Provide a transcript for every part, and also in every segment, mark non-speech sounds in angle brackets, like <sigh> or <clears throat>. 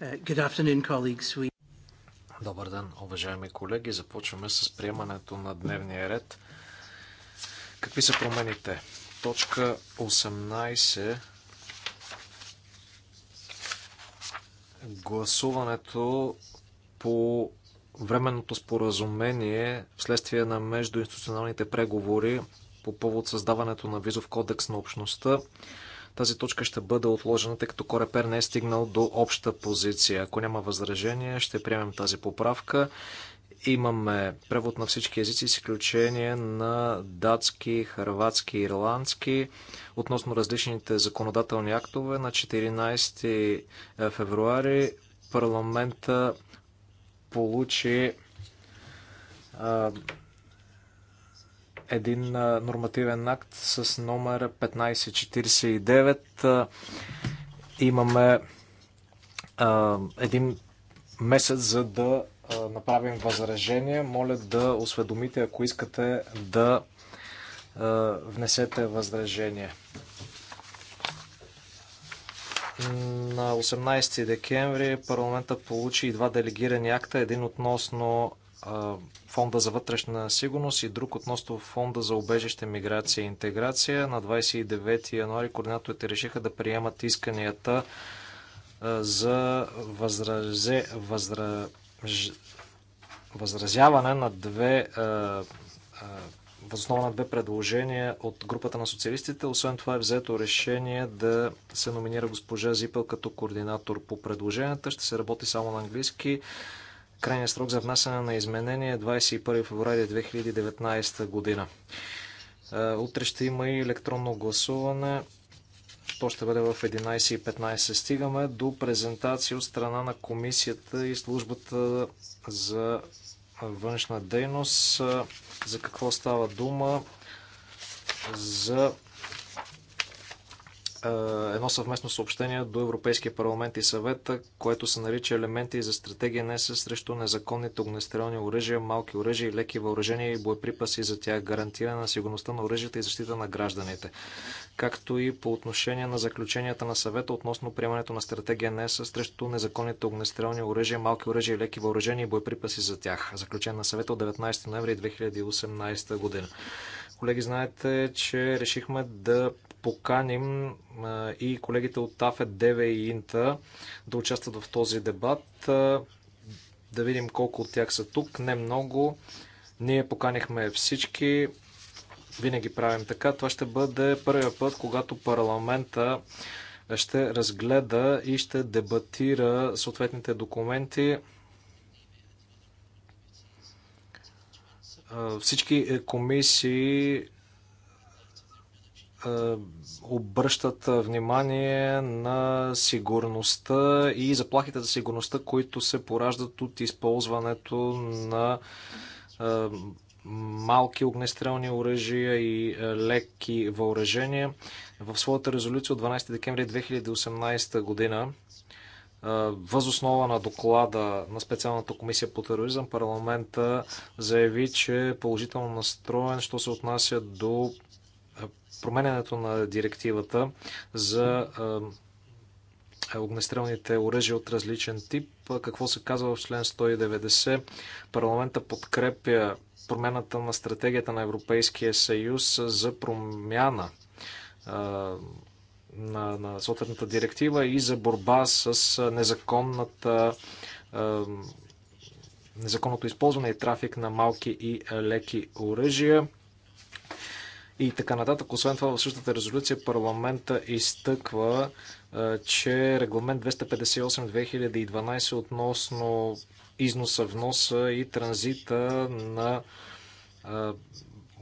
Uh, Добър ден, уважаеми колеги. Започваме с приемането на дневния ред. Какви са промените? Точка 18. Гласуването по временното споразумение вследствие на междуинституционалните преговори по повод създаването на визов кодекс на общността тази точка ще бъде отложена, тъй като Корепер не е стигнал до обща позиция. Ако няма възражение, ще приемем тази поправка. Имаме превод на всички езици, с изключение на датски, хърватски, ирландски, относно различните законодателни актове. На 14 февруари парламента получи един нормативен акт с номер 1549. Имаме един месец за да направим възражение. Моля да осведомите, ако искате да внесете възражение. На 18 декември парламента получи и два делегирани акта. Един относно Фонда за вътрешна сигурност и друг относно Фонда за обежище, миграция и интеграция. На 29 януари координаторите решиха да приемат исканията за възразе, възра, възразяване на две възоснова на две предложения от групата на социалистите. Освен това е взето решение да се номинира госпожа Зипел като координатор по предложенията. Ще се работи само на английски. Крайният срок за внасяне на изменение е 21 февруари 2019 година. Е, утре ще има и електронно гласуване. То ще бъде в 11.15. Стигаме до презентация от страна на комисията и службата за външна дейност. Е, за какво става дума? За е, едно съвместно съобщение до Европейския парламент и съвета, което се нарича елементи за стратегия НЕС срещу незаконните огнестрелни оръжия, малки оръжия и леки въоръжения и боеприпаси за тях, гарантиране на сигурността на оръжията и защита на гражданите, както и по отношение на заключенията на съвета относно приемането на стратегия НЕС срещу незаконните огнестрелни оръжия, малки оръжия и леки въоръжения и боеприпаси за тях, заключен на съвета от 19 ноември 2018 година. Колеги, знаете, че решихме да поканим и колегите от АФЕД, ДВ и Инта да участват в този дебат. Да видим колко от тях са тук. Не много. Ние поканихме всички. Винаги правим така. Това ще бъде първия път, когато парламента ще разгледа и ще дебатира съответните документи. Всички е, комисии е, обръщат внимание на сигурността и заплахите за сигурността, които се пораждат от използването на е, малки огнестрелни оръжия и е, леки въоръжения. В своята резолюция от 12 декември 2018 година Възоснова на доклада на специалната комисия по тероризъм, парламента заяви, че е положително настроен, що се отнася до променянето на директивата за огнестрелните оръжия от различен тип. Какво се казва в член 190? Парламента подкрепя промената на стратегията на Европейския съюз за промяна на, на съответната директива и за борба с незаконната незаконното използване и трафик на малки и леки оръжия и така нататък. Освен това, в същата резолюция парламента изтъква, че регламент 258-2012 относно износа, вноса и транзита на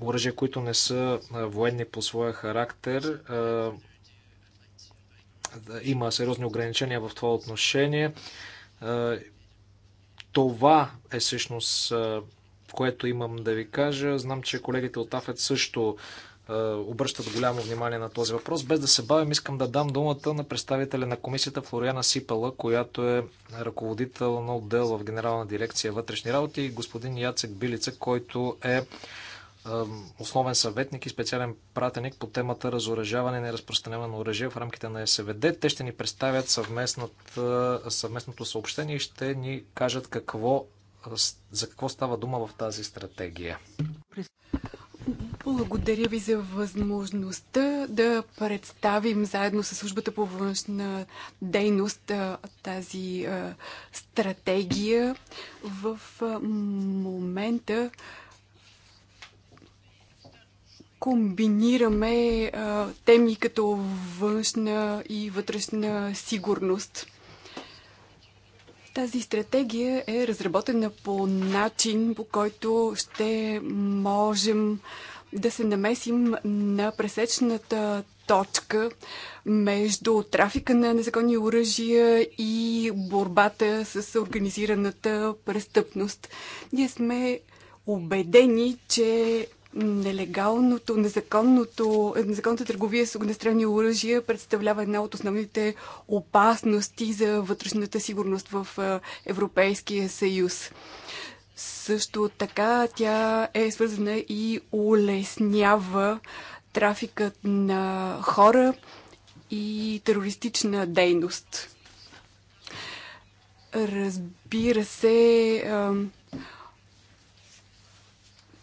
оръжия, които не са военни по своя характер, има сериозни ограничения в това отношение. Това е всъщност което имам да ви кажа. Знам, че колегите от АФЕД също е, обръщат голямо внимание на този въпрос. Без да се бавим, искам да дам думата на представителя на комисията Флориана Сипала, която е ръководител на отдел в Генерална дирекция вътрешни работи и господин Яцек Билица, който е, е основен съветник и специален пратеник по темата разоръжаване и неразпространяване на оръжие в рамките на СВД. Те ще ни представят е, съвместното съобщение и ще ни кажат какво, за какво става дума в тази стратегия. Благодаря ви за възможността да представим заедно с службата по външна дейност тази стратегия. В момента комбинираме теми като външна и вътрешна сигурност. Тази стратегия е разработена по начин, по който ще можем да се намесим на пресечната точка между трафика на незаконни оръжия и борбата с организираната престъпност. Ние сме убедени, че Нелегалното, незаконното, незаконната търговия с огнестрелни оръжия представлява една от основните опасности за вътрешната сигурност в Европейския съюз. Също така тя е свързана и улеснява трафикът на хора и терористична дейност. Разбира се,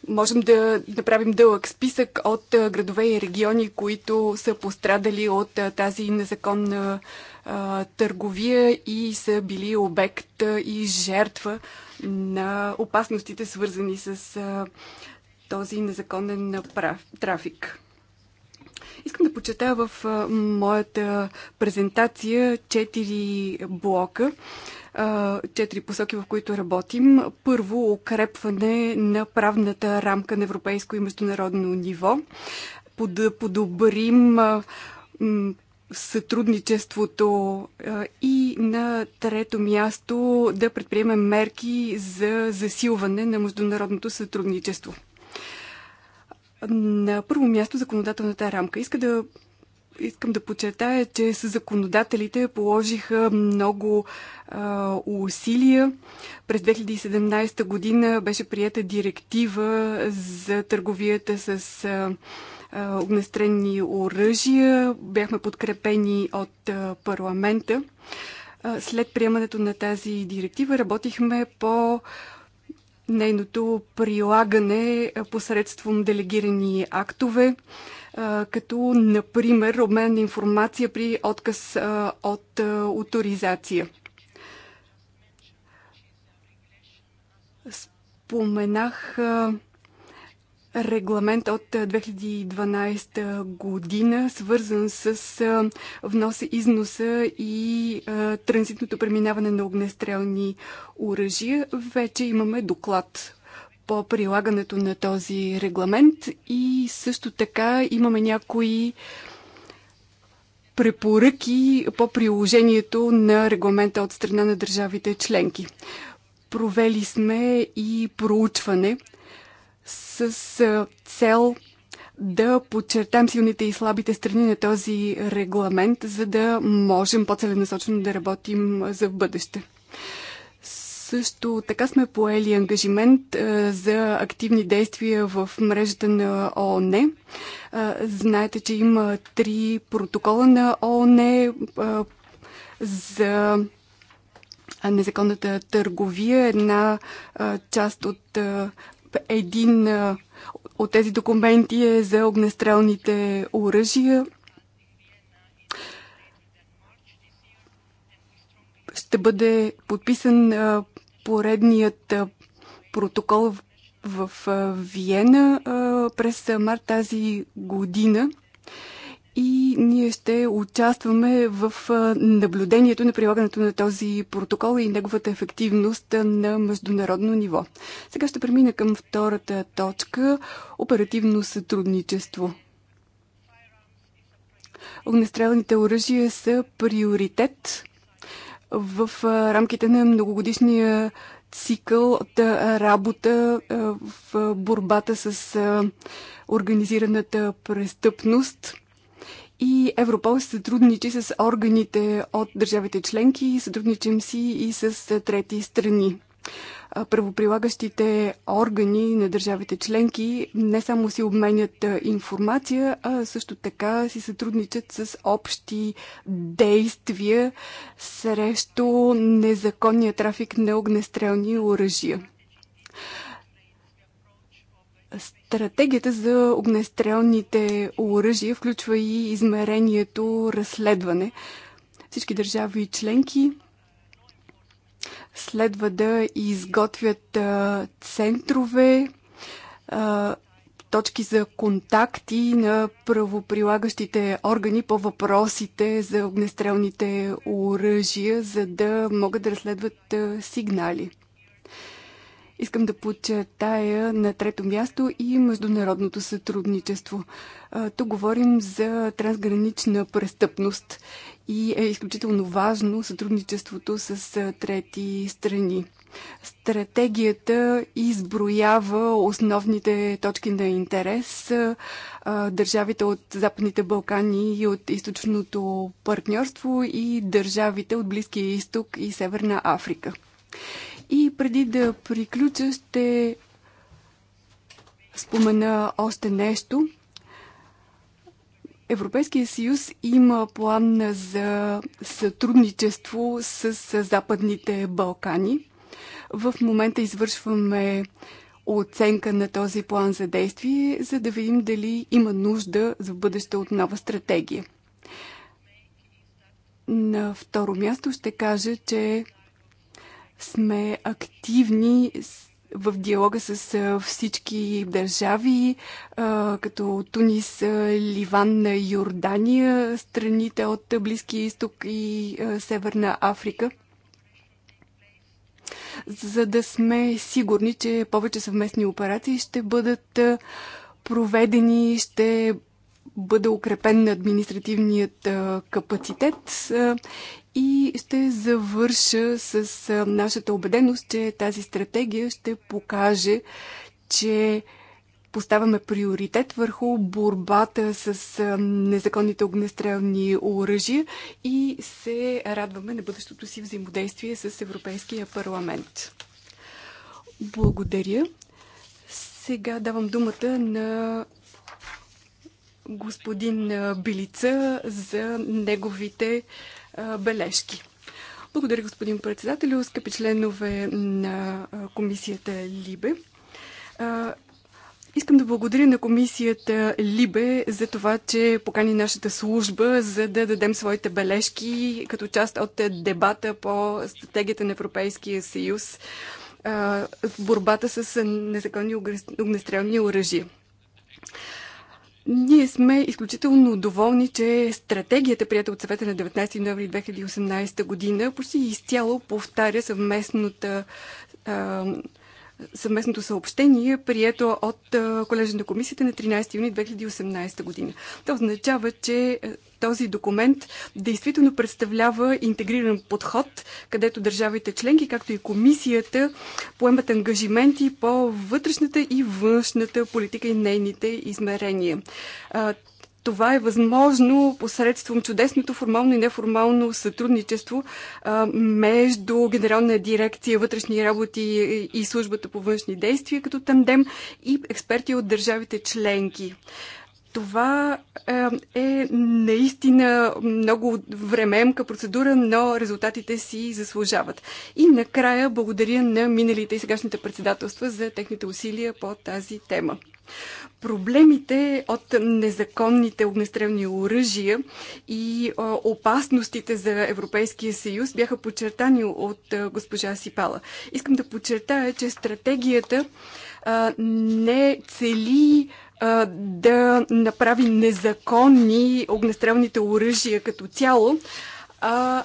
Можем да направим дълъг списък от градове и региони, които са пострадали от тази незаконна търговия и са били обект и жертва на опасностите, свързани с този незаконен трафик. Искам да почета в моята презентация четири блока четири посоки, в които работим. Първо, укрепване на правната рамка на европейско и международно ниво, да подобрим сътрудничеството и на трето място да предприемем мерки за засилване на международното сътрудничество. На първо място законодателната рамка. Иска да искам да подчертая, че с законодателите положиха много а, усилия. През 2017 година беше приета директива за търговията с а, а, оръжия. Бяхме подкрепени от а, парламента. А, след приемането на тази директива работихме по нейното прилагане посредством делегирани актове като, например, обмен на информация при отказ от авторизация. Споменах регламент от 2012 година, свързан с вноса, износа и транзитното преминаване на огнестрелни оръжия. Вече имаме доклад по прилагането на този регламент и също така имаме някои препоръки по приложението на регламента от страна на държавите членки. Провели сме и проучване с цел да подчертам силните и слабите страни на този регламент, за да можем по-целенасочено да работим за в бъдеще. Също така сме поели ангажимент е, за активни действия в мрежата на ООН. Е, знаете, че има три протокола на ООН е, за незаконната търговия. Една част от един от тези документи е за огнестрелните оръжия. ще бъде подписан поредният протокол в Виена през март тази година и ние ще участваме в наблюдението на прилагането на този протокол и неговата ефективност на международно ниво. Сега ще премина към втората точка оперативно сътрудничество. Огнестрелните оръжия са приоритет в рамките на многогодишния цикъл от работа в борбата с организираната престъпност. И Европол се сътрудничи с органите от държавите членки, сътрудничим си и с трети страни правоприлагащите органи на държавите членки не само си обменят информация, а също така си сътрудничат с общи действия срещу незаконния трафик на огнестрелни оръжия. Стратегията за огнестрелните оръжия включва и измерението разследване. Всички държави членки Следва да изготвят центрове, точки за контакти на правоприлагащите органи по въпросите за огнестрелните оръжия, за да могат да разследват сигнали. Искам да подчертая на трето място и международното сътрудничество. Тук говорим за трансгранична престъпност и е изключително важно сътрудничеството с трети страни. Стратегията изброява основните точки на интерес. Държавите от Западните Балкани и от източното партньорство и държавите от Близкия изток и Северна Африка. И преди да приключа, ще спомена още нещо – Европейския съюз има план за сътрудничество с Западните Балкани. В момента извършваме оценка на този план за действие, за да видим дали има нужда за бъдеще от нова стратегия. На второ място ще кажа, че сме активни в диалога с всички държави, като Тунис, Ливан, Йордания, страните от Близкия изток и Северна Африка за да сме сигурни, че повече съвместни операции ще бъдат проведени, ще бъде укрепен на административният капацитет и ще завърша с нашата убеденост, че тази стратегия ще покаже, че поставяме приоритет върху борбата с незаконните огнестрелни оръжия и се радваме на бъдещото си взаимодействие с Европейския парламент. Благодаря. Сега давам думата на господин Билица за неговите бележки. Благодаря, господин председател, скъпи членове на комисията Либе. Искам да благодаря на комисията Либе за това, че покани нашата служба, за да дадем своите бележки като част от дебата по стратегията на Европейския съюз в борбата с незаконни огнестрелни оръжия. Ние сме изключително доволни, че стратегията, прията от съвета на 19 ноември 2018 година, почти изцяло повтаря съвместната съвместното съобщение, прието от колежа на комисията на 13 юни 2018 година. Това означава, че този документ действително представлява интегриран подход, където държавите членки, както и комисията, поемат ангажименти по вътрешната и външната политика и нейните измерения. Това е възможно посредством чудесното формално и неформално сътрудничество а, между Генерална дирекция вътрешни работи и службата по външни действия като тандем и експерти от държавите членки. Това е наистина много времеемка процедура, но резултатите си заслужават. И накрая благодаря на миналите и сегашните председателства за техните усилия по тази тема. Проблемите от незаконните огнестрелни оръжия и опасностите за Европейския съюз бяха подчертани от госпожа Сипала. Искам да подчертая, че стратегията не цели да направи незаконни огнестрелните оръжия като цяло, а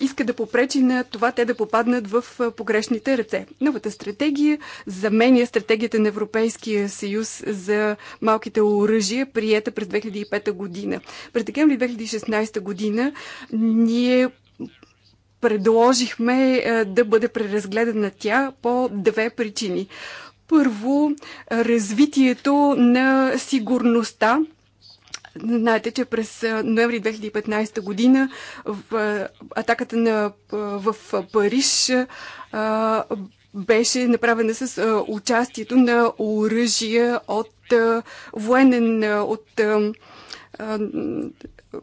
иска да попречи на това те да попаднат в погрешните ръце. Новата стратегия заменя стратегията на Европейския съюз за малките оръжия, приета през 2005 година. През декември 2016 година ние предложихме да бъде преразгледана тя по две причини. Първо, развитието на сигурността. Знаете, че през ноември 2015 година в атаката на, в Париж беше направена с участието на оръжия от военен, от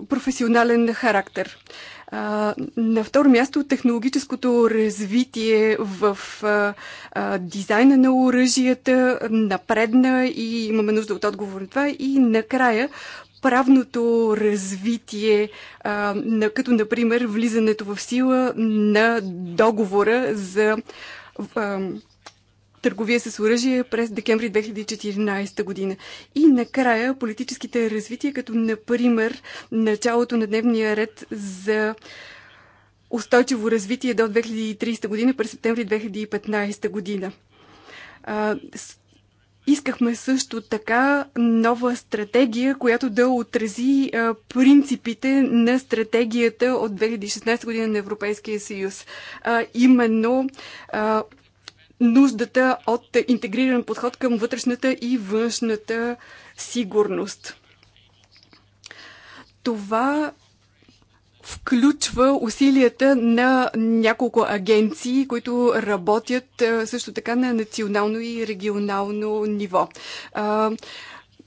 професионален характер. На второ място технологическото развитие в дизайна на оръжията напредна и имаме нужда от отговор на това. И накрая правното развитие, като например влизането в сила на договора за търговия с оръжие през декември 2014 година. И накрая политическите развития, като например началото на дневния ред за устойчиво развитие до 2030 година през септември 2015 година. Искахме също така нова стратегия, която да отрази принципите на стратегията от 2016 година на Европейския съюз. Именно нуждата от интегриран подход към вътрешната и външната сигурност. Това включва усилията на няколко агенции, които работят също така на национално и регионално ниво.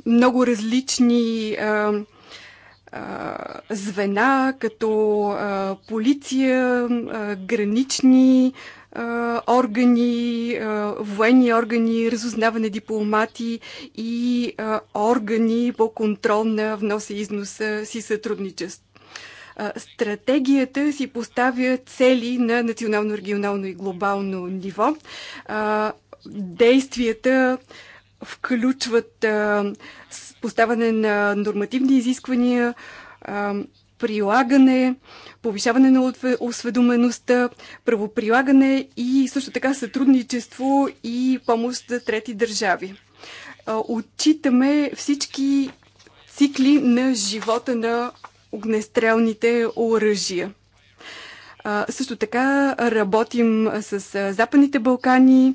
Много различни звена, като полиция, гранични органи, военни органи, разузнаване дипломати и органи по контрол на вноса и износа си сътрудничество. Стратегията си поставя цели на национално, регионално и глобално ниво. Действията включват поставане на нормативни изисквания, прилагане, повишаване на осведомеността, правоприлагане и също така сътрудничество и помощ за трети държави. Отчитаме всички цикли на живота на огнестрелните оръжия. Също така работим с Западните Балкани,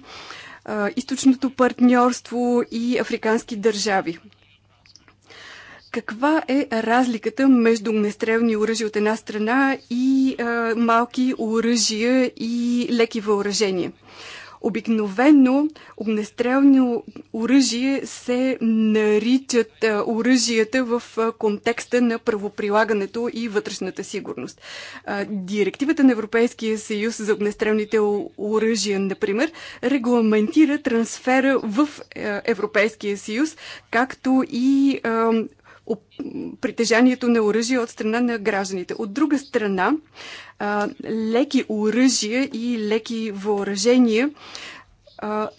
източното партньорство и африкански държави. Каква е разликата между огнестрелни оръжия от една страна и а, малки оръжия и леки въоръжения? Обикновено огнестрелни оръжие се наричат оръжията в контекста на правоприлагането и вътрешната сигурност. директивата на Европейския съюз за огнестрелните оръжия, например, регламентира трансфера в Европейския съюз, както и притежанието на оръжие от страна на гражданите. От друга страна, леки оръжия и леки въоръжения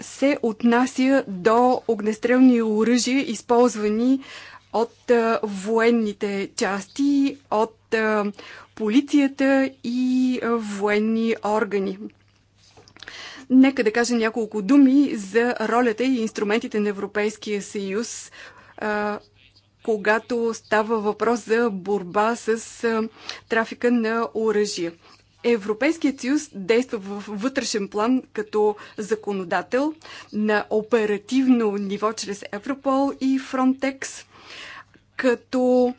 се отнася до огнестрелни оръжия, използвани от военните части, от полицията и военни органи. Нека да кажа няколко думи за ролята и инструментите на Европейския съюз когато става въпрос за борба с трафика на оръжие. Европейският съюз действа в вътрешен план като законодател на оперативно ниво чрез Европол и Frontex, като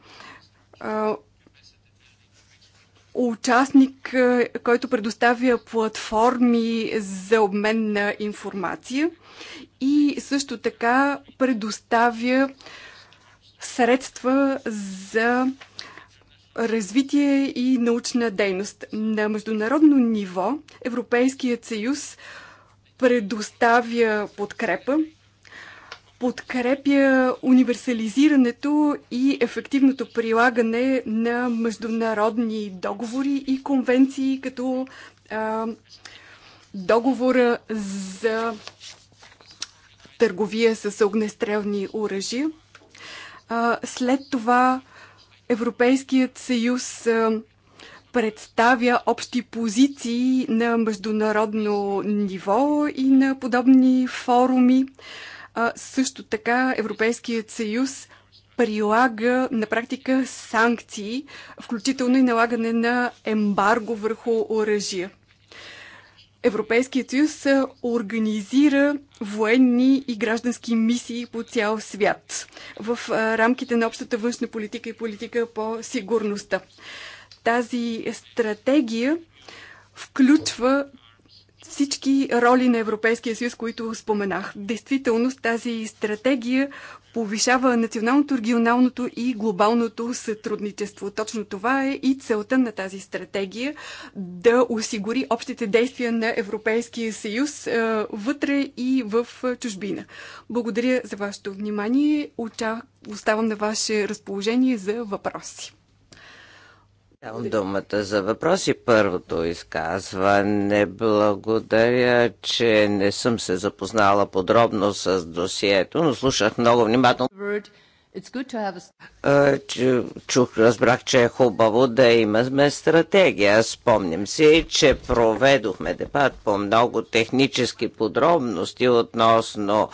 участник, който предоставя платформи за обмен на информация и също така предоставя средства за развитие и научна дейност. На международно ниво Европейският съюз предоставя подкрепа, подкрепя универсализирането и ефективното прилагане на международни договори и конвенции, като а, договора за търговия с огнестрелни оръжия – след това Европейският съюз представя общи позиции на международно ниво и на подобни форуми. Също така Европейският съюз прилага на практика санкции, включително и налагане на ембарго върху оръжия. Европейският съюз организира военни и граждански мисии по цял свят в рамките на общата външна политика и политика по сигурността. Тази стратегия включва всички роли на Европейския съюз, които споменах. Действително, тази стратегия повишава националното, регионалното и глобалното сътрудничество. Точно това е и целта на тази стратегия да осигури общите действия на Европейския съюз е, вътре и в е, чужбина. Благодаря за вашето внимание. Оставам на ваше разположение за въпроси. Давам думата за въпроси. Първото изказване. Благодаря, че не съм се запознала подробно с досието, но слушах много внимателно. Чух, разбрах, че е хубаво да имаме стратегия. Спомням си, че проведохме дебат по много технически подробности относно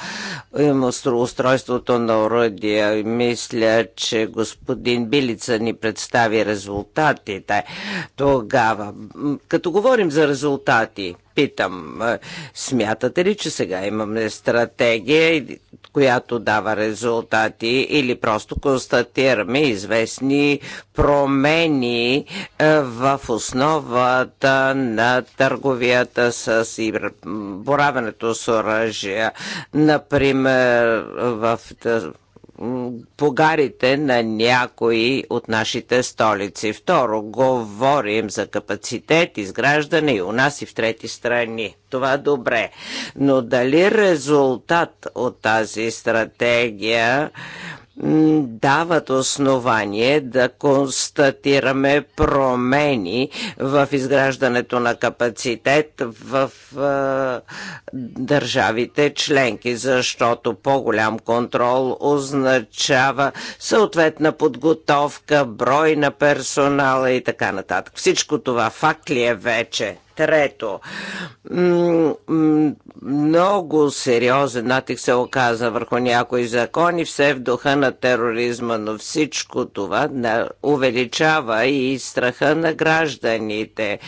устройството на уродия. Мисля, че господин Билица ни представи резултатите тогава. Като говорим за резултати, питам, смятате ли, че сега имаме стратегия, която дава резултати или просто констатираме известни промени в основата на търговията с боравенето с оръжия. Например, в погарите на някои от нашите столици. Второ, говорим за капацитет, изграждане и у нас и в трети страни. Това добре. Но дали резултат от тази стратегия дават основание да констатираме промени в изграждането на капацитет в е, държавите членки, защото по-голям контрол означава съответна подготовка, брой на персонала и така нататък. Всичко това факт ли е вече? Трето, много сериозен натик се оказа върху някои закони, все в духа на тероризма, но всичко това увеличава и страха на гражданите.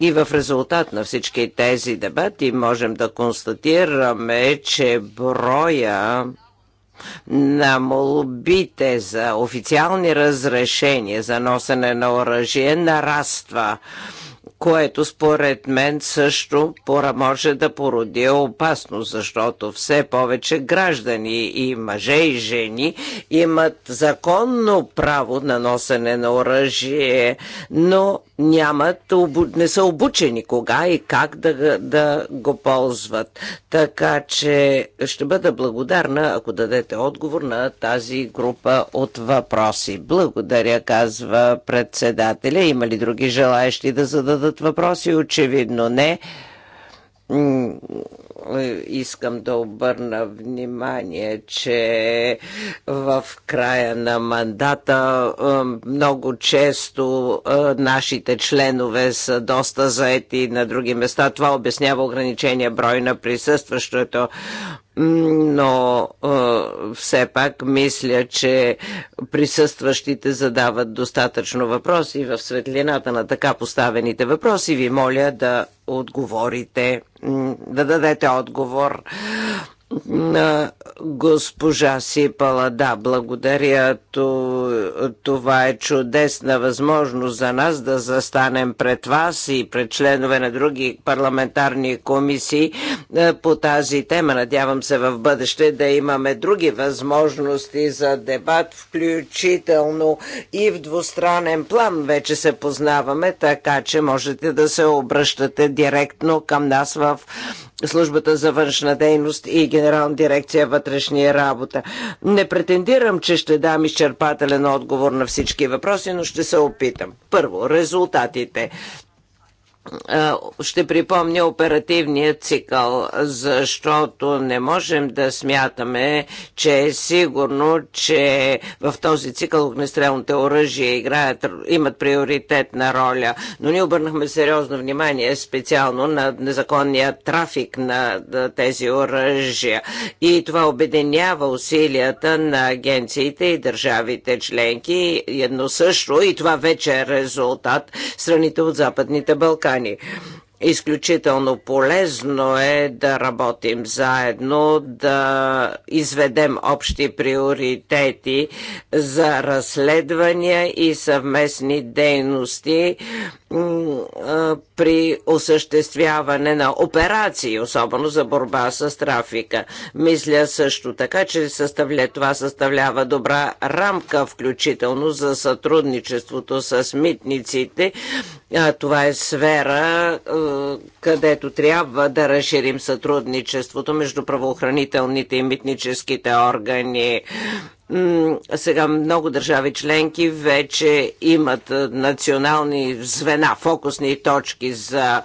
И в резултат на всички тези дебати можем да констатираме, че броя на молбите за официални разрешения за носене на оръжие нараства което според мен също може да породи опасност, защото все повече граждани и мъже и жени имат законно право на носене на оръжие, но нямат, не са обучени кога и как да, да го ползват. Така че ще бъда благодарна, ако дадете отговор на тази група от въпроси. Благодаря, казва председателя. Има ли други желаящи да зададат зададат въпроси, очевидно не. Искам да обърна внимание, че в края на мандата много често нашите членове са доста заети на други места. Това обяснява ограничения брой на присъстващото но е, все пак мисля, че присъстващите задават достатъчно въпроси в светлината на така поставените въпроси ви моля да отговорите, да дадете отговор на госпожа Сипала. Да, благодаря. Това е чудесна възможност за нас да застанем пред вас и пред членове на други парламентарни комисии е, по тази тема. Надявам се в бъдеще да имаме други възможности за дебат, включително и в двустранен план. Вече се познаваме, така че можете да се обръщате директно към нас в службата за външна дейност и Генерална дирекция вътрешния работа. Не претендирам, че ще дам изчерпателен отговор на всички въпроси, но ще се опитам. Първо, резултатите ще припомня оперативния цикъл, защото не можем да смятаме, че е сигурно, че в този цикъл огнестрелните оръжия играят, имат приоритетна роля. Но ние обърнахме сериозно внимание специално на незаконния трафик на тези оръжия. И това обединява усилията на агенциите и държавите членки едно също и това вече е резултат страните от Западните Балкани покани. Изключително полезно е да работим заедно, да изведем общи приоритети за разследвания и съвместни дейности при осъществяване на операции, особено за борба с трафика. Мисля също така, че съставля, това съставлява добра рамка, включително за сътрудничеството с митниците. Това е сфера, където трябва да разширим сътрудничеството между правоохранителните и митническите органи. Сега много държави членки вече имат национални звена, фокусни точки за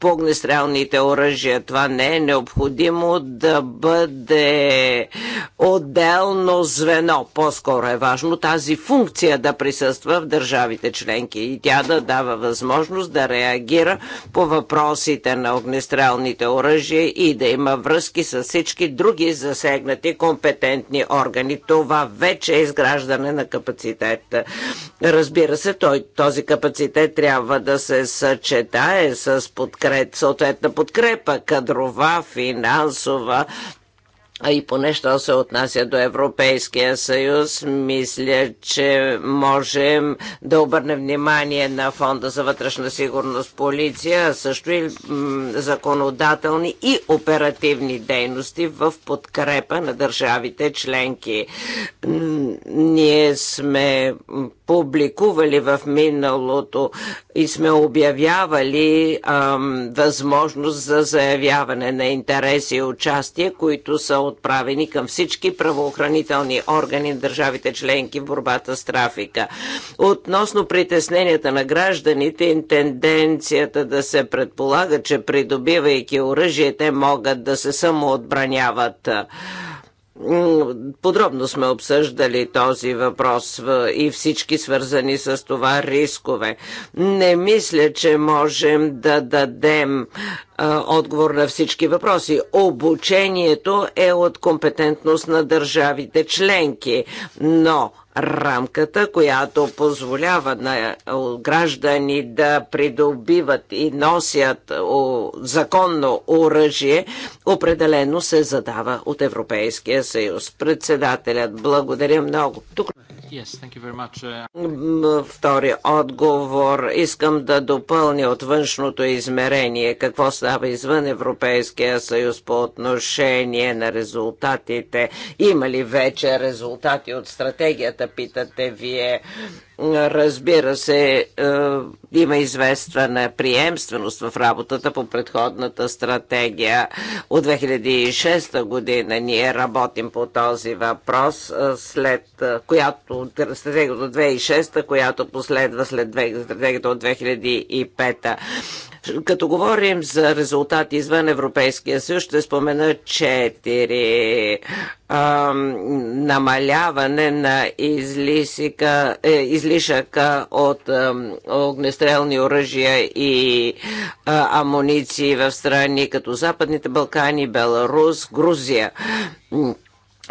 по огнестрелните оръжия. Това не е необходимо да бъде отделно звено. По-скоро е важно тази функция да присъства в държавите членки и тя да дава възможност да реагира по въпросите на огнестрелните оръжия и да има връзки с всички други засегнати компетентни органи. Това вече е изграждане на капацитет. Разбира се, той, този капацитет трябва да се съчетае с подкрепа подкреп, съответна подкрепа, кадрова, финансова, а и поне що се отнася до Европейския съюз, мисля, че можем да обърнем внимание на Фонда за вътрешна сигурност, полиция, а също и законодателни и оперативни дейности в подкрепа на държавите членки. Ние сме публикували в миналото и сме обявявали ам, възможност за заявяване на интереси и участие, които са отправени към всички правоохранителни органи на държавите членки в борбата с трафика. Относно притесненията на гражданите и тенденцията да се предполага, че придобивайки оръжие, те могат да се самоотбраняват. Подробно сме обсъждали този въпрос и всички свързани с това рискове. Не мисля, че можем да дадем отговор на всички въпроси. Обучението е от компетентност на държавите членки, но рамката, която позволява на граждани да придобиват и носят законно оръжие, определено се задава от Европейския съюз. Председателят, благодаря много. Тук... Uh, втори отговор. Искам да допълня от външното измерение какво става извън Европейския съюз по отношение на резултатите. Има ли вече резултати от стратегията, питате вие? Разбира се, е, има известна приемственост в работата по предходната стратегия. От 2006 година ние работим по този въпрос, е, след е, която стратегията от 2006, която последва след стратегията от 2005. Като говорим за резултати извън Европейския съюз, ще спомена четири. Намаляване на излисика, е, излишъка от е, огнестрелни оръжия и е, амуниции в страни като Западните Балкани, Беларус, Грузия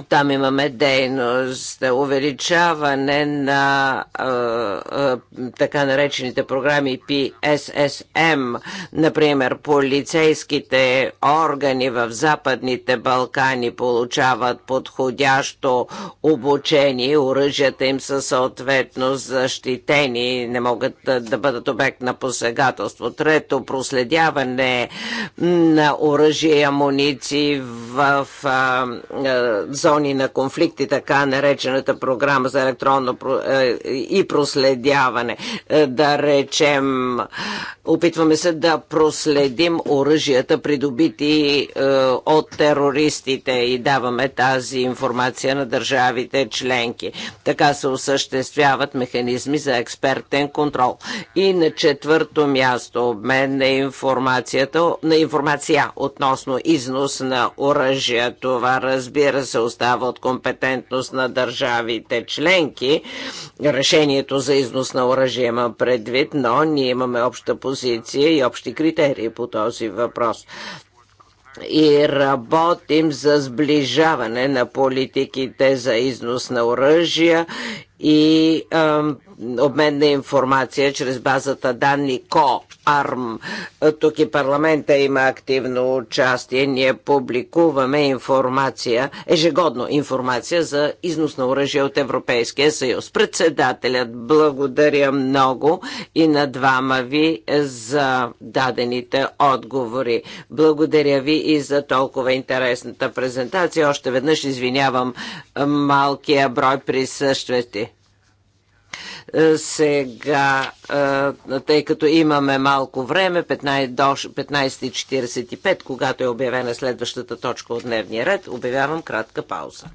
там имаме дейност, увеличаване на а, а, така наречените програми PSSM, например, полицейските органи в Западните Балкани получават подходящо обучение, оръжията им са съответно защитени, не могат да, да бъдат обект на посегателство. Трето, проследяване на оръжие и амуниции в а, а зони на конфликти, така наречената програма за електронно е, и проследяване. Е, да речем, опитваме се да проследим оръжията, придобити е, от терористите и даваме тази информация на държавите членки. Така се осъществяват механизми за експертен контрол. И на четвърто място обмен на информацията, на информация относно износ на оръжия. Това разбира се остава от компетентност на държавите членки. Решението за износ на оръжие има предвид, но ние имаме обща позиция и общи критерии по този въпрос и работим за сближаване на политиките за износ на оръжия и е, обмен на информация чрез базата данни КОАРМ. Тук и парламента има активно участие. Ние публикуваме информация, ежегодно информация за износ на оръжие от Европейския съюз. Председателят, благодаря много и на двама ви за дадените отговори. Благодаря ви и за толкова интересната презентация. Още веднъж извинявам малкия брой присъстващи. Е, сега, е, тъй като имаме малко време, 15.45, когато е обявена следващата точка от дневния ред, обявявам кратка пауза.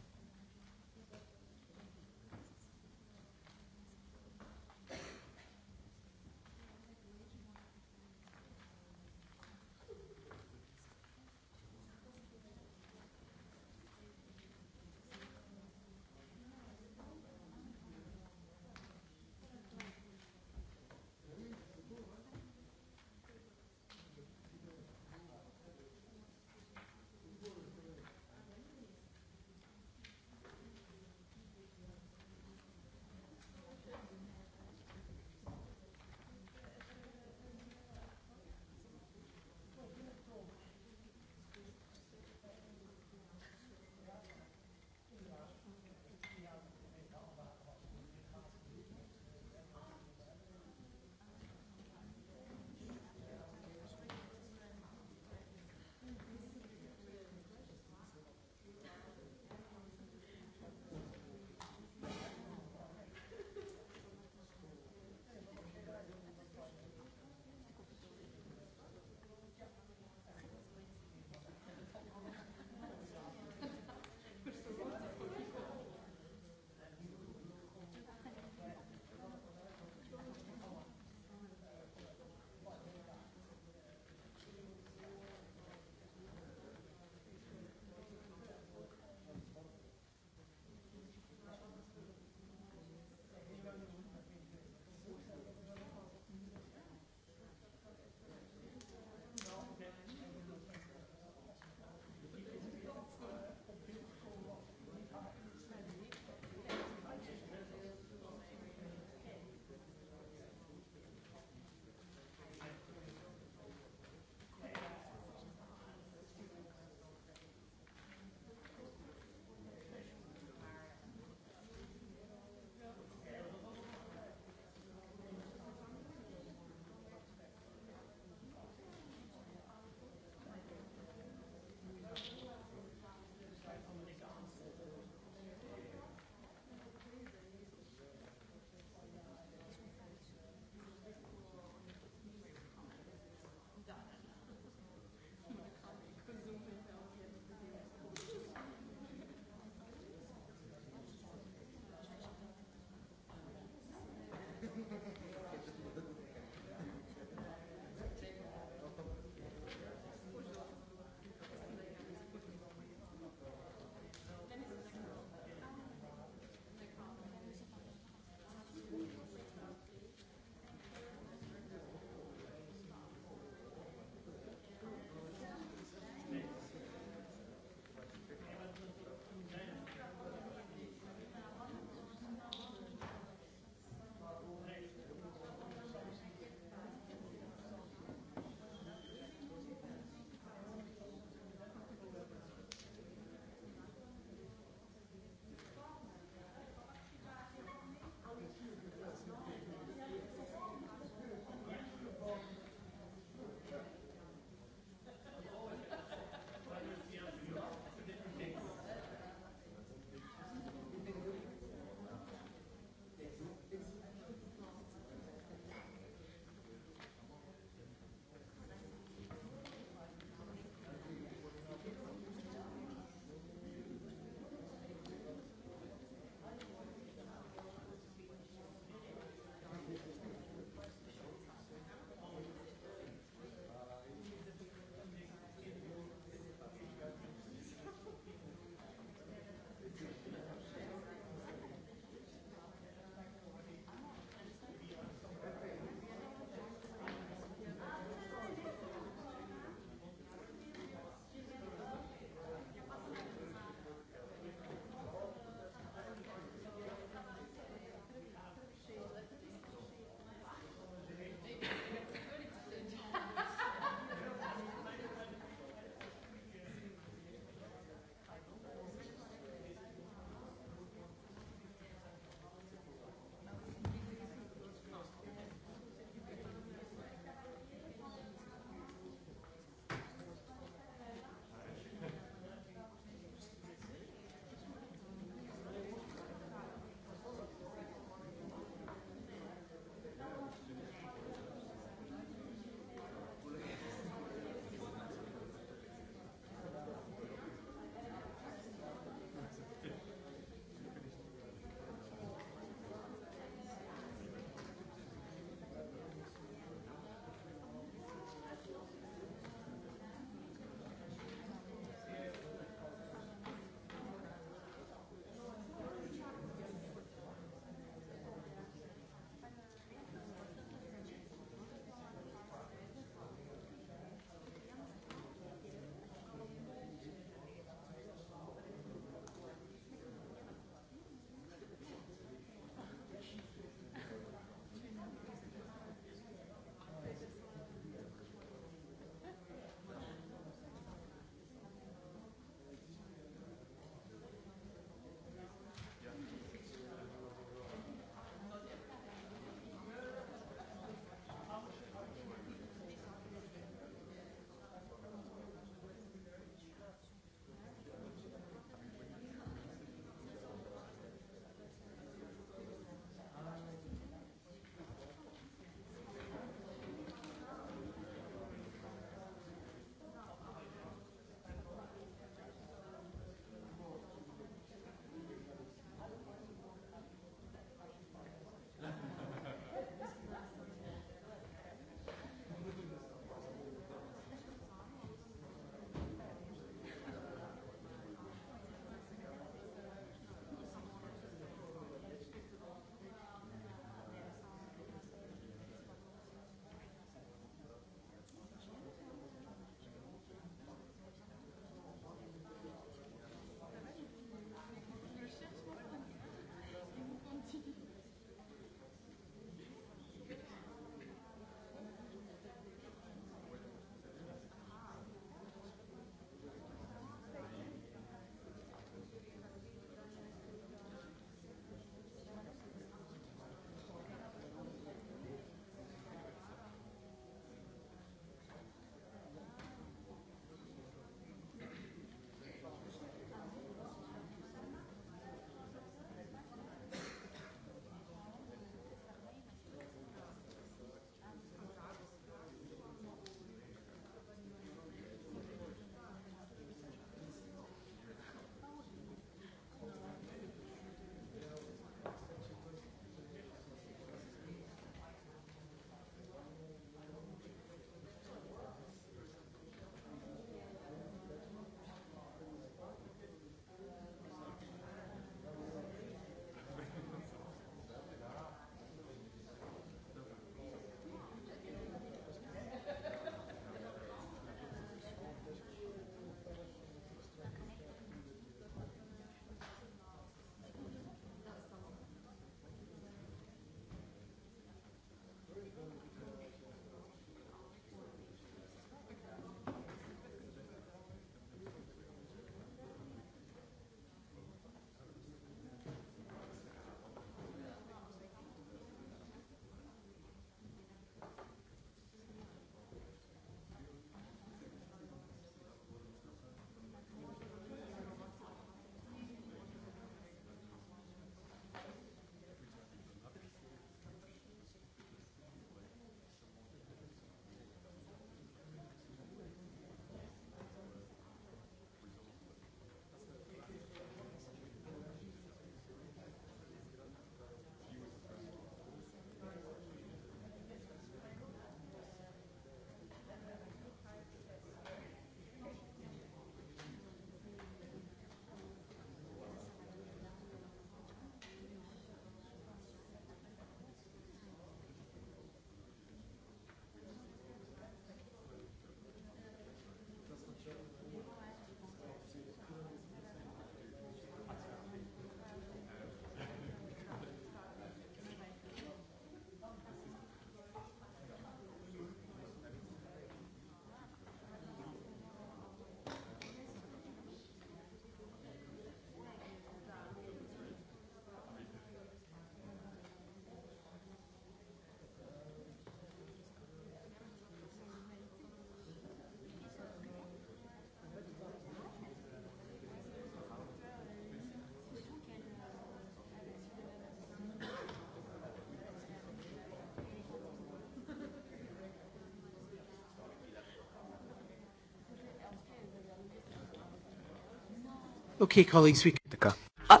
Окей, colleagues, we... Така. А...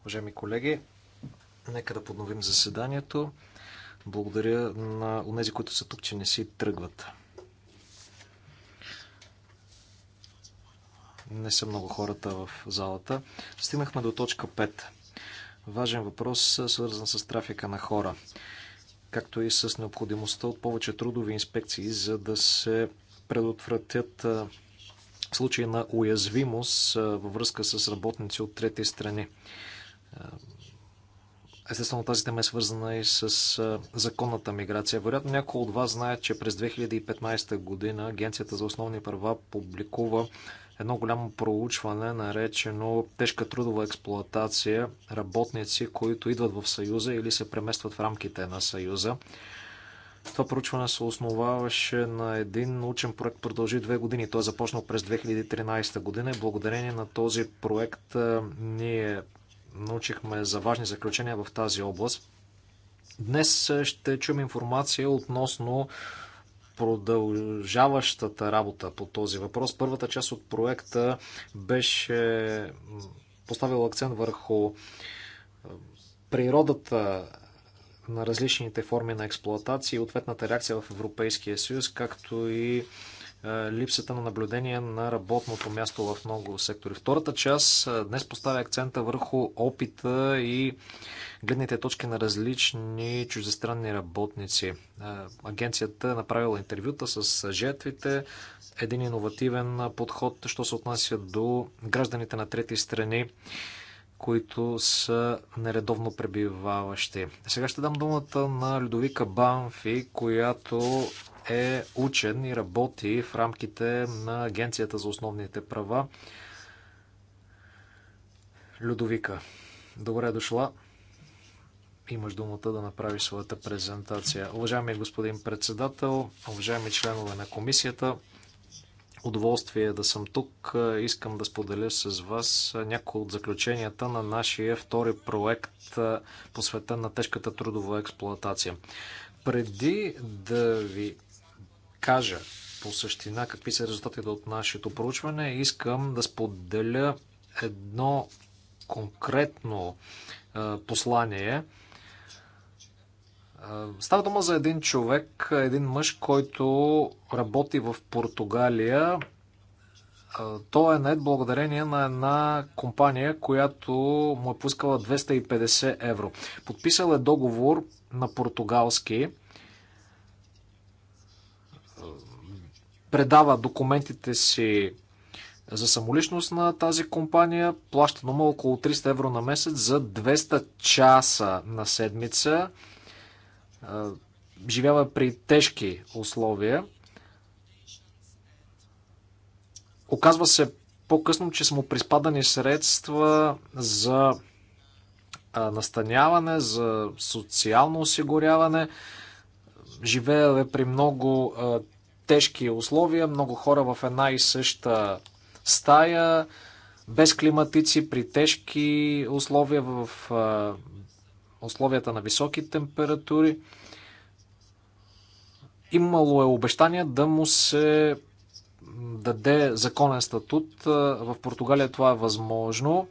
Уважаеми колеги, нека да подновим заседанието. Благодаря на тези, които са тук, че не си тръгват. Не са много хората в залата. Стигнахме до точка 5. Важен въпрос, свързан с трафика на хора, както и с необходимостта от повече трудови инспекции, за да се предотвратят случаи на уязвимост във връзка с работници от трети страни. Естествено, тази тема е свързана и с законната миграция. Вероятно някои от вас знаят, че през 2015 година Агенцията за основни права публикува едно голямо проучване, наречено тежка трудова експлоатация, работници, които идват в Съюза или се преместват в рамките на Съюза. Това проучване се основаваше на един научен проект, продължи две години. Той е започнал през 2013 година и благодарение на този проект ние научихме за важни заключения в тази област. Днес ще чуем информация относно продължаващата работа по този въпрос. Първата част от проекта беше поставил акцент върху природата на различните форми на експлоатация и ответната реакция в Европейския съюз, както и е, липсата на наблюдение на работното място в много сектори. Втората част е, днес поставя акцента върху опита и гледните точки на различни чуждестранни работници. Е, агенцията е направила интервюта с жертвите, един иновативен подход, що се отнася до гражданите на трети страни които са нередовно пребиваващи. Сега ще дам думата на Людовика Банфи, която е учен и работи в рамките на Агенцията за основните права. Людовика, добре дошла. Имаш думата да направиш своята презентация. Уважаеми господин председател, уважаеми членове на комисията, удоволствие да съм тук. Искам да споделя с вас някои от заключенията на нашия втори проект, по света на тежката трудова експлоатация. Преди да ви кажа по същина какви са резултатите от нашето проучване, искам да споделя едно конкретно послание – Става дума за един човек, един мъж, който работи в Португалия. Той е нает благодарение на една компания, която му е пускала 250 евро. Подписал е договор на португалски. Предава документите си за самоличност на тази компания. Плаща нома около 300 евро на месец за 200 часа на седмица живява при тежки условия. Оказва се по-късно, че са му приспадани средства за настаняване, за социално осигуряване. живея е при много тежки условия, много хора в една и съща стая, без климатици, при тежки условия в условията на високи температури. Имало е обещание да му се даде законен статут. В Португалия това е възможно.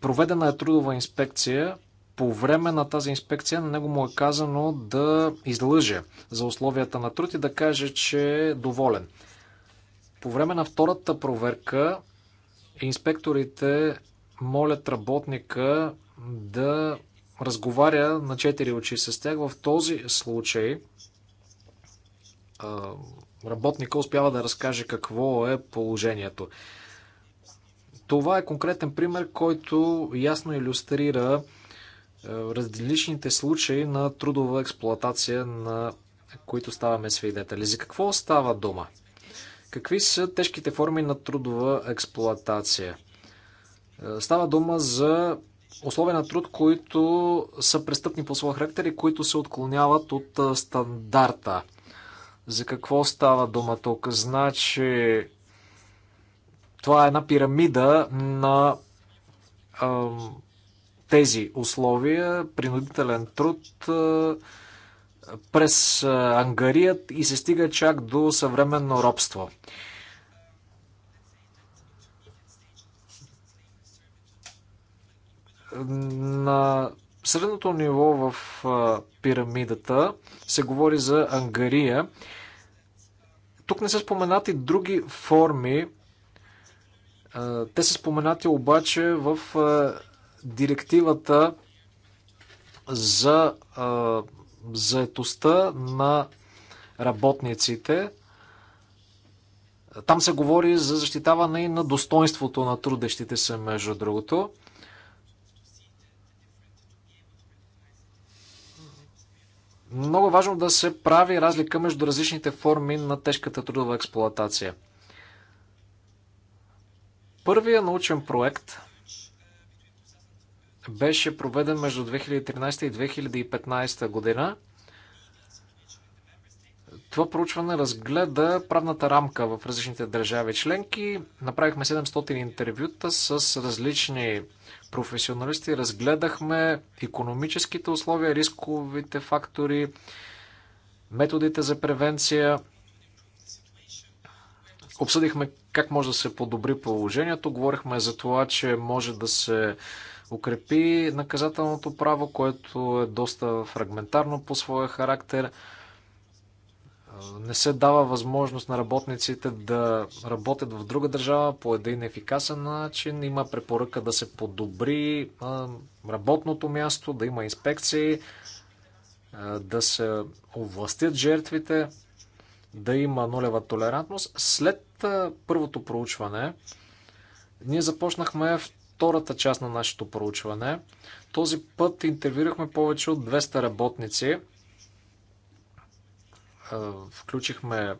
Проведена е трудова инспекция. По време на тази инспекция на него му е казано да излъже за условията на труд и да каже, че е доволен. По време на втората проверка инспекторите молят работника да разговаря на четири очи с тях. В този случай работника успява да разкаже какво е положението. Това е конкретен пример, който ясно иллюстрира различните случаи на трудова експлоатация, на които ставаме свидетели. За какво става дума? Какви са тежките форми на трудова експлоатация? Става дума за условия на труд, които са престъпни по своя характер и които се отклоняват от стандарта. За какво става дума тук? Значи, това е една пирамида на тези условия, принудителен труд през ангарият и се стига чак до съвременно робство. На средното ниво в пирамидата се говори за ангария. Тук не са споменати други форми. Те са споменати обаче в директивата за заетостта на работниците. Там се говори за защитаване и на достоинството на трудещите се, между другото. много важно да се прави разлика между различните форми на тежката трудова експлоатация. Първия научен проект беше проведен между 2013 и 2015 година – това проучване разгледа правната рамка в различните държави членки. Направихме 700 интервюта с различни професионалисти. Разгледахме економическите условия, рисковите фактори, методите за превенция. Обсъдихме как може да се подобри положението. Говорихме за това, че може да се укрепи наказателното право, което е доста фрагментарно по своя характер – не се дава възможност на работниците да работят в друга държава по един ефикасен начин. Има препоръка да се подобри работното място, да има инспекции, да се овластят жертвите, да има нулева толерантност. След първото проучване, ние започнахме втората част на нашето проучване. Този път интервюирахме повече от 200 работници е, включихме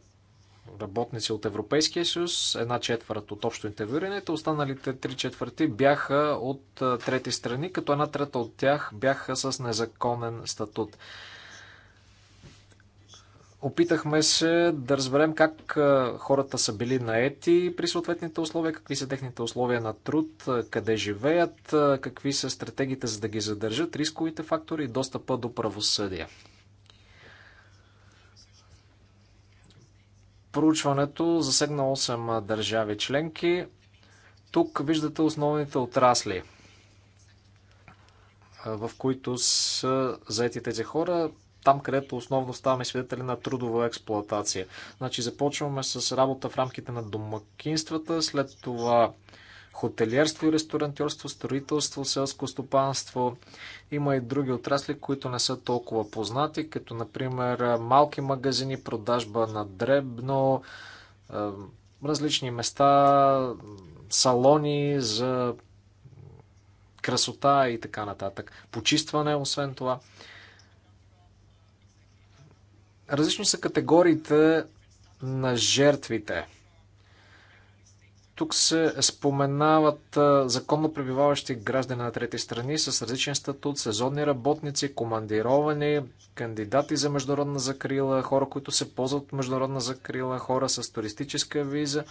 работници от Европейския съюз, една четвърт от общо интервюираните, останалите три четвърти бяха от е, трети страни, като една трета от тях бяха с незаконен статут. Опитахме се да разберем как е, хората са били наети при съответните условия, какви са техните условия на труд, къде живеят, какви са стратегиите за да ги задържат, рисковите фактори и достъпа до правосъдие. Проучването засегна 8 държави членки. Тук виждате основните отрасли, в които са заети тези хора там, където основно ставаме свидетели на трудова експлоатация. Значи започваме с работа в рамките на домакинствата, след това хотелиерство и ресторантьорство, строителство, селско стопанство. Има и други отрасли, които не са толкова познати, като например малки магазини, продажба на дребно, различни места, салони за красота и така нататък. Почистване, освен това. Различни са категориите на жертвите – тук се споменават законно пребиваващи граждани на трети страни с различен статут, сезонни работници, командировани, кандидати за международна закрила, хора, които се ползват от международна закрила, хора с туристическа виза,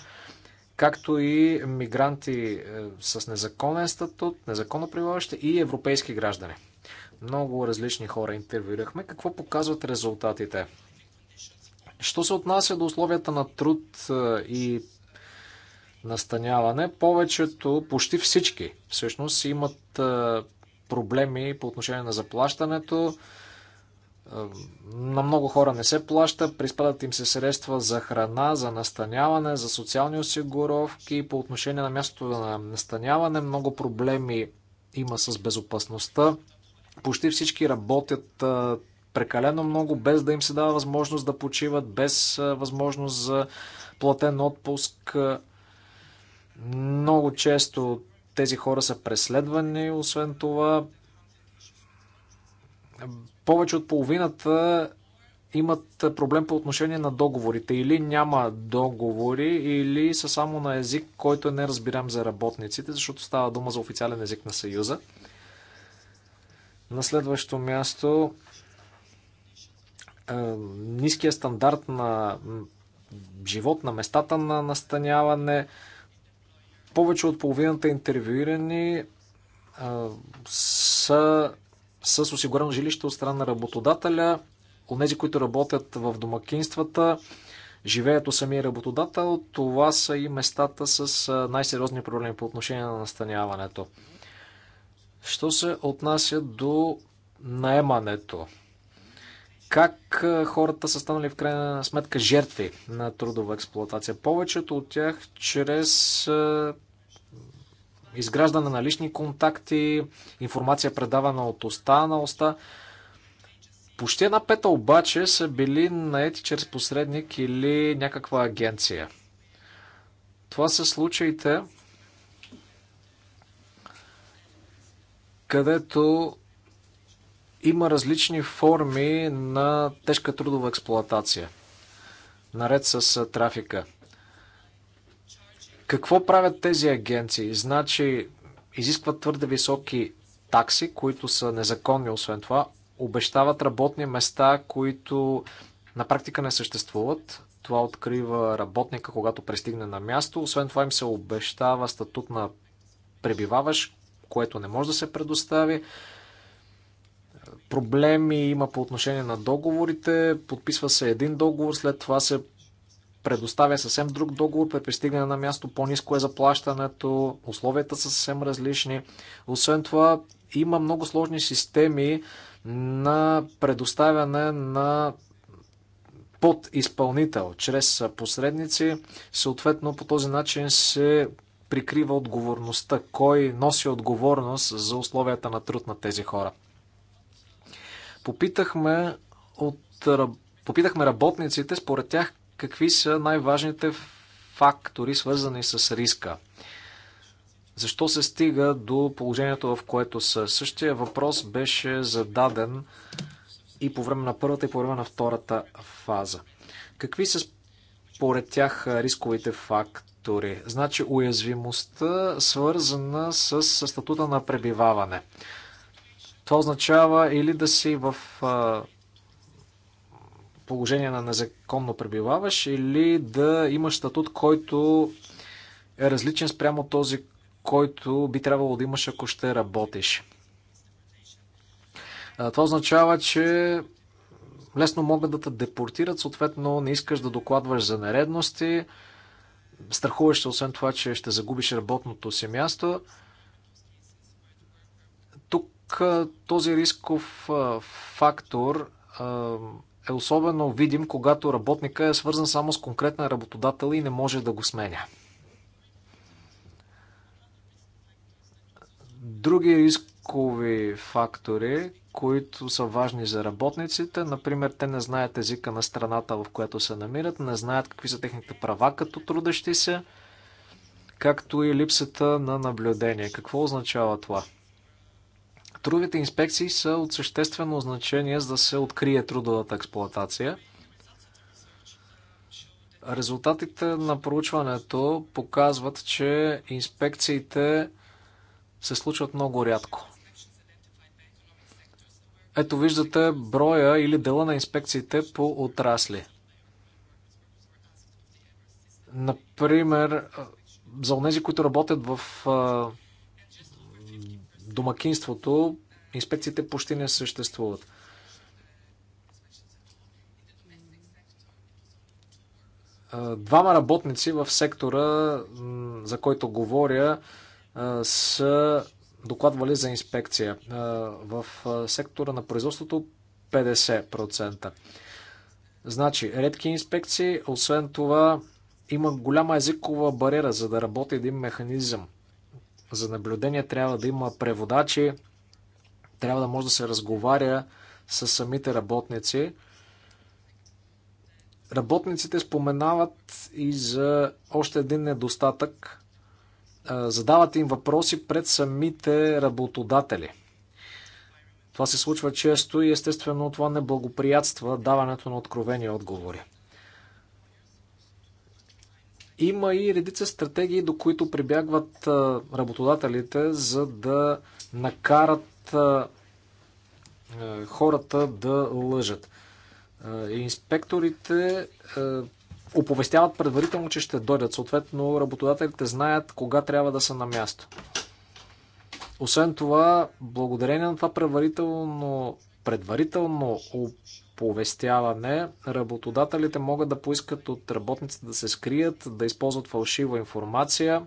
както и мигранти е, с незаконен статут, незаконно пребиваващи и европейски граждани. Много различни хора интервюирахме. Какво показват резултатите? Що се отнася до условията на труд е, и настаняване, повечето, почти всички всъщност имат проблеми по отношение на заплащането. На много хора не се плаща, приспадат им се средства за храна, за настаняване, за социални осигуровки. По отношение на мястото на настаняване много проблеми има с безопасността. Почти всички работят прекалено много, без да им се дава възможност да почиват, без възможност за платен отпуск. Много често тези хора са преследвани, освен това. Повече от половината имат проблем по отношение на договорите. Или няма договори, или са само на език, който е неразбирам за работниците, защото става дума за официален език на Съюза. На следващо място, ниският ниския стандарт на живот, на местата на настаняване, повече от половината интервюирани са с осигурено жилище от страна на работодателя. Онези, които работят в домакинствата, живеят у самия работодател, това са и местата с най-сериозни проблеми по отношение на настаняването. Що се отнася до наемането? Как хората са станали в крайна сметка жертви на трудова експлуатация? Повечето от тях чрез изграждане на лични контакти, информация предавана от уста на уста. Почти една пета обаче са били наети чрез посредник или някаква агенция. Това са случаите, където има различни форми на тежка трудова експлоатация, наред с трафика. Какво правят тези агенции? Значи, изискват твърде високи такси, които са незаконни, освен това, обещават работни места, които на практика не съществуват. Това открива работника, когато пристигне на място. Освен това им се обещава статут на пребиваваш, което не може да се предостави проблеми има по отношение на договорите. Подписва се един договор, след това се предоставя съвсем друг договор, при пристигане на място по-низко е заплащането, условията са съвсем различни. Освен това, има много сложни системи на предоставяне на под изпълнител чрез посредници. Съответно, по този начин се прикрива отговорността. Кой носи отговорност за условията на труд на тези хора? Попитахме, от, попитахме работниците, според тях, какви са най-важните фактори, свързани с риска. Защо се стига до положението, в което са? Същия въпрос беше зададен и по време на първата, и по време на втората фаза. Какви са според тях рисковите фактори? Значи уязвимостта, свързана с статута на пребиваване. Това означава или да си в положение на незаконно пребиваваш или да имаш статут, който е различен спрямо този, който би трябвало да имаш, ако ще работиш. Това означава, че лесно могат да те депортират, съответно не искаш да докладваш за нередности, страхуваш се освен това, че ще загубиш работното си място – този рисков фактор е особено видим, когато работника е свързан само с конкретна работодател и не може да го сменя. Други рискови фактори, които са важни за работниците, например, те не знаят езика на страната, в която се намират, не знаят какви са техните права като трудещи се, както и липсата на наблюдение. Какво означава това? Трудовите инспекции са от съществено значение, за да се открие трудовата експлоатация. Резултатите на проучването показват, че инспекциите се случват много рядко. Ето виждате броя или дела на инспекциите по отрасли. Например, за онези, които работят в домакинството инспекциите почти не съществуват. Двама работници в сектора, за който говоря, са докладвали за инспекция. В сектора на производството 50%. Значи, редки инспекции, освен това, има голяма езикова бариера, за да работи един механизъм за наблюдение трябва да има преводачи, трябва да може да се разговаря с самите работници. Работниците споменават и за още един недостатък. Задават им въпроси пред самите работодатели. Това се случва често и естествено това неблагоприятства даването на откровени отговори. Има и редица стратегии, до които прибягват работодателите, за да накарат хората да лъжат. Инспекторите оповестяват предварително, че ще дойдат. Съответно, работодателите знаят кога трябва да са на място. Освен това, благодарение на това предварително, предварително оповестяване, работодателите могат да поискат от работниците да се скрият, да използват фалшива информация.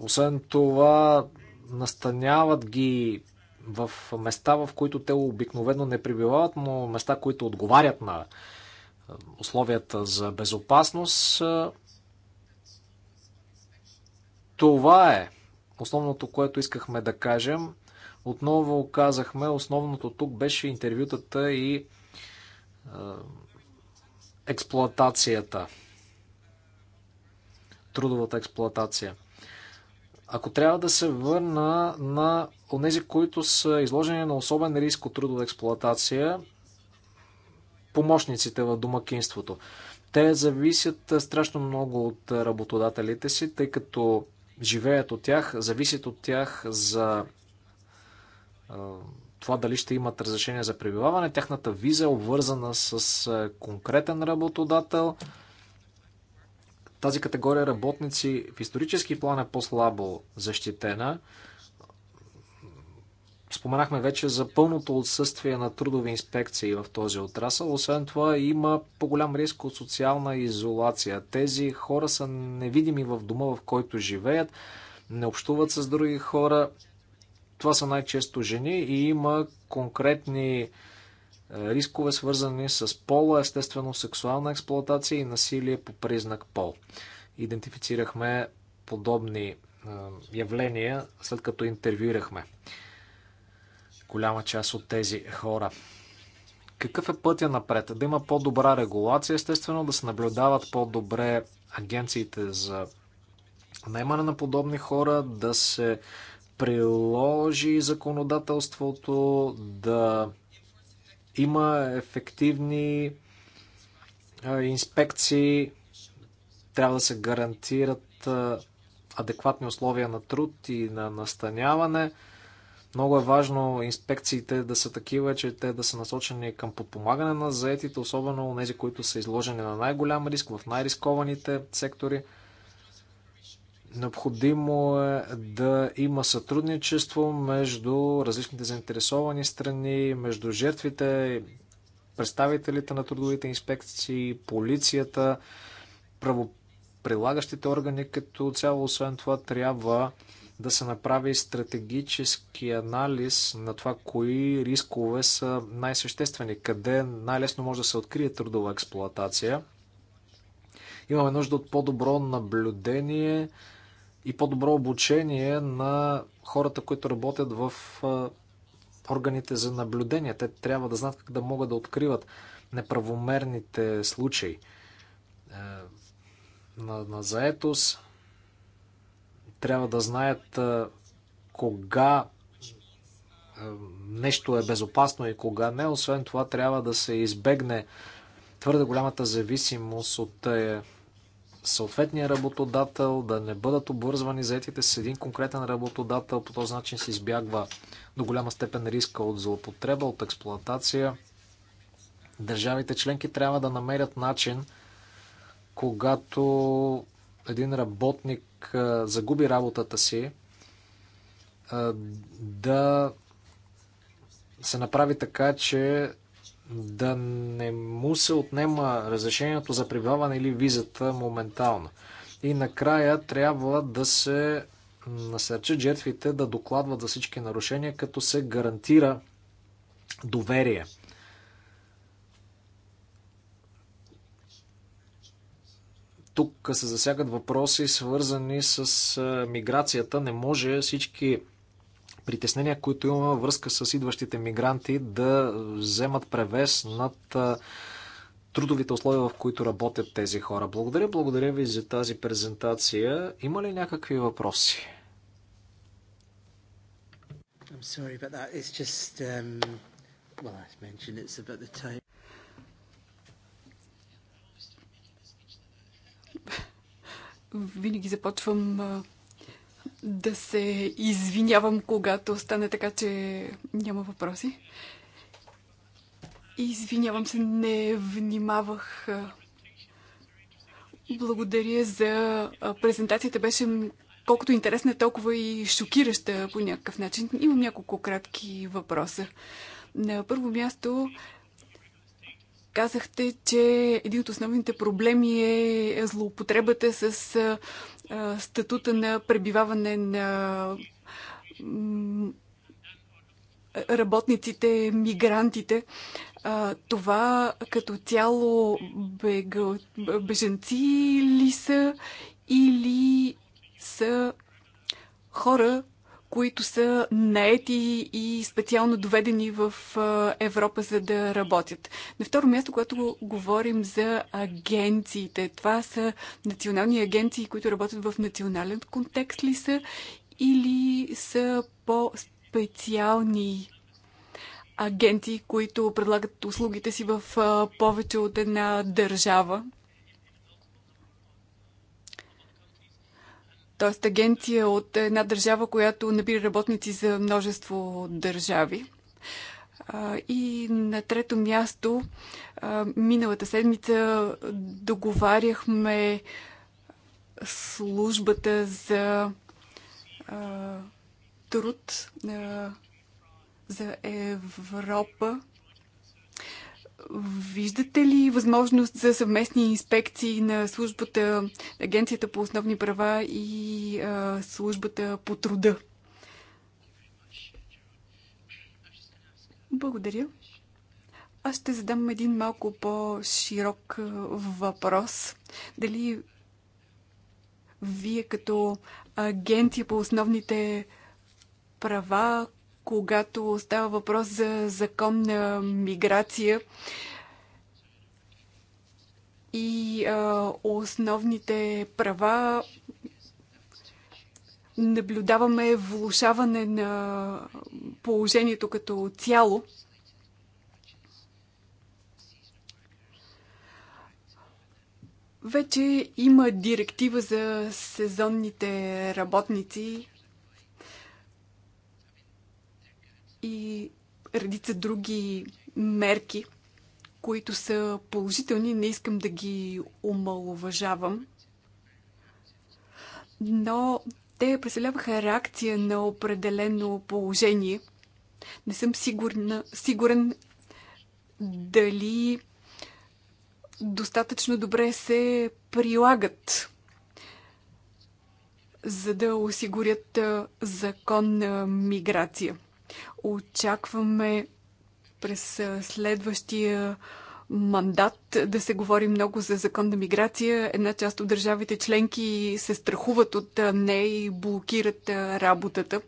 Освен това, настаняват ги в места, в които те обикновено не прибивават, но места, които отговарят на условията за безопасност. Това е основното, което искахме да кажем. Отново казахме, основното тук беше интервютата и е, експлоатацията. Трудовата експлоатация. Ако трябва да се върна на тези, които са изложени на особен риск от трудова експлоатация, помощниците в домакинството. Те зависят е, страшно много от работодателите си, тъй като живеят от тях, зависят от тях за това дали ще имат разрешение за пребиваване. Тяхната виза е обвързана с конкретен работодател. Тази категория работници в исторически план е по-слабо защитена. Споменахме вече за пълното отсъствие на трудови инспекции в този отрасъл. Освен това, има по-голям риск от социална изолация. Тези хора са невидими в дома, в който живеят, не общуват с други хора, това са най-често жени и има конкретни е, рискове, свързани с пола, естествено сексуална експлоатация и насилие по признак пол. Идентифицирахме подобни е, явления, след като интервюирахме голяма част от тези хора. Какъв е пътя напред? Да има по-добра регулация, естествено, да се наблюдават по-добре агенциите за наймане на подобни хора, да се приложи законодателството, да има ефективни инспекции, трябва да се гарантират адекватни условия на труд и на настаняване. Много е важно инспекциите да са такива, че те да са насочени към подпомагане на заетите, особено тези, които са изложени на най-голям риск в най-рискованите сектори. Необходимо е да има сътрудничество между различните заинтересовани страни, между жертвите, представителите на трудовите инспекции, полицията, правоприлагащите органи като цяло. Освен това, трябва да се направи стратегически анализ на това, кои рискове са най-съществени, къде най-лесно може да се открие трудова експлоатация. Имаме нужда от по-добро наблюдение, и по-добро обучение на хората, които работят в органите за наблюдение. Те трябва да знаят как да могат да откриват неправомерните случаи е, на, на заетост. Трябва да знаят е, кога е, нещо е безопасно и кога не. Освен това, трябва да се избегне твърде голямата зависимост от съответния работодател, да не бъдат обвързвани заетите с един конкретен работодател. По този начин се избягва до голяма степен риска от злоупотреба, от експлоатация. Държавите членки трябва да намерят начин, когато един работник загуби работата си, да се направи така, че да не му се отнема разрешението за прибаване или визата моментално. И накрая трябва да се насърчат жертвите да докладват за всички нарушения, като се гарантира доверие. Тук се засягат въпроси, свързани с е, миграцията. Не може всички притеснения, които имаме във връзка с идващите мигранти, да вземат превес над трудовите условия, в които работят тези хора. Благодаря, благодаря ви за тази презентация. Има ли някакви въпроси? Um, Винаги започвам да се извинявам, когато стане така, че няма въпроси. Извинявам се, не внимавах. Благодаря за презентацията. Беше колкото интересна, толкова и шокираща по някакъв начин. Имам няколко кратки въпроса. На първо място казахте, че един от основните проблеми е злоупотребата с статута на пребиваване на работниците, мигрантите. Това като цяло беженци ли са или са хора, които са наети и специално доведени в Европа, за да работят. На второ място, когато говорим за агенциите, това са национални агенции, които работят в национален контекст ли са или са по-специални агенти, които предлагат услугите си в повече от една държава? Тоест агенция от една държава, която набира работници за множество държави. И на трето място, миналата седмица договаряхме службата за труд за Европа Виждате ли възможност за съвместни инспекции на службата, Агенцията по основни права и а, службата по труда? Благодаря. Аз ще задам един малко по-широк въпрос. Дали вие като агенция по основните права, когато става въпрос за законна миграция и а, основните права, наблюдаваме влушаване на положението като цяло. Вече има директива за сезонните работници и редица други мерки, които са положителни. Не искам да ги омалуважавам. Но те представляваха реакция на определено положение. Не съм сигурна, сигурен дали достатъчно добре се прилагат, за да осигурят законна миграция. Очакваме през следващия мандат да се говори много за закон на миграция. Една част от държавите членки се страхуват от нея и блокират работата.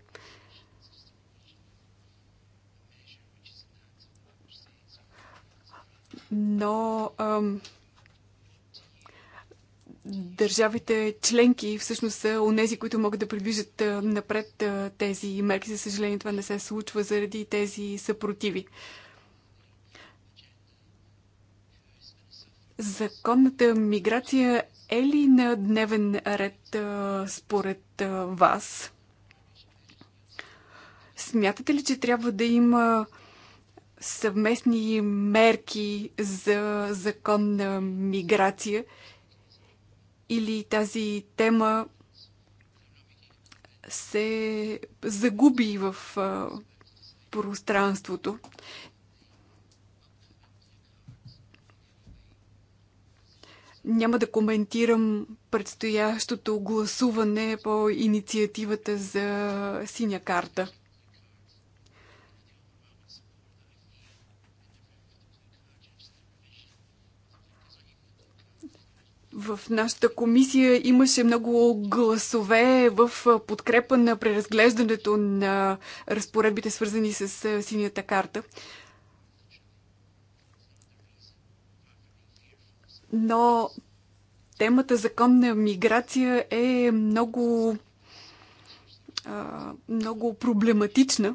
Но ам, държавите членки всъщност са онези, които могат да придвижат напред тези мерки. За съжаление, това не се случва заради тези съпротиви. Законната миграция е ли на дневен ред според вас? Смятате ли, че трябва да има съвместни мерки за законна миграция или тази тема се загуби в пространството. Няма да коментирам предстоящото гласуване по инициативата за синя карта. В нашата комисия имаше много гласове в подкрепа на преразглеждането на разпоредбите, свързани с синята карта. Но темата законна миграция е много, много проблематична.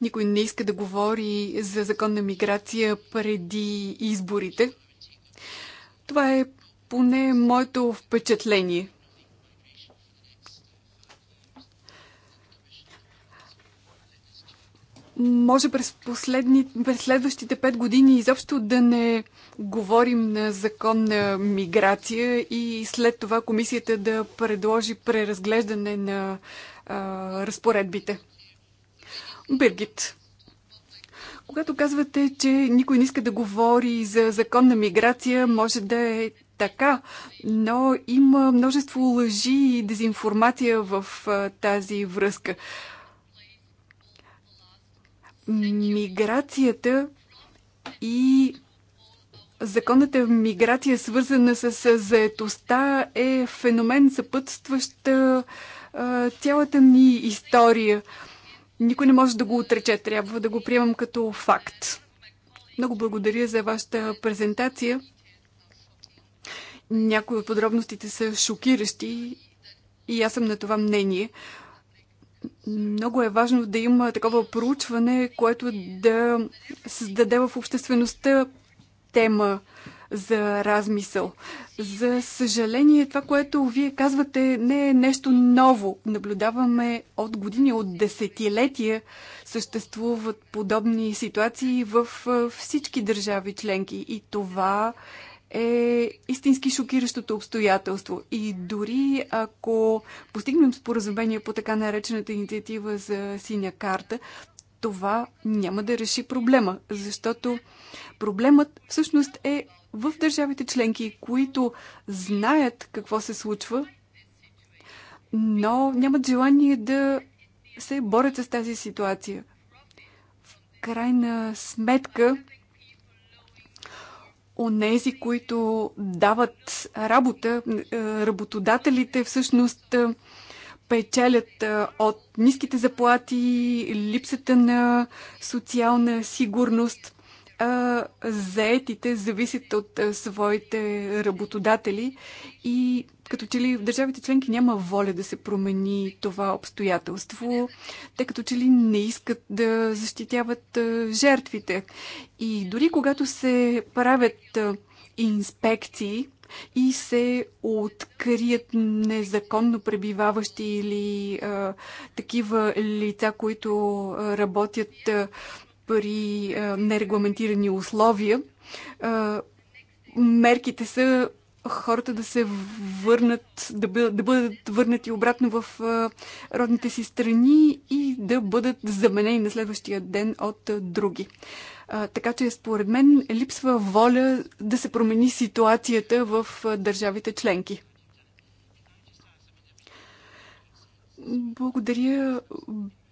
Никой не иска да говори за законна миграция преди изборите – това е поне моето впечатление. Може през, последни, през следващите пет години изобщо да не говорим на законна миграция и след това комисията да предложи преразглеждане на а, разпоредбите. Биргит, когато казвате, че никой не иска да говори за закон на миграция, може да е така, но има множество лъжи и дезинформация в тази връзка. Миграцията и Законната миграция, свързана с заетостта, е феномен съпътстващ цялата ни история. Никой не може да го отрече, трябва да го приемам като факт. Много благодаря за вашата презентация. Някои от подробностите са шокиращи и аз съм на това мнение. Много е важно да има такова проучване, което да създаде в обществеността тема за размисъл. За съжаление, това, което вие казвате, не е нещо ново. Наблюдаваме от години, от десетилетия съществуват подобни ситуации в всички държави членки. И това е истински шокиращото обстоятелство. И дори ако постигнем споразумение по така наречената инициатива за синя карта, това няма да реши проблема, защото проблемът всъщност е в държавите членки, които знаят какво се случва, но нямат желание да се борят с тази ситуация. В крайна сметка, онези, които дават работа, е, работодателите всъщност е, печелят е, от ниските заплати, липсата на социална сигурност – а, заетите зависят от а, своите работодатели и като че ли в държавите членки няма воля да се промени това обстоятелство. Те като че ли не искат да защитяват а, жертвите. И дори когато се правят а, инспекции, и се открият незаконно пребиваващи или а, такива лица, които работят а, при нерегламентирани условия. Мерките са хората да се върнат, да бъдат, да бъдат върнати обратно в родните си страни и да бъдат заменени на следващия ден от други. Така че, според мен, липсва воля да се промени ситуацията в държавите членки. Благодаря.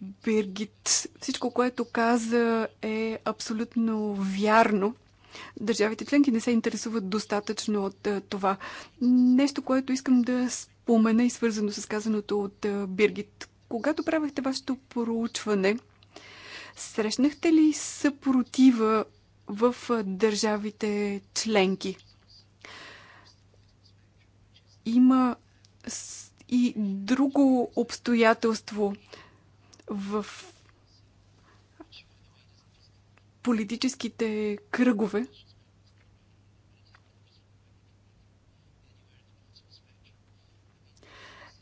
Биргит. Всичко, което каза е абсолютно вярно. Държавите членки не се интересуват достатъчно от е, това. Нещо, което искам да спомена и свързано с казаното от е, Биргит. Когато правихте вашето проучване, срещнахте ли съпротива в е, държавите членки? Има и друго обстоятелство – в политическите кръгове.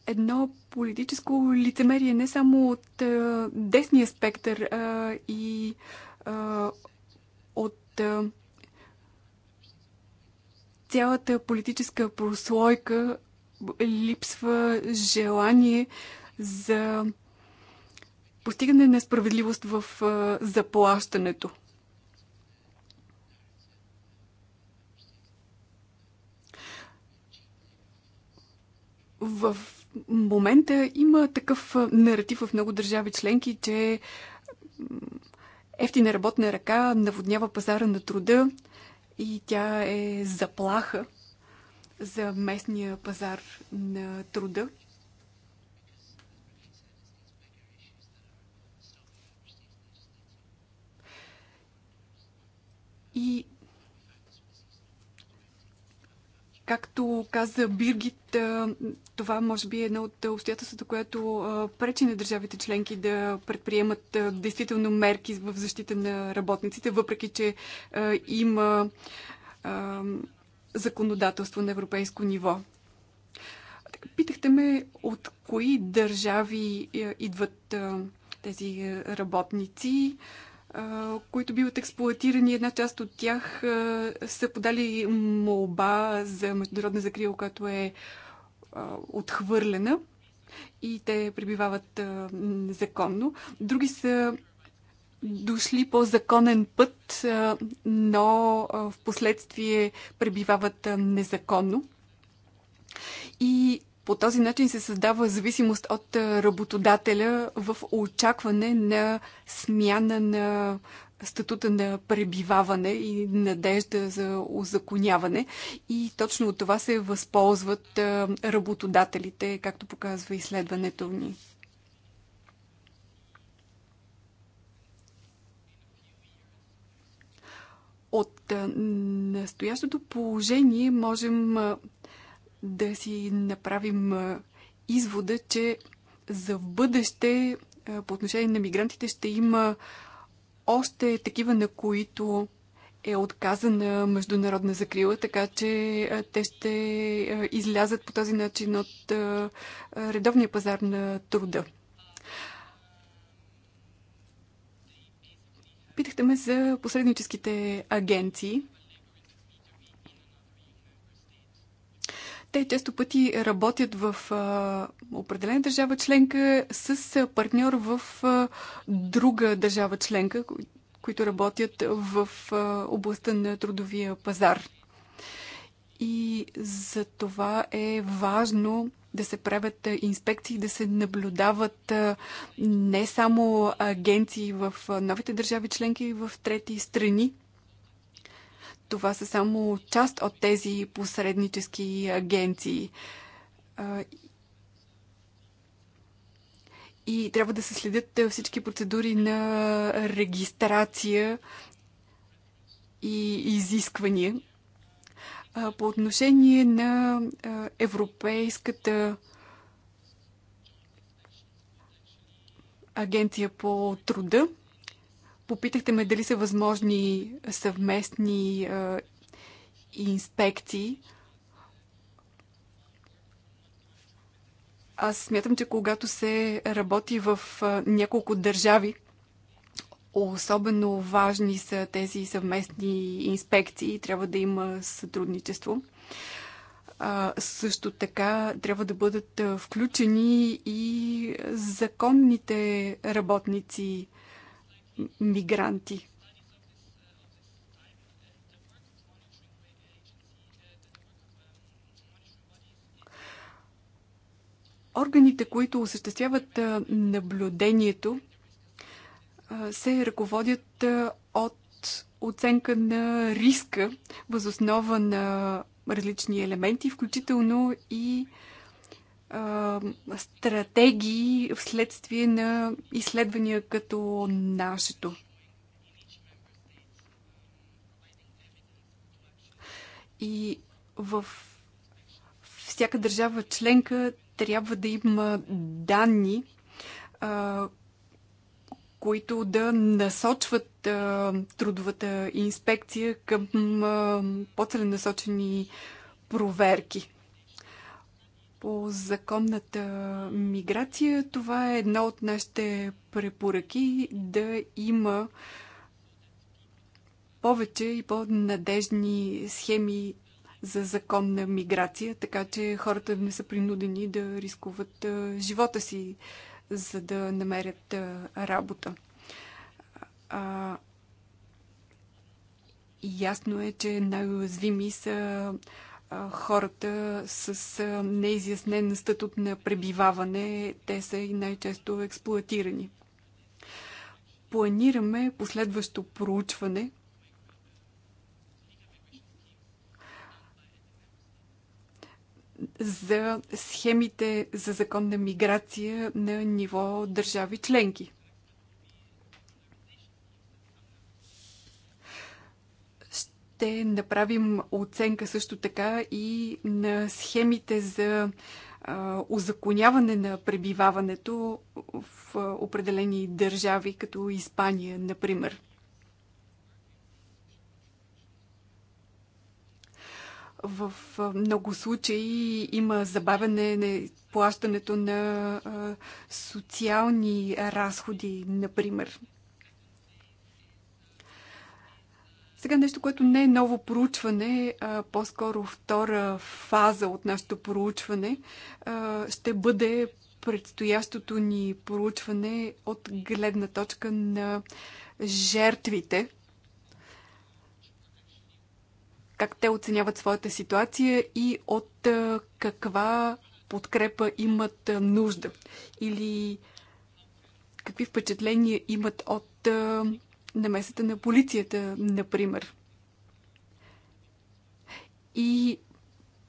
Едно политическо лицемерие не само от а, десния спектър а, и а, от а, цялата политическа прослойка липсва желание за постигане на справедливост в заплащането. В момента има такъв наратив в много държави членки, че ефтина работна ръка наводнява пазара на труда и тя е заплаха за местния пазар на труда. И Както каза Биргит, това може би е едно от обстоятелствата, което пречи на държавите членки да предприемат действително мерки в защита на работниците, въпреки че има законодателство на европейско ниво. Питахте ме от кои държави идват тези работници които биват експлуатирани. Една част от тях са подали молба за международна закрила, която е отхвърлена и те пребивават незаконно. Други са дошли по законен път, но в последствие пребивават незаконно. И по този начин се създава зависимост от е, работодателя в очакване на смяна на статута на пребиваване и надежда за озаконяване. И точно от това се възползват е, работодателите, както показва изследването ни. От е, настоящото положение можем да си направим извода, че за в бъдеще по отношение на мигрантите ще има още такива, на които е отказана международна закрила, така че те ще излязат по този начин от редовния пазар на труда. Питахте ме за посредническите агенции. те често пъти работят в а, определена държава членка с партньор в а, друга държава членка, които работят в а, областта на трудовия пазар. И за това е важно да се правят инспекции, да се наблюдават не само агенции в новите държави членки и в трети страни, това са само част от тези посреднически агенции. И трябва да се следят всички процедури на регистрация и изисквания. По отношение на Европейската агенция по труда, Попитахте ме дали са възможни съвместни е, инспекции. Аз смятам, че когато се работи в няколко държави, особено важни са тези съвместни инспекции. Трябва да има сътрудничество. А, също така трябва да бъдат включени и законните работници мигранти. Органите, които осъществяват наблюдението, се ръководят от оценка на риска възоснова на различни елементи, включително и а, стратегии вследствие на изследвания като нашето. И в всяка държава членка трябва да има данни, а, които да насочват а, трудовата инспекция към по-целенасочени проверки по законната миграция, това е една от нашите препоръки да има повече и по-надежни схеми за законна миграция, така че хората не са принудени да рискуват живота си, за да намерят работа. А, ясно е, че най-уязвими са хората с неизяснен статут на пребиваване. Те са и най-често експлуатирани. Планираме последващо проучване, за схемите за законна миграция на ниво държави членки. ще направим оценка също така и на схемите за озаконяване на пребиваването в определени държави, като Испания, например. в много случаи има забавяне на плащането на социални разходи, например. Сега нещо, което не е ново проучване, а по-скоро втора фаза от нашето проучване, а, ще бъде предстоящото ни проучване от гледна точка на жертвите. Как те оценяват своята ситуация и от каква подкрепа имат нужда. Или какви впечатления имат от намесата на полицията, например. И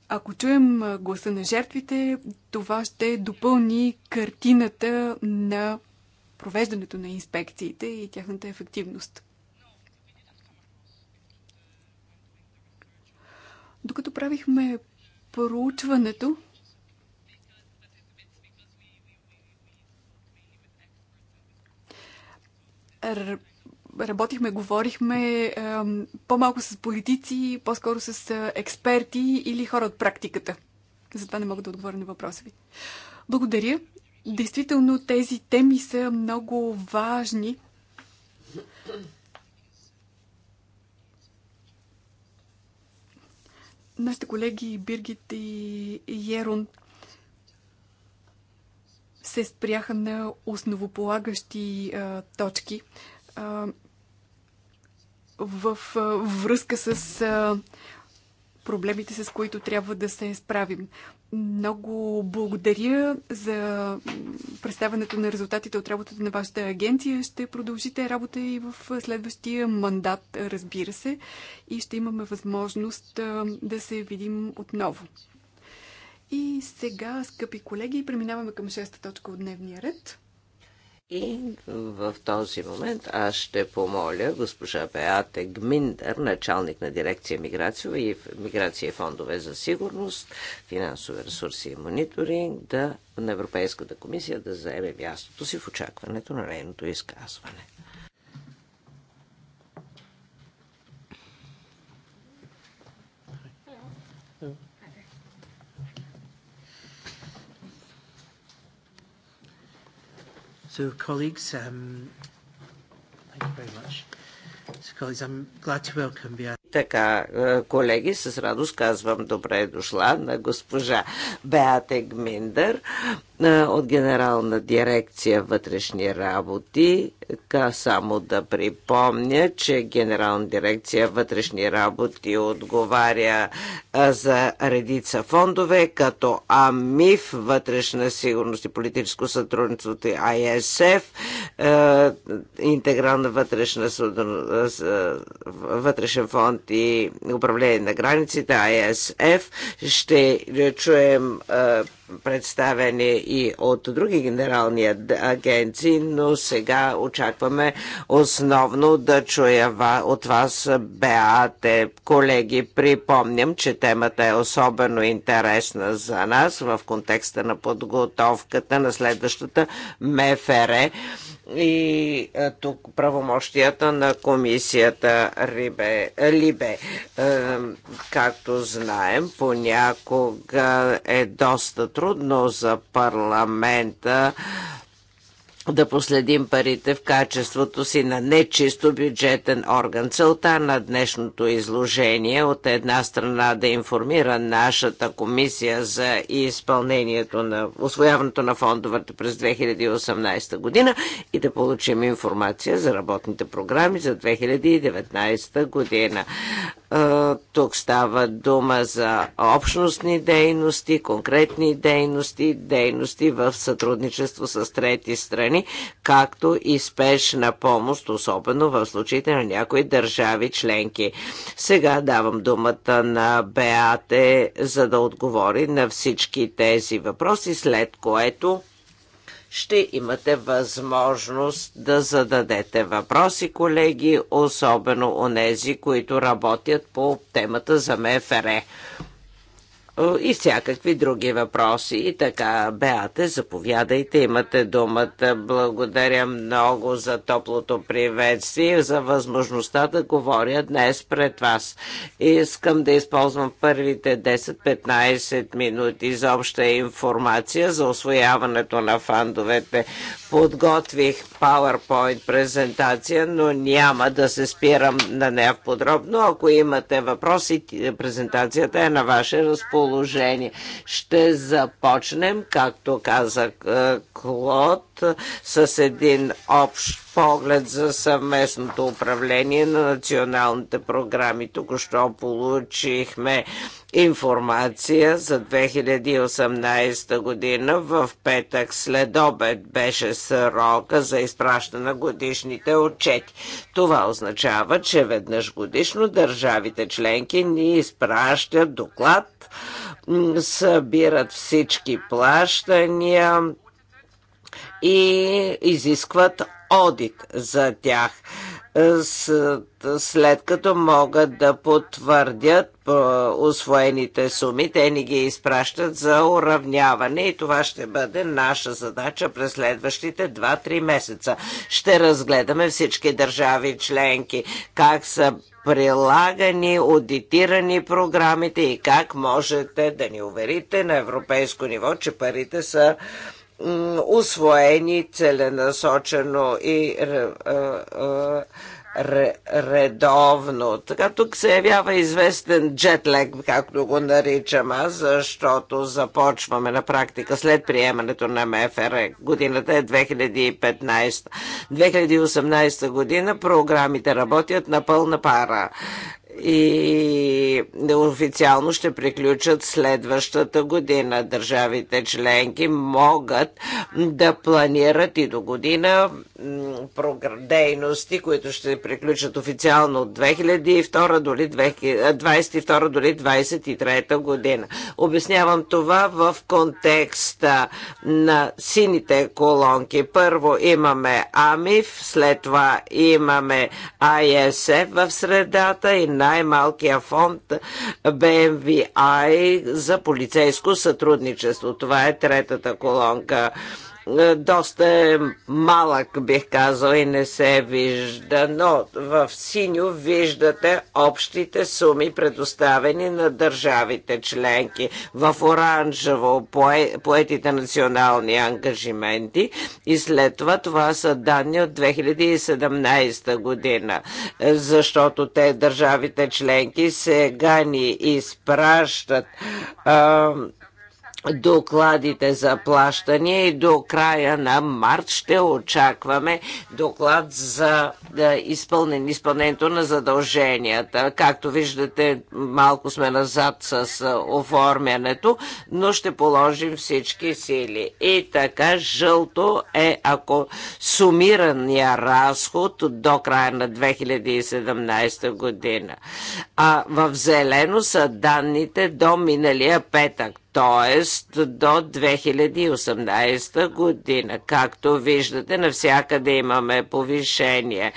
ако чуем гласа на жертвите, това ще допълни картината на провеждането на инспекциите и тяхната ефективност. Докато правихме проучването, работихме, говорихме по-малко с политици, по-скоро с експерти или хора от практиката. Затова не мога да отговоря на въпроса ви. Благодаря. Действително тези теми са много важни. Нашите колеги Биргит и Ерун се спряха на основополагащи а, точки. А, в връзка с проблемите, с които трябва да се справим. Много благодаря за представянето на резултатите от работата на вашата агенция. Ще продължите работа и в следващия мандат, разбира се, и ще имаме възможност да се видим отново. И сега, скъпи колеги, преминаваме към шеста точка от дневния ред. И в този момент аз ще помоля госпожа Беате Гминдер, началник на дирекция миграция и миграция и фондове за сигурност, финансови ресурси и мониторинг, да, на Европейската комисия да заеме мястото си в очакването на нейното изказване. So, colleagues, um, thank you very much. So, colleagues, I'm glad to welcome you. Така, колеги, с радост казвам добре дошла на госпожа Беате Гминдър от Генерална дирекция вътрешни работи. Ка само да припомня, че Генерална дирекция вътрешни работи отговаря за редица фондове, като АМИФ, вътрешна сигурност и политическо сътрудничество и АЕСФ, интегрална вътрешна вътрешен фонд и управление на границите, АЕСФ. Ще чуем представени и от други генерални агенции, но сега очакваме основно да чуя от вас Беате. Колеги, припомням, че темата е особено интересна за нас в контекста на подготовката на следващата МФР и тук правомощията на комисията Рибе, Либе. Е, както знаем, понякога е доста трудно за парламента да последим парите в качеството си на нечисто бюджетен орган. Целта на днешното изложение от една страна да информира нашата комисия за изпълнението на освояването на фондовете през 2018 година и да получим информация за работните програми за 2019 година. Тук става дума за общностни дейности, конкретни дейности, дейности в сътрудничество с трети страни, както и спешна помощ, особено в случаите на някои държави членки. Сега давам думата на Беате, за да отговори на всички тези въпроси, след което ще имате възможност да зададете въпроси, колеги, особено нези, които работят по темата за МФР и всякакви други въпроси. И така, Беате, заповядайте, имате думата. Благодаря много за топлото приветствие, за възможността да говоря днес пред вас. Искам да използвам първите 10-15 минути за обща информация за освояването на фандовете. Подготвих PowerPoint презентация, но няма да се спирам на нея подробно. Ако имате въпроси, презентацията е на ваше разположение положение. Ще започнем, както каза е, Клод, с един общ поглед за съвместното управление на националните програми. Току-що получихме информация за 2018 година. В петък след обед беше срока за изпращане на годишните отчети. Това означава, че веднъж годишно държавите членки ни изпращат доклад събират всички плащания и изискват одит за тях след като могат да потвърдят освоените суми, те ни ги изпращат за уравняване и това ще бъде наша задача през следващите 2-3 месеца. Ще разгледаме всички държави членки, как са прилагани, аудитирани програмите и как можете да ни уверите на европейско ниво, че парите са освоени целенасочено и редовно. Така тук се явява известен джетлег, както го наричам аз, защото започваме на практика след приемането на МФР. Годината е 2015. 2018 година програмите работят на пълна пара и официално ще приключат следващата година. Държавите членки могат да планират и до година дейности, които ще приключат официално от 2002 2022 дори 2023 година. Обяснявам това в контекста на сините колонки. Първо имаме АМИФ, след това имаме ISF в средата и на най-малкия фонд BMVI за полицейско сътрудничество. Това е третата колонка. Е, доста е малък, бих казал, и не се вижда, но в синьо виждате общите суми, предоставени на държавите членки. В оранжево пое, поетите национални ангажименти и след това това са данни от 2017 година, е, защото те държавите членки сега ни изпращат а, докладите за плащания и до края на март ще очакваме доклад за изпълнен, изпълнението на задълженията. Както виждате, малко сме назад с оформянето, но ще положим всички сили. И така, жълто е ако сумирания разход до края на 2017 година. А в зелено са данните до миналия петък т.е. до 2018 година. Както виждате, навсякъде имаме повишение.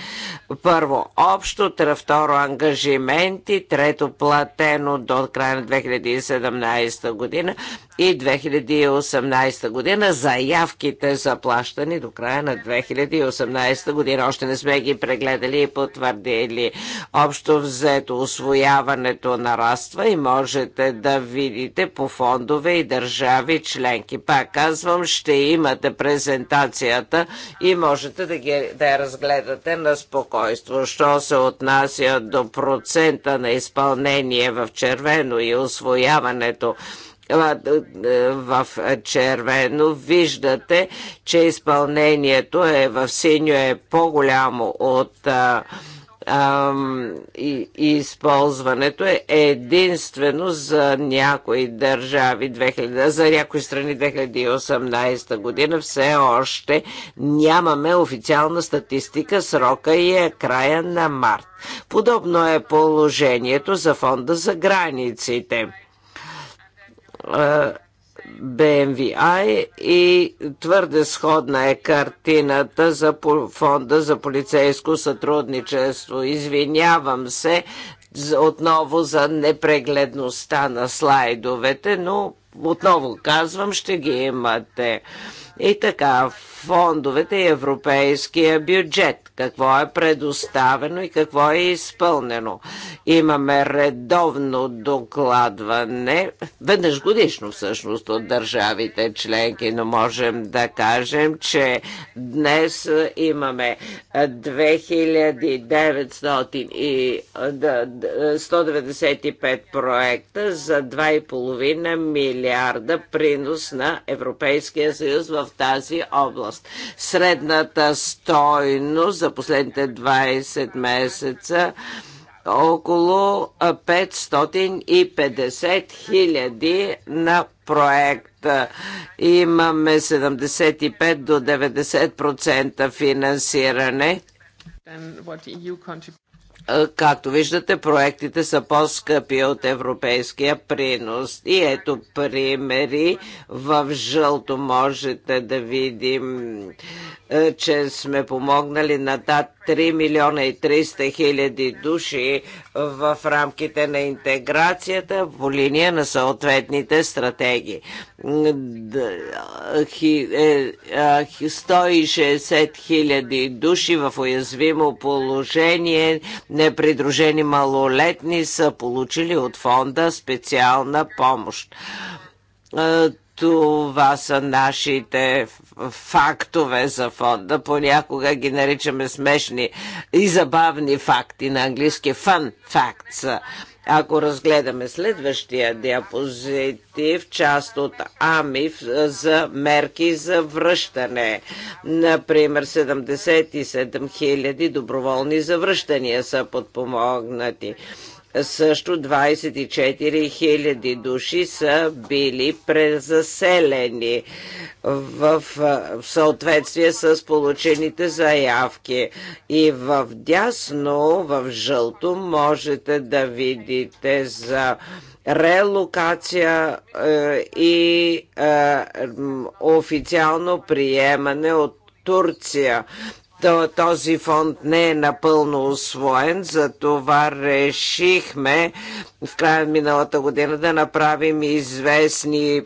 Първо, общо, второ, ангажименти, трето, платено до края на 2017 година и 2018 година. Заявките за плащани до края на 2018 година. Още не сме ги прегледали и потвърдили. Общо взето освояването нараства и можете да видите по фондове и държави членки. Пак казвам, ще имате презентацията и можете да, ги, да я разгледате на спокойство. Що се отнася до процента на изпълнение в червено и освояването в червено виждате, че изпълнението е в синьо е по-голямо от а, и, използването е единствено за някои държави 2000, за някои страни 2018 година все още нямаме официална статистика, срока и е края на март. Подобно е положението за фонда за границите BMVI и твърде сходна е картината за фонда за полицейско сътрудничество. Извинявам се отново за непрегледността на слайдовете, но отново казвам, ще ги имате. И така, фондовете и европейския бюджет, какво е предоставено и какво е изпълнено. Имаме редовно докладване, веднъж годишно всъщност от държавите членки, но можем да кажем, че днес имаме 2995 проекта за 2,5 милиарда принос на Европейския съюз в в тази област. Средната стойност за последните 20 месеца около 550 хиляди на проект. Имаме 75 до 90% финансиране е, както виждате, проектите са по-скъпи от европейския принос. И ето примери. В жълто можете да видим, е, че сме помогнали на над 3 милиона и 300 хиляди души в рамките на интеграцията по линия на съответните стратегии. 160 е, хиляди души в уязвимо положение непридружени малолетни са получили от фонда специална помощ. Това са нашите фактове за фонда. Понякога ги наричаме смешни и забавни факти на английски fun facts. Ако разгледаме следващия диапозитив, част от АМИФ за мерки за връщане. Например, 77 000 доброволни завръщания са подпомогнати. Също 24 000 души са били презаселени в съответствие с получените заявки. И в дясно, в жълто, можете да видите за релокация е, и е, официално приемане от Турция този фонд не е напълно освоен, затова решихме в края на миналата година да направим известни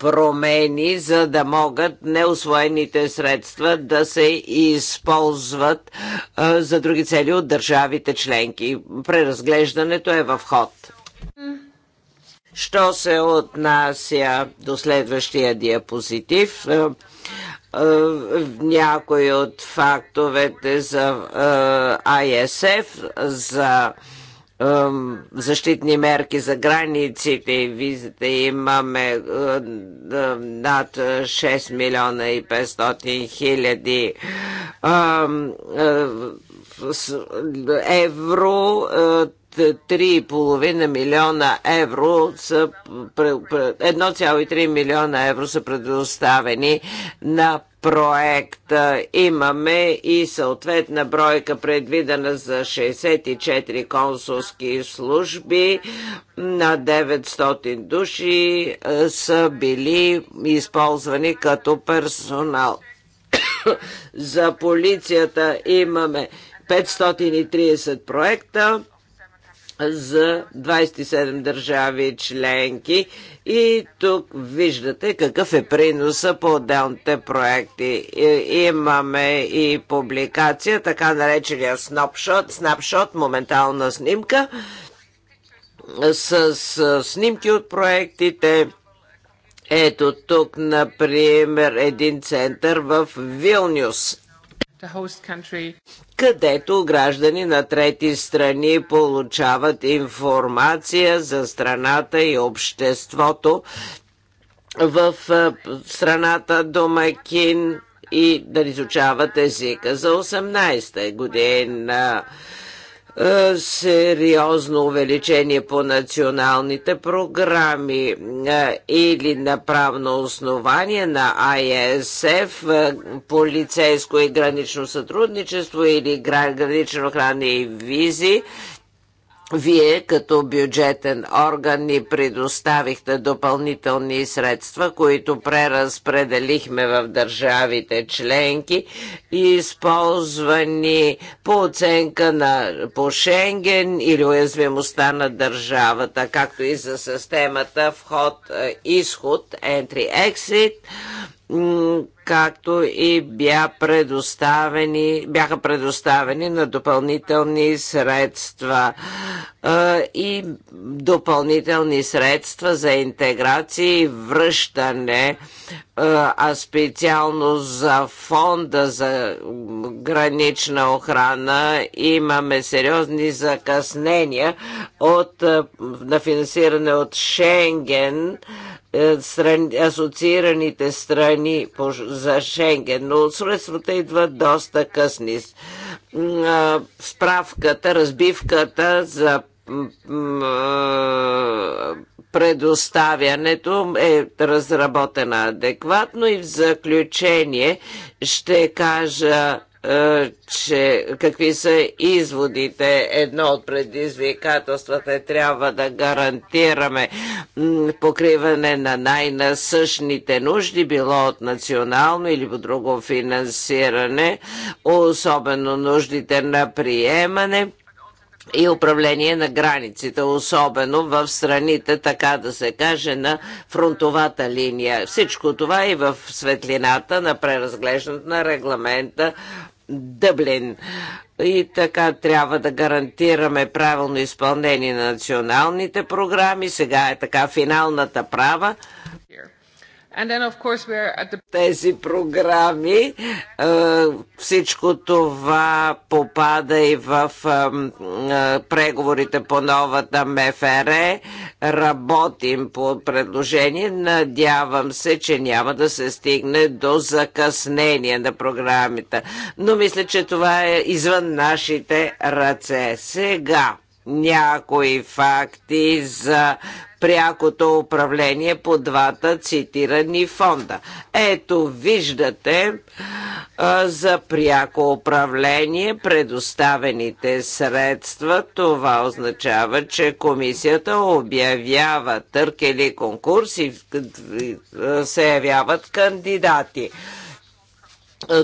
промени, за да могат неосвоените средства да се използват за други цели от държавите членки. Преразглеждането е в ход. Що се отнася до следващия диапозитив, е, някои от фактовете за е, АЕСФ, за е, защитни мерки за границите и визите имаме над 6 милиона и 500 хиляди евро. 3,5 милиона евро са 1,3 милиона евро са предоставени на проекта. Имаме и съответна бройка предвидена за 64 консулски служби. На 900 души е, са били използвани като персонал. <coughs> за полицията имаме 530 проекта за 27 държави членки и тук виждате какъв е приноса по отделните проекти. Имаме и публикация, така наречения снапшот, снапшот моментална снимка с, с снимки от проектите, ето тук, например, един център в Вилнюс, където граждани на трети страни получават информация за страната и обществото в страната домакин и да изучават езика. За 18-та година е, сериозно увеличение по националните програми е, или на правно основание на АЕСФ, е, полицейско и гранично сътрудничество или гранично охрана и визи вие като бюджетен орган ни предоставихте допълнителни средства, които преразпределихме в държавите членки, използвани по оценка на по Шенген или уязвимостта на държавата, както и за системата вход-изход, е, entry-exit както и бя предоставени, бяха предоставени на допълнителни средства и допълнителни средства за интеграция и връщане, а специално за фонда за гранична охрана имаме сериозни закъснения от, на финансиране от Шенген е, асоциираните страни по, за Шенген, но средствата идват доста късни. Справката, разбивката за предоставянето е разработена адекватно и в заключение ще кажа е, че какви са изводите. Едно от предизвикателствата е трябва да гарантираме покриване на най-насъщните нужди, било от национално или по друго финансиране, особено нуждите на приемане и управление на границите, особено в страните, така да се каже, на фронтовата линия. Всичко това и в светлината на преразглеждането на регламента Дъблин. И така трябва да гарантираме правилно изпълнение на националните програми. Сега е така финалната права. Тези програми, е, всичко това попада и в е, е, преговорите по новата МФР. Работим по предложение. Надявам се, че няма да се стигне до закъснение на програмите. Но мисля, че това е извън нашите ръце. Сега някои факти за прякото управление по двата цитирани фонда. Ето виждате а, за пряко управление предоставените средства. Това означава, че комисията обявява търк или конкурс и се явяват кандидати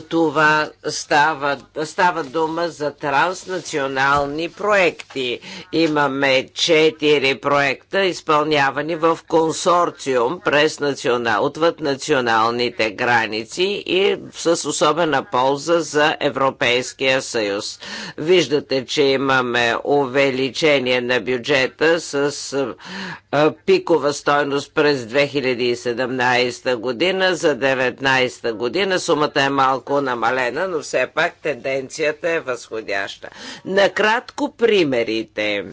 това става, става дума за транснационални проекти. Имаме четири проекта, изпълнявани в консорциум през национал, отвъд националните граници и с особена полза за Европейския съюз. Виждате, че имаме увеличение на бюджета с пикова стойност през 2017 година. За 2019 година сумата е малко малко намалена, но все пак тенденцията е възходяща. Накратко примерите е,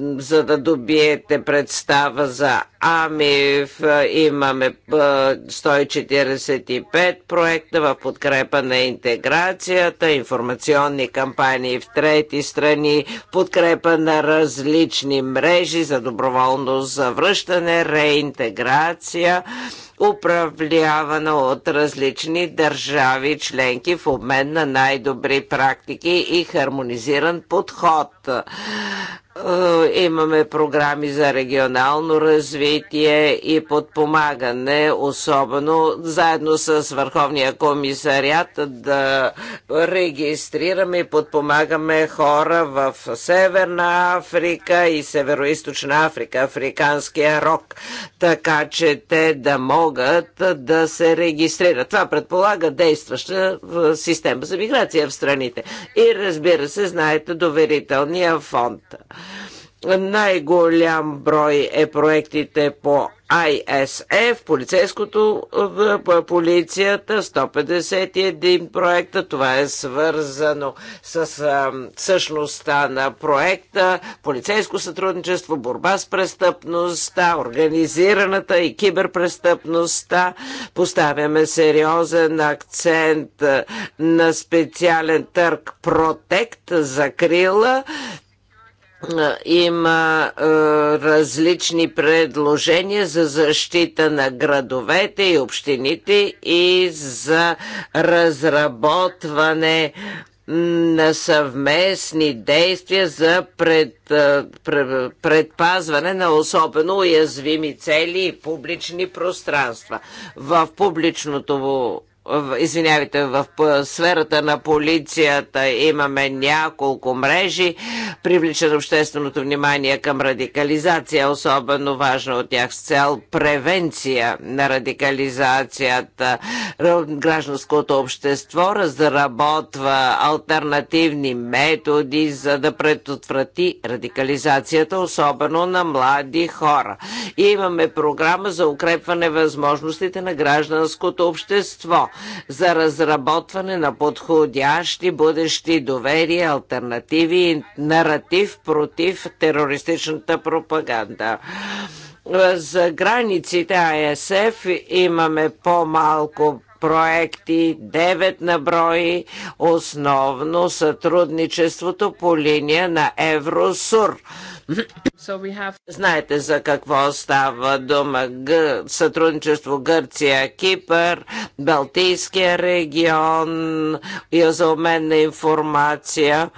за да добиете представа за АМИФ. Е, имаме 145 е, проекта в подкрепа на интеграцията, информационни кампании в трети страни, подкрепа на различни мрежи за доброволно завръщане, реинтеграция управлявана от различни държави членки в обмен на най-добри практики и хармонизиран подход е, имаме програми за регионално развитие и подпомагане, особено заедно с Върховния комисарят да регистрираме и подпомагаме хора в Северна Африка и Североизточна Африка, Африканския рок, така че те да могат да се регистрират. Това предполага действаща система за миграция в страните. И разбира се, знаете, доверителния фонд. Най-голям брой е проектите по ISF, полицейското полицията, 151 проекта. Това е свързано с а, същността на проекта, полицейско сътрудничество, борба с престъпността, организираната и киберпрестъпността. Поставяме сериозен акцент на специален търг Протект за крила има е, различни предложения за защита на градовете и общините и за разработване на съвместни действия за пред, е, пред, предпазване на особено уязвими цели и публични пространства. В публичното извинявайте, в сферата на полицията имаме няколко мрежи, привличат общественото внимание към радикализация, особено важно от тях с цел превенция на радикализацията. Гражданското общество разработва альтернативни методи, за да предотврати радикализацията, особено на млади хора. И имаме програма за укрепване възможностите на гражданското общество за разработване на подходящи бъдещи доверия, альтернативи и наратив против терористичната пропаганда за границите АСФ имаме по-малко проекти, 9 на брои, основно сътрудничеството по линия на Евросур So have... Знаете за какво става дума. Сътрудничество Гърция, Кипър, Балтийския регион и за обмен на информация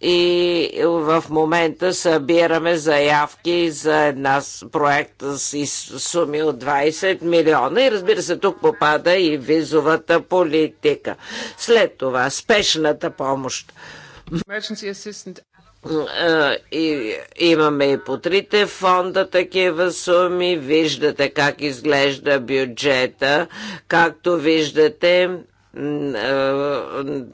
и в момента събираме заявки за една проект с суми от 20 милиона и разбира се тук попада и визовата политика. След това спешната помощ. Е, и, имаме и по трите фонда такива суми. Виждате как изглежда бюджета. Както виждате, е,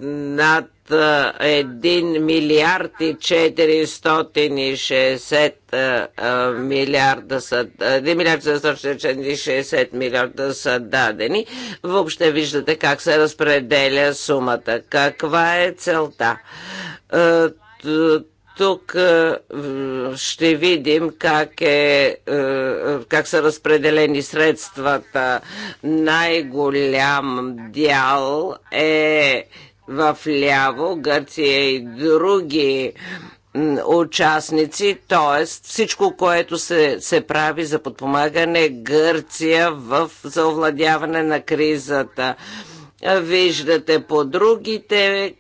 над 1 е, милиард и 460 милиарда са, 1 милиард 460 милиарда са дадени. Въобще виждате как се разпределя сумата. Каква е целта? Тук е, ще видим как, е, е, как са разпределени средствата. Най-голям дял е в ляво, Гърция и други участници, т.е. всичко, което се, се прави за подпомагане Гърция в, за овладяване на кризата. Виждате по другите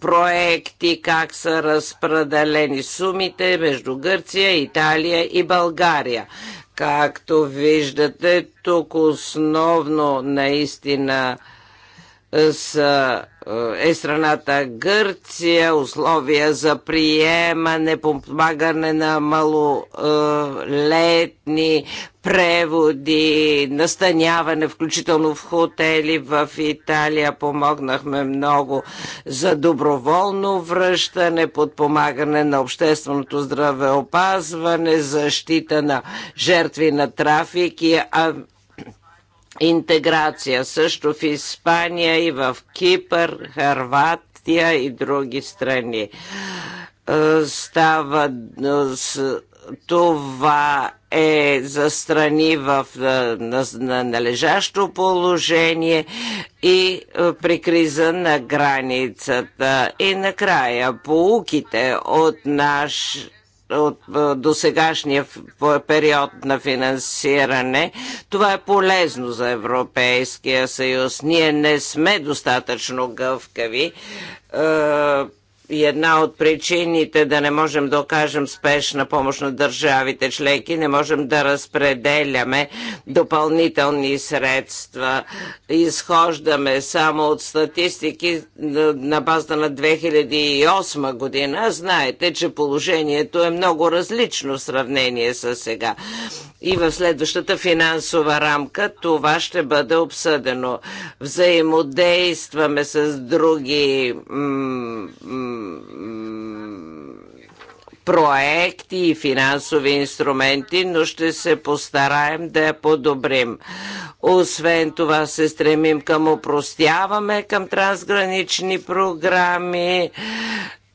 проекти как са разпределени сумите между Гърция, Италия и България. Както виждате, тук основно наистина с, е, е страната Гърция, условия за приемане, помагане на малолетни, преводи, настаняване, включително в хотели в Италия. Помогнахме много за доброволно връщане, подпомагане на общественото здравеопазване, защита на жертви на трафик и интеграция. Също в Испания и в Кипър, Харватия и други страни. Е, става е, това е за страни в е, належащо положение и при криза на границата. И накрая, поуките от наш от досегашния период на финансиране. Това е полезно за Европейския съюз. Ние не сме достатъчно гъвкави и една от причините да не можем да окажем спешна помощ на държавите членки, не можем да разпределяме допълнителни средства. Изхождаме само от статистики на базата на 2008 година. Знаете, че положението е много различно в сравнение с сега. И в следващата финансова рамка това ще бъде обсъдено. Взаимодействаме с други м- проекти и финансови инструменти, но ще се постараем да я подобрим. Освен това се стремим към опростяване, към трансгранични програми,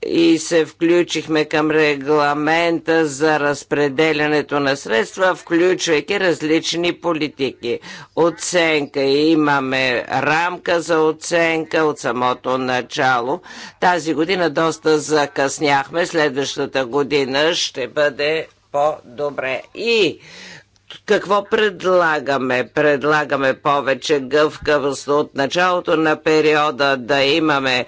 и се включихме към регламента за разпределянето на средства, включвайки различни политики. Оценка. Имаме рамка за оценка от самото начало. Тази година доста закъсняхме. Следващата година ще бъде по-добре. И какво предлагаме? Предлагаме повече гъвкавост от началото на периода да имаме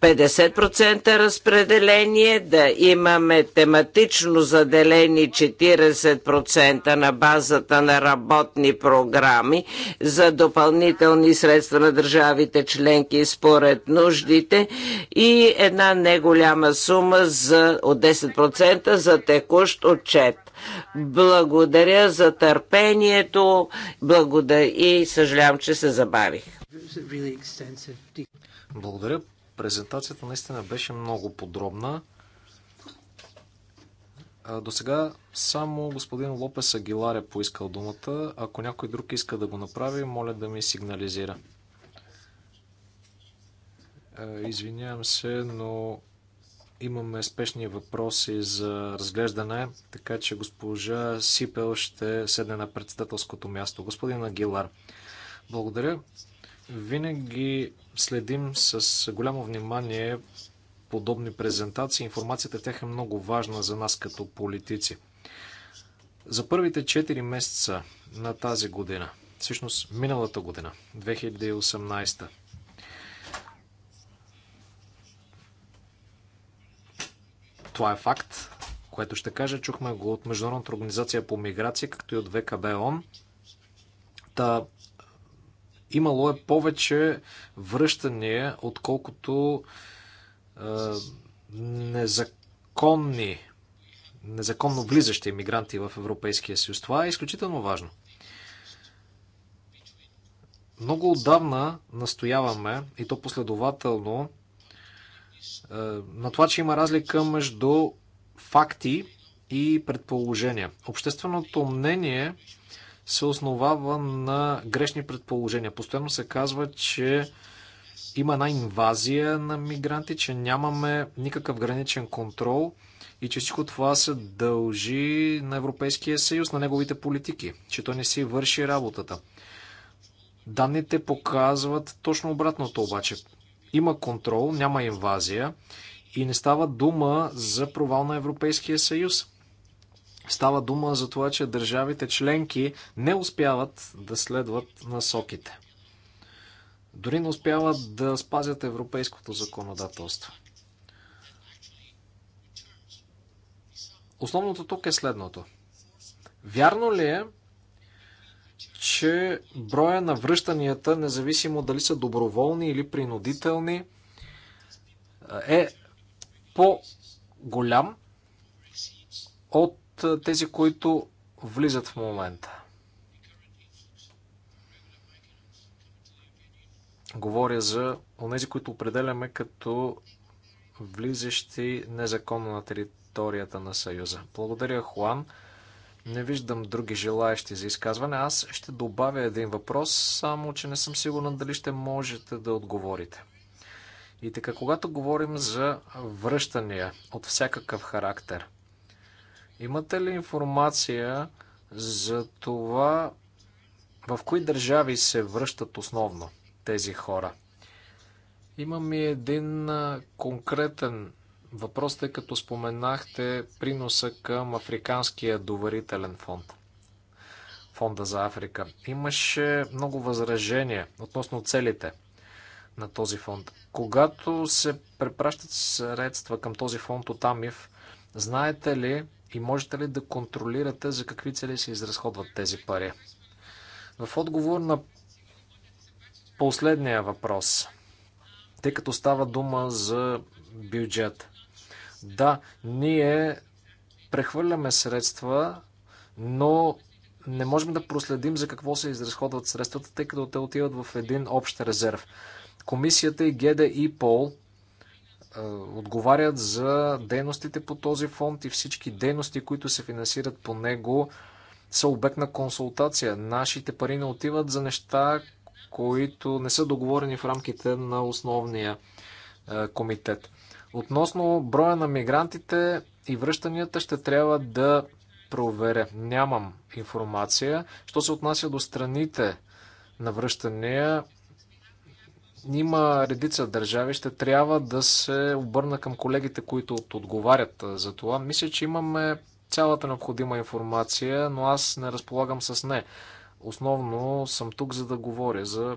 50% разпределение, да имаме тематично заделени 40% на базата на работни програми за допълнителни средства на държавите членки според нуждите и една неголяма сума за, от 10% за текущ отчет. Благодаря за търпението благодаря и съжалявам, че се забавих. Благодаря. Презентацията наистина беше много подробна. До сега само господин Лопес Агилар е поискал думата. Ако някой друг иска да го направи, моля да ми сигнализира. Извинявам се, но имаме спешни въпроси за разглеждане, така че госпожа Сипел ще седне на председателското място. Господин Агилар, благодаря. Винаги следим с голямо внимание подобни презентации. Информацията в тях е много важна за нас като политици. За първите 4 месеца на тази година, всъщност миналата година, 2018, това е факт, което ще кажа. Чухме го от Международната организация по миграция, както и от ВКБ ООН. Та, Имало е повече връщания, отколкото е, незаконни, незаконно влизащи иммигранти в Европейския съюз. Това е изключително важно. Много отдавна настояваме, и то последователно, на това, че има разлика между факти и предположения. Общественото мнение се основава на грешни предположения. Постоянно се казва, че има една инвазия на мигранти, че нямаме никакъв граничен контрол и че всичко това се дължи на Европейския съюз, на неговите политики, че той не си върши работата. Данните показват точно обратното обаче. Има контрол, няма инвазия и не става дума за провал на Европейския съюз. Става дума за това, че държавите членки не успяват да следват насоките. Дори не успяват да спазят европейското законодателство. Основното тук е следното. Вярно ли е, че броя на връщанията, независимо дали са доброволни или принудителни, е по-голям от тези, които влизат в момента. Говоря за онези, които определяме като влизащи незаконно на територията на Съюза. Благодаря, Хуан. Не виждам други желаящи за изказване. Аз ще добавя един въпрос, само че не съм сигурен дали ще можете да отговорите. И така, когато говорим за връщания от всякакъв характер – Имате ли информация за това в кои държави се връщат основно тези хора? Имам и един конкретен въпрос, тъй като споменахте приноса към Африканския доверителен фонд. Фонда за Африка. Имаше много възражения относно целите на този фонд. Когато се препращат средства към този фонд от АМИФ, знаете ли и можете ли да контролирате за какви цели се изразходват тези пари? В отговор на последния въпрос, тъй като става дума за бюджет. Да, ние прехвърляме средства, но не можем да проследим за какво се изразходват средствата, тъй като те отиват в един общ резерв. Комисията и ГД и Пол е, отговарят за дейностите по този фонд и всички дейности, които се финансират по него, са обект на консултация. Нашите пари не отиват за неща, които не са договорени в рамките на основния е, комитет. Относно броя на мигрантите и връщанията ще трябва да проверя. Нямам информация. Що се отнася до страните на връщания, има редица държави, ще трябва да се обърна към колегите, които отговарят за това. Мисля, че имаме цялата необходима информация, но аз не разполагам с не. Основно съм тук, за да говоря за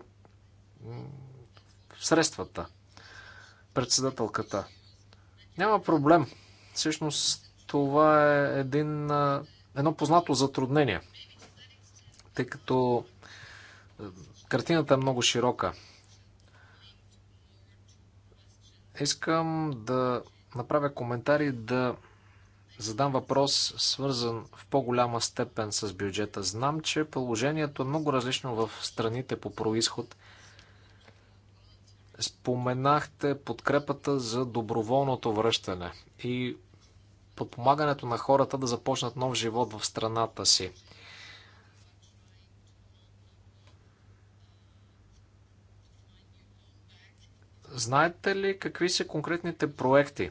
средствата. Председателката. Няма проблем. Всъщност това е един, едно познато затруднение, тъй като картината е много широка. Искам да направя коментари, да задам въпрос, свързан в по-голяма степен с бюджета. Знам, че положението е много различно в страните по происход. Споменахте подкрепата за доброволното връщане и подпомагането на хората да започнат нов живот в страната си. Знаете ли какви са конкретните проекти,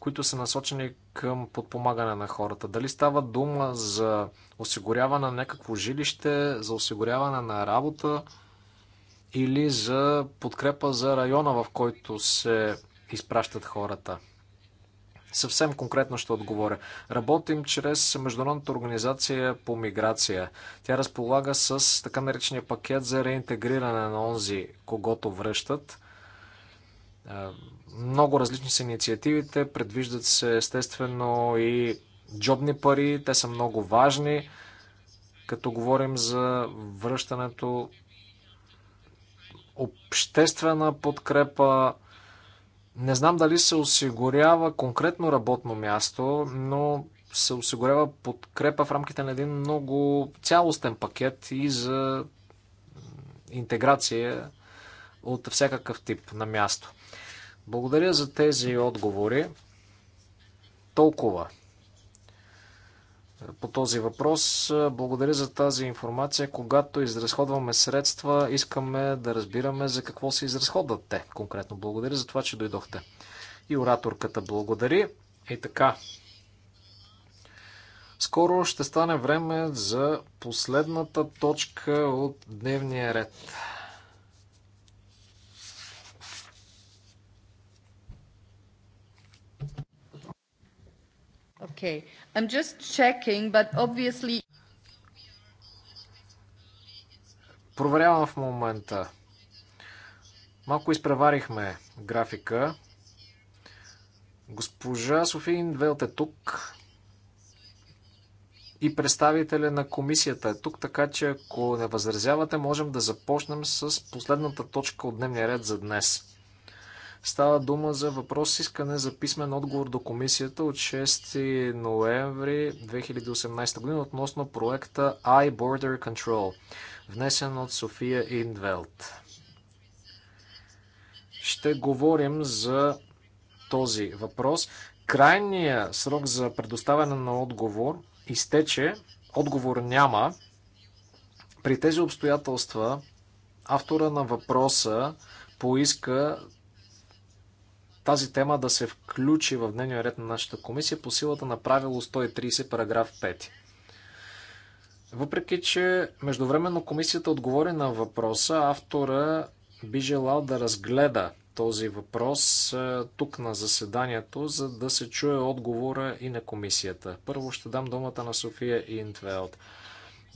които са насочени към подпомагане на хората? Дали става дума за осигуряване на някакво жилище, за осигуряване на работа или за подкрепа за района, в който се изпращат хората? Съвсем конкретно ще отговоря. Работим чрез Международната организация по миграция. Тя разполага с така наречения пакет за реинтегриране на онзи, когато връщат. Е, много различни са инициативите, предвиждат се естествено и джобни пари, те са много важни, като говорим за връщането обществена подкрепа. Не знам дали се осигурява конкретно работно място, но се осигурява подкрепа в рамките на един много цялостен пакет и за интеграция от всякакъв тип на място. Благодаря за тези отговори. Толкова по този въпрос. Благодаря за тази информация. Когато изразходваме средства, искаме да разбираме за какво се изразходват те конкретно. Благодаря за това, че дойдохте. И ораторката благодари. И така. Скоро ще стане време за последната точка от дневния ред. Okay. I'm just checking, but obviously... Проверявам в момента. Малко изпреварихме графика. Госпожа Софиин Велт е тук и представителя на комисията е тук, така че ако не възразявате, можем да започнем с последната точка от дневния ред за днес. Става дума за въпрос искане за писмен отговор до комисията от 6 ноември 2018 година относно проекта iBorder Control, внесен от София Индвелт. Ще говорим за този въпрос. Крайният срок за предоставяне на отговор изтече, отговор няма. При тези обстоятелства автора на въпроса поиска тази тема да се включи в дневния ред на нашата комисия по силата на правило 130 параграф 5. Въпреки, че междувременно комисията отговори на въпроса, автора би желал да разгледа този въпрос е, тук на заседанието, за да се чуе отговора и на комисията. Първо ще дам думата на София Интвелд.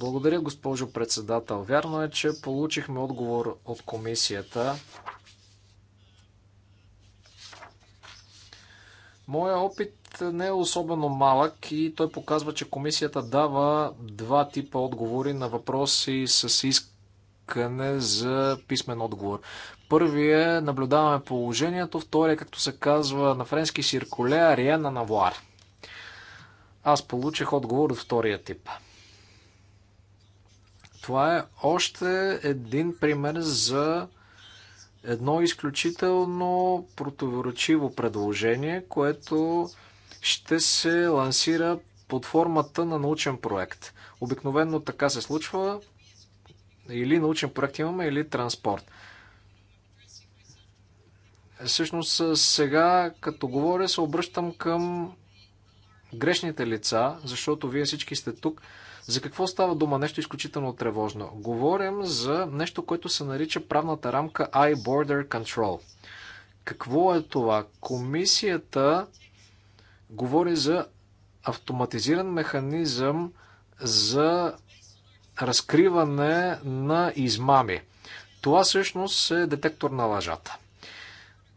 Благодаря, госпожо председател. Вярно е, че получихме отговор от комисията Моя опит не е особено малък и той показва, че комисията дава два типа отговори на въпроси с искане за писмен отговор. е наблюдаваме положението, втория, е, както се казва на френски сиркуле, Ариена Навуар. Аз получих отговор от втория тип. Това е още един пример за едно изключително противоречиво предложение, което ще се лансира под формата на научен проект. Обикновено така се случва. Или научен проект имаме, или транспорт. Всъщност сега, като говоря, се обръщам към грешните лица, защото вие всички сте тук. За какво става дума? Нещо изключително тревожно. Говорим за нещо, което се нарича правната рамка Border Control. Какво е това? Комисията говори за автоматизиран механизъм за разкриване на измами. Това всъщност е детектор на лъжата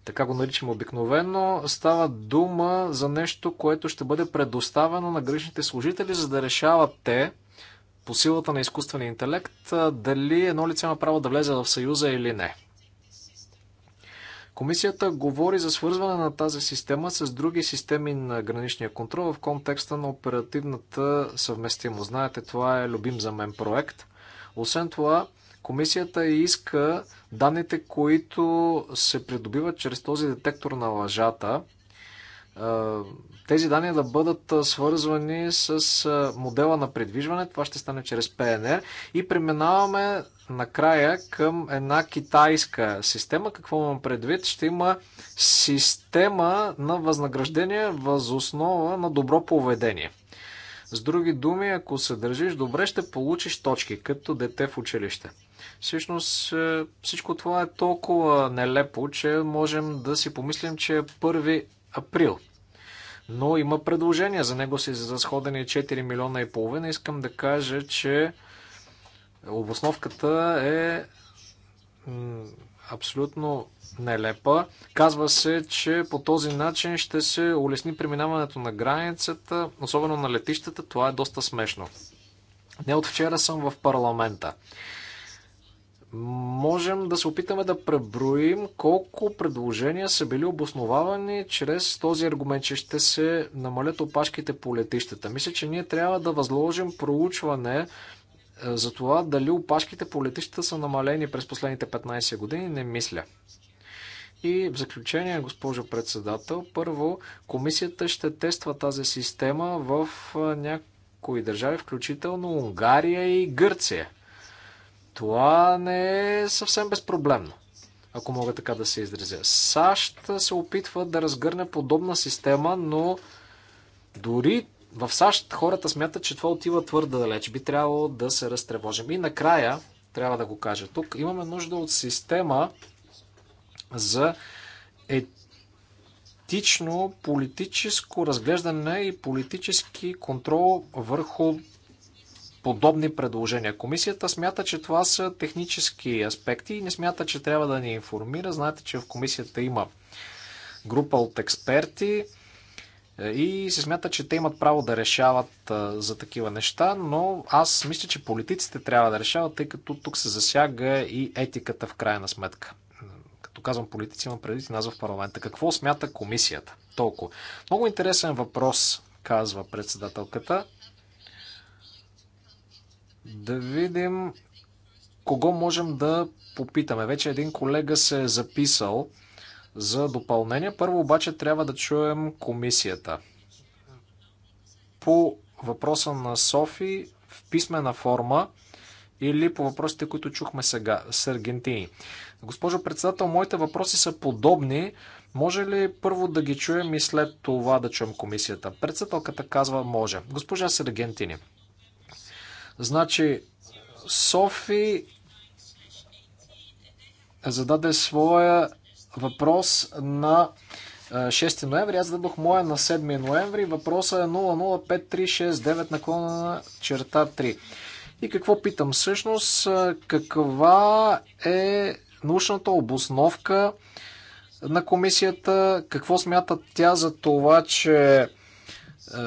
така го наричам обикновено, става дума за нещо, което ще бъде предоставено на граничните служители, за да решават те, по силата на изкуствения интелект, дали едно лице има право да влезе в Съюза или не. Комисията говори за свързване на тази система с други системи на граничния контрол в контекста на оперативната съвместимост. Знаете, това е любим за мен проект. Освен това, Комисията иска данните, които се придобиват чрез този детектор на лъжата, тези данни да бъдат свързвани с модела на предвижване. Това ще стане чрез ПНР. И преминаваме накрая към една китайска система. Какво имам предвид? Ще има система на възнаграждение възоснова на добро поведение. С други думи, ако се държиш добре, ще получиш точки, като дете в училище. Всъщност е, всичко това е толкова нелепо, че можем да си помислим, че е 1 април. Но има предложение, за него са сходени 4 милиона и половина. Искам да кажа, че обосновката е абсолютно нелепа. Казва се, че по този начин ще се улесни преминаването на границата, особено на летищата. Това е доста смешно. Не от вчера съм в парламента можем да се опитаме да преброим колко предложения са били обосновавани чрез този аргумент, че ще се намалят опашките по летищата. Мисля, че ние трябва да възложим проучване е, за това дали опашките по летищата са намалени през последните 15 години. Не мисля. И в заключение, госпожо председател, първо, комисията ще тества тази система в е, някои държави, включително Унгария и Гърция. Това не е съвсем безпроблемно, ако мога така да се изразя. САЩ се опитва да разгърне подобна система, но дори в САЩ хората смятат, че това отива твърде далеч. Би трябвало да се разтревожим. И накрая, трябва да го кажа тук, имаме нужда от система за етично политическо разглеждане и политически контрол върху подобни предложения. Комисията смята, че това са технически аспекти и не смята, че трябва да ни информира. Знаете, че в комисията има група от експерти е, и се смята, че те имат право да решават е, за такива неща, но аз мисля, че политиците трябва да решават, тъй като тук се засяга и етиката в крайна сметка. Като казвам политици, имам предвид нас в парламента. Какво смята комисията? Толкова. Много интересен въпрос, казва председателката да видим кого можем да попитаме. Вече един колега се е записал за допълнение. Първо обаче трябва да чуем комисията. По въпроса на Софи в писмена форма или по въпросите, които чухме сега с Аргентини. Госпожо председател, моите въпроси са подобни. Може ли първо да ги чуем и след това да чуем комисията? Председателката казва може. Госпожа Сергентини. Значи, Софи зададе своя въпрос на 6 е, ноември. Аз зададох моя на 7 ноември. Въпросът е 005369 наклона черта 3. И какво питам всъщност? Е, каква е научната обосновка на комисията? Какво смята тя за това, че е,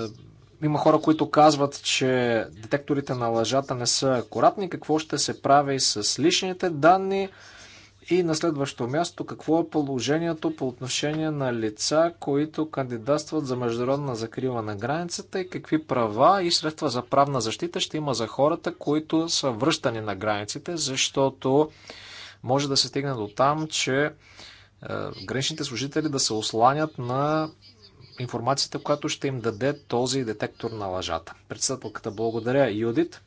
има хора, които казват, че детекторите на лъжата не са акуратни. Какво ще се прави с личните данни? И на следващо място, какво е положението по отношение на лица, които кандидатстват за международна закрила на границата и какви права и средства за правна защита ще има за хората, които са връщани на границите, защото може да се стигне до там, че е, граничните служители да се осланят на информацията, която ще им даде този детектор на лъжата. Председателката, благодаря, Юдит.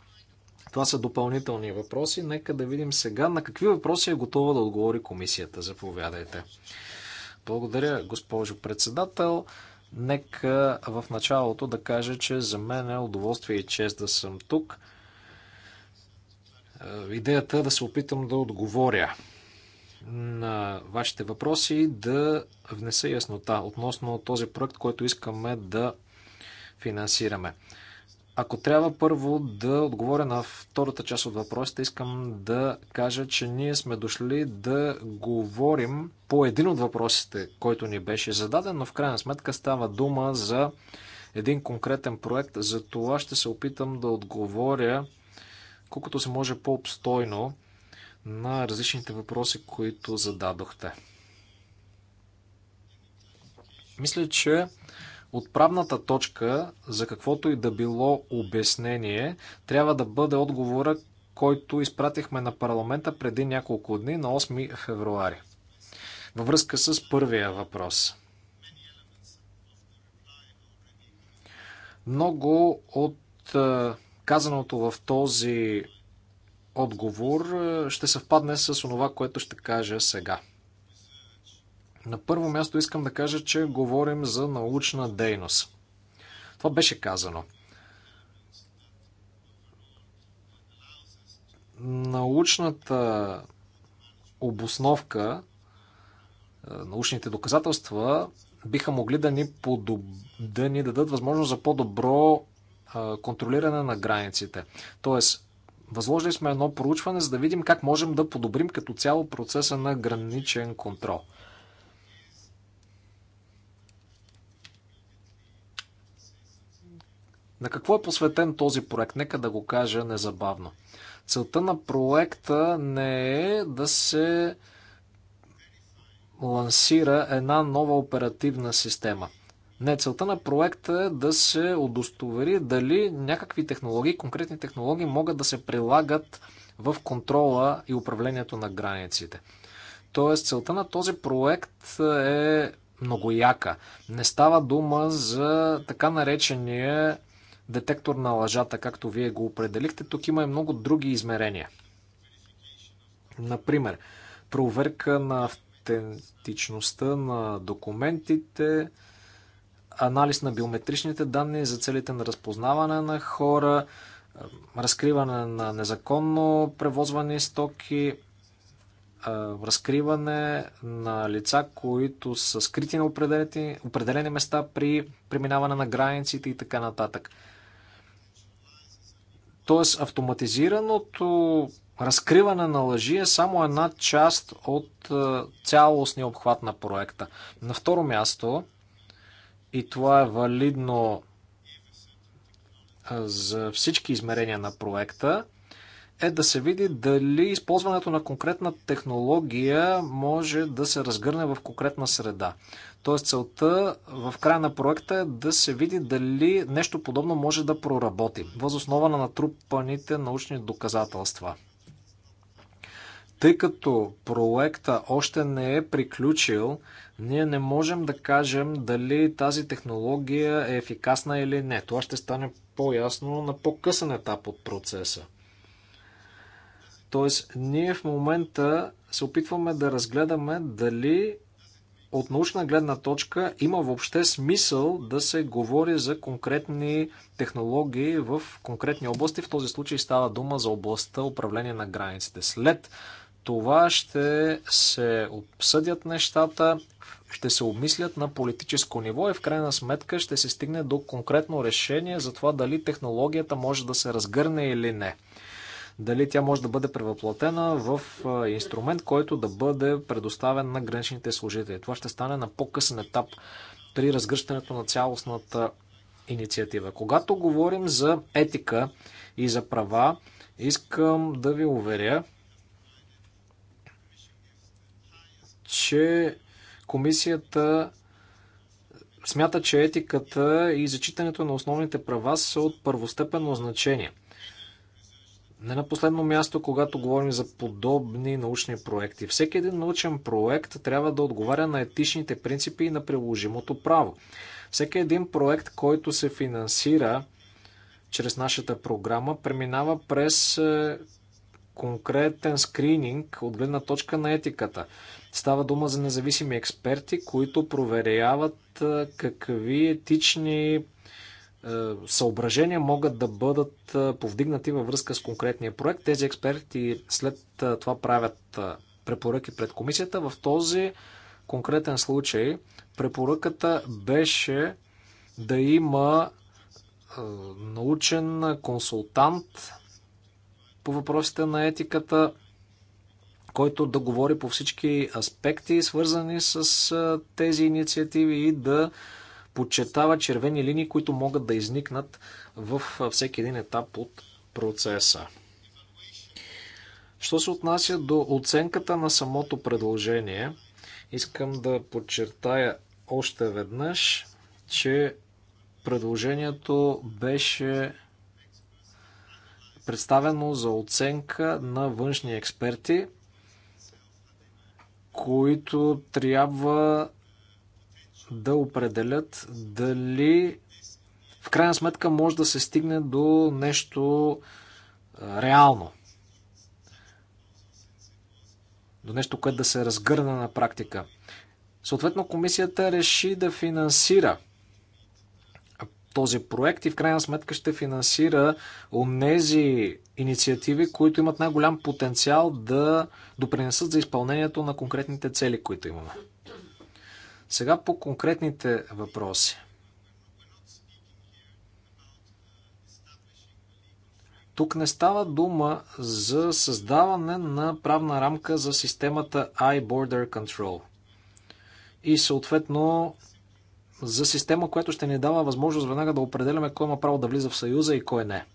Това са допълнителни въпроси. Нека да видим сега на какви въпроси е готова да отговори комисията. Заповядайте. Благодаря, госпожо председател. Нека в началото да кажа, че за мен е удоволствие и чест да съм тук. Е, идеята е да се опитам да отговоря на вашите въпроси, да внеса яснота относно този проект, който искаме да финансираме. Ако трябва първо да отговоря на втората част от въпросите, искам да кажа, че ние сме дошли да говорим по един от въпросите, който ни беше зададен, но в крайна сметка става дума за един конкретен проект. За това ще се опитам да отговоря колкото се може по-обстойно на различните въпроси, които зададохте. Мисля, че отправната точка за каквото и да било обяснение трябва да бъде отговора, който изпратихме на парламента преди няколко дни на 8 февруари. Във връзка с първия въпрос. Много от е, казаното в този отговор е, ще съвпадне с това, което ще кажа сега. На първо място искам да кажа, че говорим за научна дейност. Това беше казано. Научната обосновка, е, научните доказателства биха могли да ни, подоб... да ни дадат възможност за по-добро е, контролиране на границите. Тоест, Възложили сме едно проучване, за да видим как можем да подобрим като цяло процеса на граничен контрол. На какво е посветен този проект? Нека да го кажа незабавно. Целта на проекта не е да се лансира една нова оперативна система – не, целта на проекта е да се удостовери дали някакви технологии, конкретни технологии могат да се прилагат в контрола и управлението на границите. Тоест, целта на този проект е много яка. Не става дума за така наречения детектор на лъжата, както вие го определихте. Тук има и много други измерения. Например, проверка на автентичността на документите, анализ на биометричните данни за целите на разпознаване на хора, разкриване на незаконно превозвани стоки, разкриване на лица, които са скрити на определени, определени места при преминаване на границите и така нататък. Тоест, автоматизираното разкриване на лъжи е само една част от цялостния обхват на проекта. На второ място, и това е валидно за всички измерения на проекта, е да се види дали използването на конкретна технология може да се разгърне в конкретна среда. Тоест целта в края на проекта е да се види дали нещо подобно може да проработи, възоснова на натрупаните научни доказателства. Тъй като проекта още не е приключил, ние не можем да кажем дали тази технология е ефикасна или не. Това ще стане по-ясно на по-късен етап от процеса. Тоест, ние в момента се опитваме да разгледаме дали от научна гледна точка има въобще смисъл да се говори за конкретни технологии в конкретни области. В този случай става дума за областта управление на границите. След това ще се обсъдят нещата, ще се обмислят на политическо ниво и в крайна сметка ще се стигне до конкретно решение за това дали технологията може да се разгърне или не. Дали тя може да бъде превъплатена в инструмент, който да бъде предоставен на граничните служители. Това ще стане на по-късен етап при разгръщането на цялостната инициатива. Когато говорим за етика и за права, искам да ви уверя, че комисията смята, че етиката и зачитането на основните права са от първостепенно значение. Не на последно място, когато говорим за подобни научни проекти. Всеки един научен проект трябва да отговаря на етичните принципи и на приложимото право. Всеки един проект, който се финансира чрез нашата програма, преминава през е, конкретен скрининг от гледна точка на етиката. Става дума за независими експерти, които проверяват какви етични съображения могат да бъдат повдигнати във връзка с конкретния проект. Тези експерти след това правят препоръки пред комисията. В този конкретен случай препоръката беше да има научен консултант по въпросите на етиката който да говори по всички аспекти, свързани с тези инициативи и да подчертава червени линии, които могат да изникнат в всеки един етап от процеса. Що се отнася до оценката на самото предложение, искам да подчертая още веднъж, че предложението беше представено за оценка на външни експерти – които трябва да определят дали в крайна сметка може да се стигне до нещо реално. До нещо, което да се разгърне на практика. Съответно, комисията реши да финансира този проект и в крайна сметка ще финансира онези инициативи, които имат най-голям потенциал да допринесат за изпълнението на конкретните цели, които имаме. Сега по конкретните въпроси. Тук не става дума за създаване на правна рамка за системата iBorder Control и съответно за система, която ще ни дава възможност веднага да определяме кой има право да влиза в Съюза и кой не.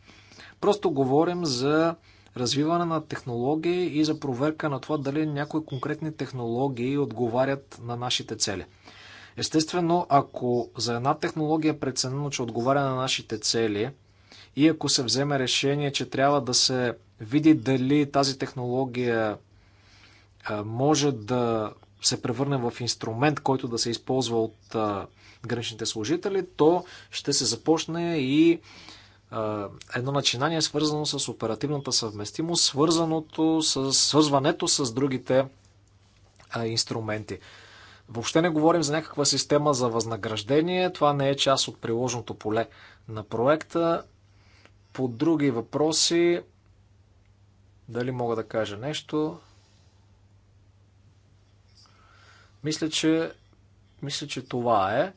Просто говорим за развиване на технологии и за проверка на това дали някои конкретни технологии отговарят на нашите цели. Естествено, ако за една технология е преценено, че отговаря на нашите цели и ако се вземе решение, че трябва да се види дали тази технология може да се превърне в инструмент, който да се използва от граничните служители, то ще се започне и едно начинание, свързано с оперативната съвместимост, свързаното с свързването с другите инструменти. Въобще не говорим за някаква система за възнаграждение. Това не е част от приложното поле на проекта. По други въпроси, дали мога да кажа нещо? Мисля, че, мисля, че това е.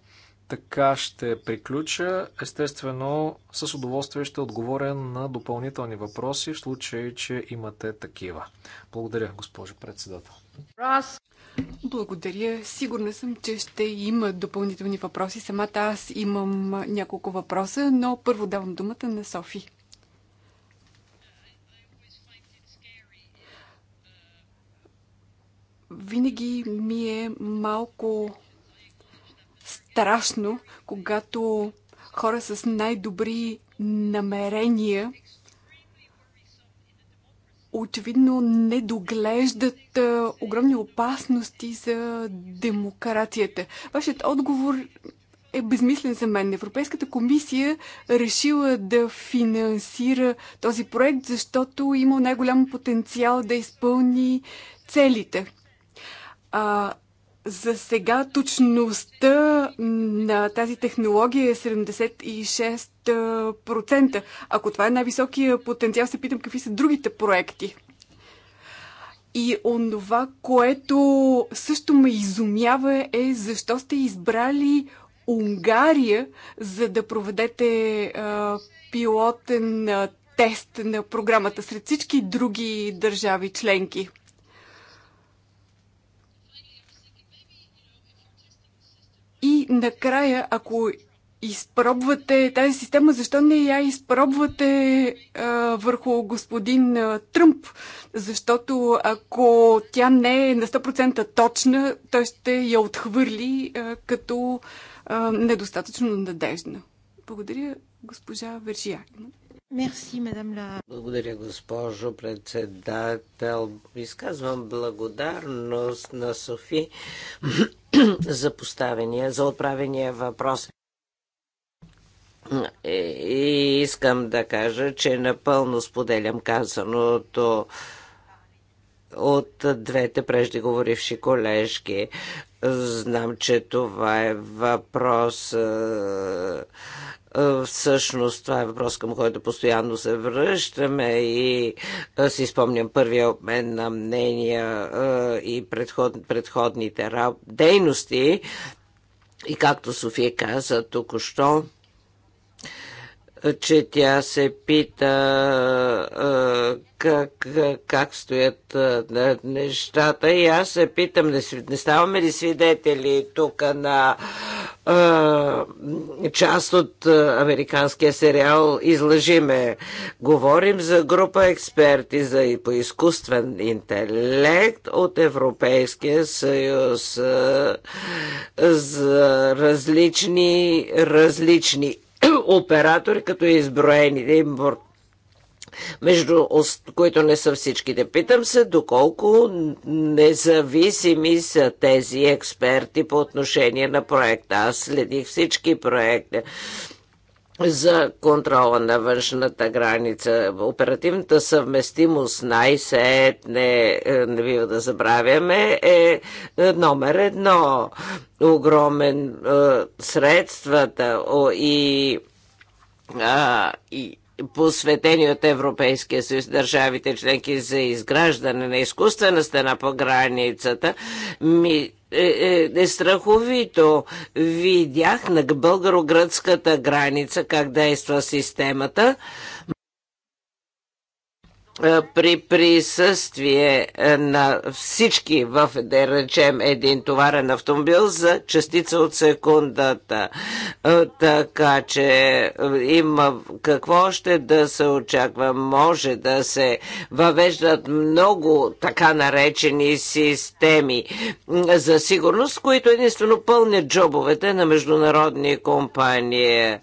Така ще приключа. Естествено, с удоволствие ще отговоря на допълнителни въпроси, в случай, че имате такива. Благодаря, госпожо председател. Раз. Благодаря. Сигурна съм, че ще има допълнителни въпроси. Самата аз имам няколко въпроса, но първо давам думата на Софи. Винаги ми е малко страшно, когато хора с най-добри намерения очевидно не доглеждат огромни опасности за демокрацията. Вашият отговор е безмислен за мен. Европейската комисия решила да финансира този проект, защото има най-голям потенциал да изпълни целите. А, за сега точността на тази технология е 76%. Ако това е най-високия потенциал, се питам какви са другите проекти. И онова, което също ме изумява е защо сте избрали Унгария, за да проведете а, пилотен а, тест на програмата сред всички други държави членки. И накрая, ако изпробвате тази система, защо не я изпробвате а, върху господин а, Тръмп? Защото ако тя не е на 100% точна, той ще я отхвърли а, като а, недостатъчно надежна. Благодаря, госпожа Вержия. Мерси, мадам Ла. Благодаря, госпожо председател. Изказвам благодарност на Софи <clears throat> за поставения, за отправения въпрос. И искам да кажа, че напълно споделям казаното от двете преждеговоривши колежки. Знам, че това е въпрос. Е, е, всъщност, това е въпрос, към който постоянно се връщаме и е, си спомням първия обмен на мнения и предход, предходните дейности. И както София каза току-що, че тя се пита как, как стоят нещата и аз се питам, не, ставаме ли свидетели тук на част от американския сериал Излъжиме. Говорим за група експерти за и по изкуствен интелект от Европейския съюз за различни, различни оператори, като е изброени между които не са всичките. Питам се доколко независими са тези експерти по отношение на проекта. Аз следих всички проекти за контрола на външната граница. Оперативната съвместимост най-сетне, е, не бива да забравяме, е, е номер едно. Огромен е, средствата и а, и посветени от Европейския съюз държавите членки за изграждане на изкуствена стена по границата, ми е, е, е страховито. Видях на българо-гръцката граница как действа системата. Е, при присъствие е, на всички в, да речем, един товарен автомобил за частица от секундата. Е, така че има какво още да се очаква. Може да се въвеждат много така наречени системи за сигурност, които единствено пълнят джобовете на международни компании.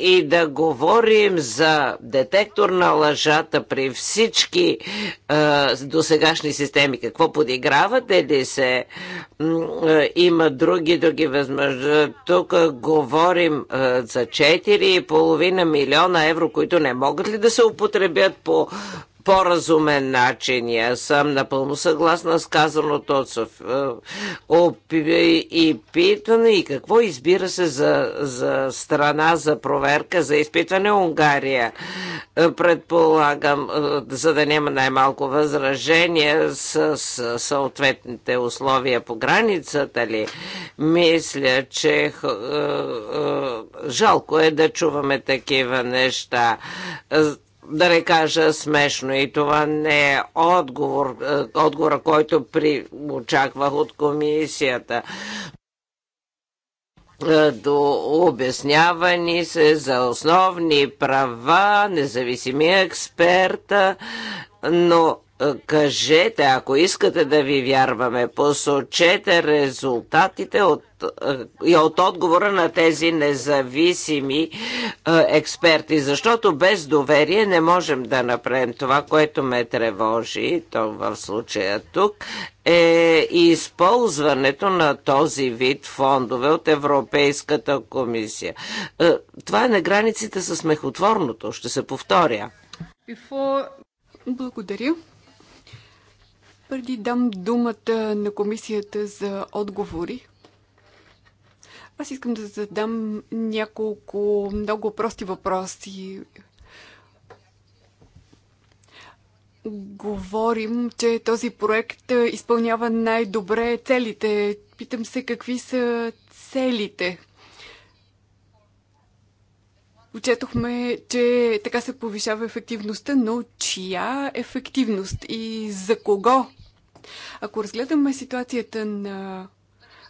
И да говорим за детектор на лъжата при всички а, досегашни системи какво подиграват или се а, има други, други възможности. Тук говорим а, за 4,5 милиона евро, които не могат ли да се употребят по по-разумен начин. Я съм напълно съгласна с казаното от Соф... Е, и питане и какво избира се за, за страна за проверка, за изпитване Унгария. Е, предполагам, е, за да няма най-малко възражение с, с съответните условия по границата ли, мисля, че жалко е да чуваме такива неща да не кажа смешно. И това не е отговор, е, отговора, който при, очаквах от комисията е, до обяснявани се за основни права, независими експерта, но кажете, ако искате да ви вярваме, посочете резултатите от, е, и от отговора на тези независими е, експерти, защото без доверие не можем да направим това, което ме тревожи, то в случая тук, е използването на този вид фондове от Европейската комисия. Е, това е на границите с мехотворното, ще се повторя. Before... Благодаря. Преди дам думата на комисията за отговори. Аз искам да задам няколко много прости въпроси. Говорим, че този проект изпълнява най-добре целите. Питам се какви са целите. Учетохме, че така се повишава ефективността, но чия ефективност и за кого ако разгледаме ситуацията на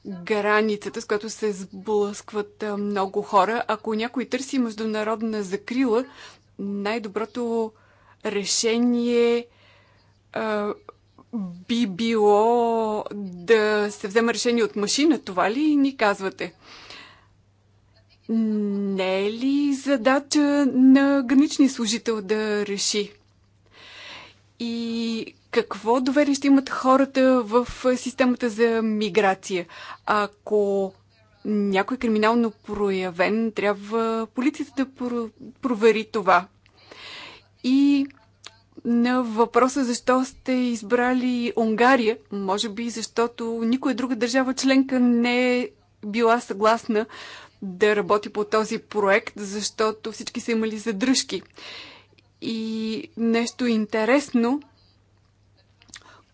границата, с която се сблъскват много хора, ако някой търси международна закрила, най-доброто решение а, би било да се взема решение от машина. Това ли ни казвате? Не е ли задача на гранични служител да реши? И какво доверие ще имат хората в системата за миграция? Ако някой криминално проявен, трябва полицията да провери това. И на въпроса защо сте избрали Унгария, може би защото никоя друга държава членка не е била съгласна да работи по този проект, защото всички са имали задръжки. И нещо интересно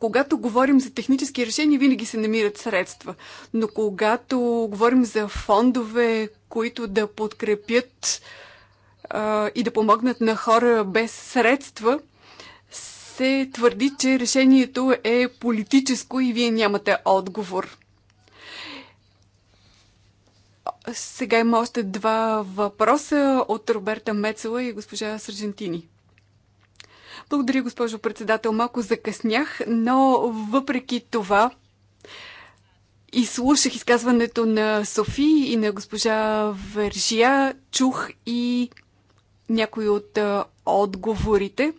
когато говорим за технически решения, винаги се намират средства. Но когато говорим за фондове, които да подкрепят а, и да помогнат на хора без средства, се твърди, че решението е политическо и вие нямате отговор. Сега има още два въпроса от Роберта Мецела и госпожа Сържентини. Благодаря, госпожо председател. Малко закъснях, но въпреки това и слушах изказването на Софи и на госпожа Вержия, чух и някои от отговорите.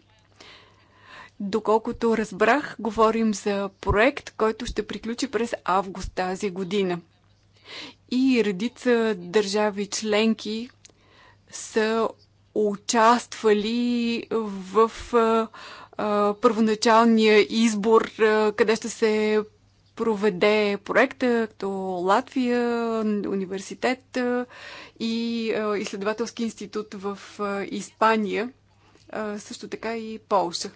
Доколкото разбрах, говорим за проект, който ще приключи през август тази година. И редица държави членки са участвали в а, а, първоначалния избор, а, къде ще се проведе проекта, като Латвия, университет и а, изследователски институт в а, Испания, а, също така и Полша.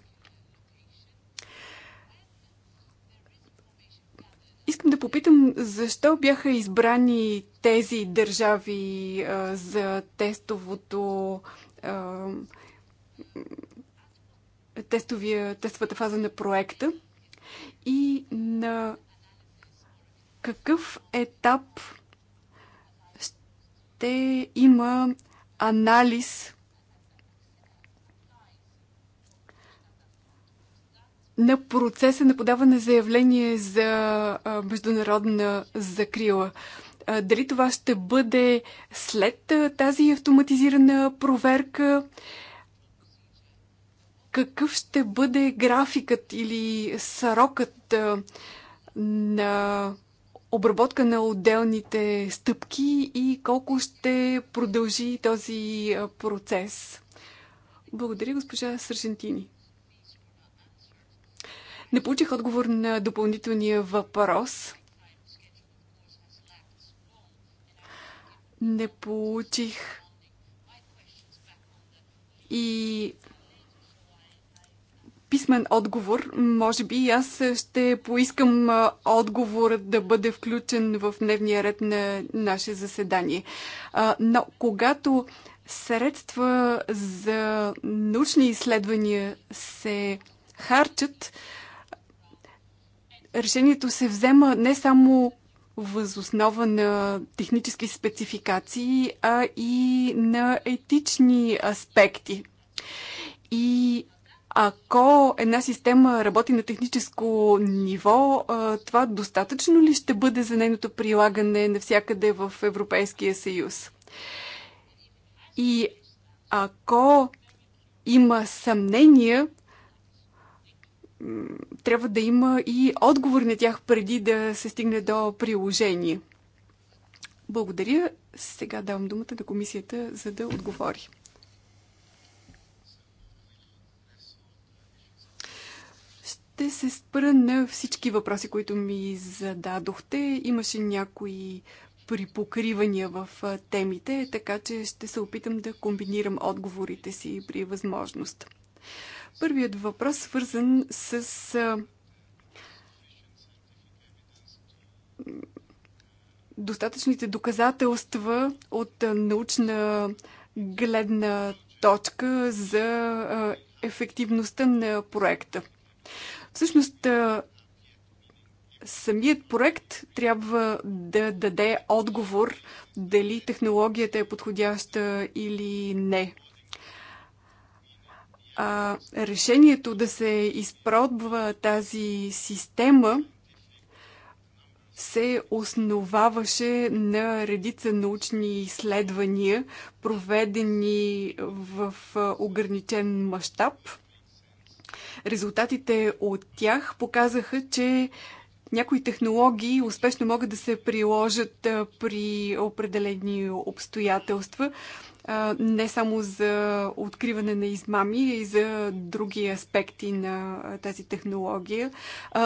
Искам да попитам защо бяха избрани тези държави а, за тестовото а, тестовия, тестовата фаза на проекта и на какъв етап ще има анализ на процеса на подаване заявление за международна закрила. Дали това ще бъде след тази автоматизирана проверка? Какъв ще бъде графикът или срокът на обработка на отделните стъпки и колко ще продължи този процес? Благодаря, госпожа Сържентини. Не получих отговор на допълнителния въпрос. не получих и писмен отговор. Може би аз ще поискам отговор да бъде включен в дневния ред на наше заседание. Но когато средства за научни изследвания се харчат, решението се взема не само възоснова на технически спецификации, а и на етични аспекти. И ако една система работи на техническо ниво, това достатъчно ли ще бъде за нейното прилагане навсякъде в Европейския съюз? И ако има съмнения, трябва да има и отговор на тях преди да се стигне до приложение. Благодаря. Сега давам думата на комисията, за да отговори. Ще се спра на всички въпроси, които ми зададохте. Имаше някои припокривания в темите, така че ще се опитам да комбинирам отговорите си при възможност. Първият въпрос свързан с достатъчните доказателства от научна гледна точка за ефективността на проекта. Всъщност, самият проект трябва да даде отговор дали технологията е подходяща или не а, решението да се изпробва тази система се основаваше на редица научни изследвания, проведени в ограничен мащаб. Резултатите от тях показаха, че някои технологии успешно могат да се приложат при определени обстоятелства, не само за откриване на измами и за други аспекти на тази технология,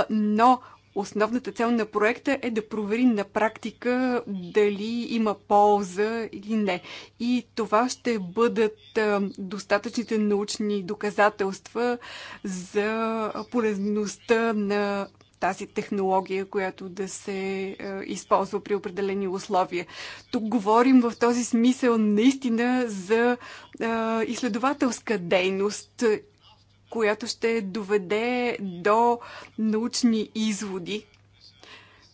но основната цел на проекта е да провери на практика дали има полза или не. И това ще бъдат достатъчните научни доказателства за полезността на тази технология, която да се е, използва при определени условия. Тук говорим в този смисъл наистина за е, изследователска дейност, която ще доведе до научни изводи,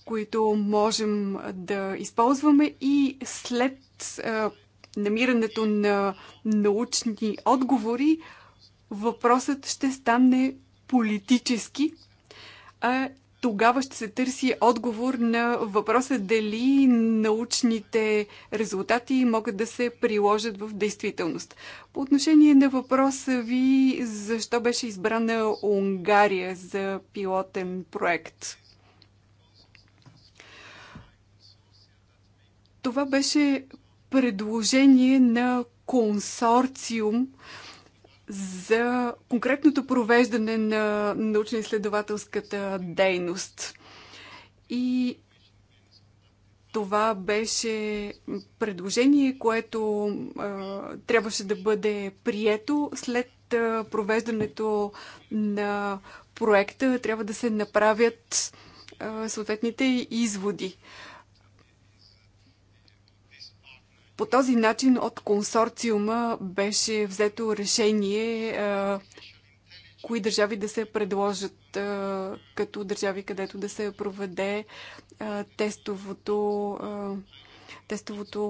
които можем да използваме и след е, намирането на научни отговори, въпросът ще стане политически а тогава ще се търси отговор на въпроса дали научните резултати могат да се приложат в действителност. По отношение на въпроса ви, защо беше избрана Унгария за пилотен проект? Това беше предложение на консорциум, за конкретното провеждане на научно-изследователската дейност. И това беше предложение, което а, трябваше да бъде прието след а, провеждането на проекта. Трябва да се направят а, съответните изводи. А, По този начин от консорциума беше взето решение кои държави да се предложат като държави, където да се проведе тестовото, тестовото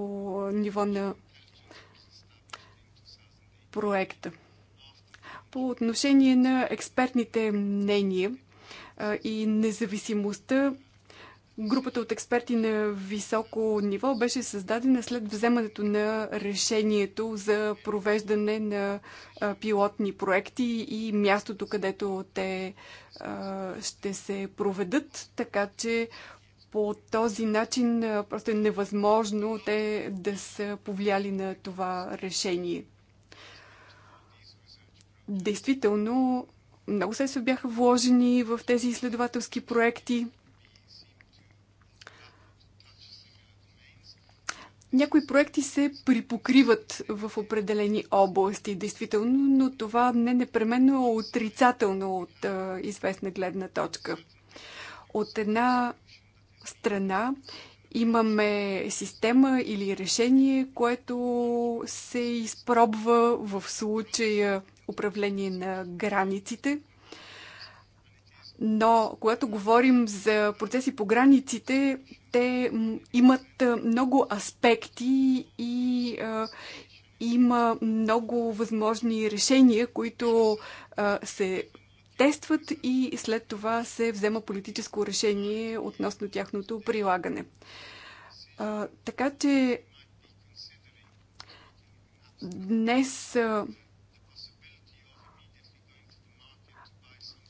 ниво на проекта. По отношение на експертните мнения и независимостта, Групата от експерти на високо ниво беше създадена след вземането на решението за провеждане на пилотни проекти и мястото, където те ще се проведат, така че по този начин просто е невъзможно те да са повлияли на това решение. Действително, много средства бяха вложени в тези изследователски проекти – някои проекти се припокриват в определени области, действително, но това не непременно е отрицателно от а, известна гледна точка. От една страна имаме система или решение, което се изпробва в случая управление на границите. Но когато говорим за процеси по границите, те имат много аспекти и а, има много възможни решения, които а, се тестват и след това се взема политическо решение относно тяхното прилагане. А, така че днес а,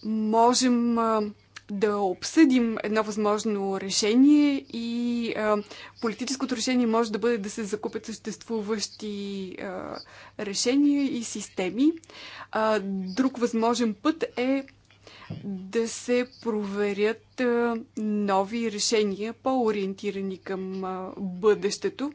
можем. А, да обсъдим едно възможно решение и а, политическото решение може да бъде да се закупят съществуващи а, решения и системи. А, друг възможен път е да се проверят а, нови решения, по-ориентирани към а, бъдещето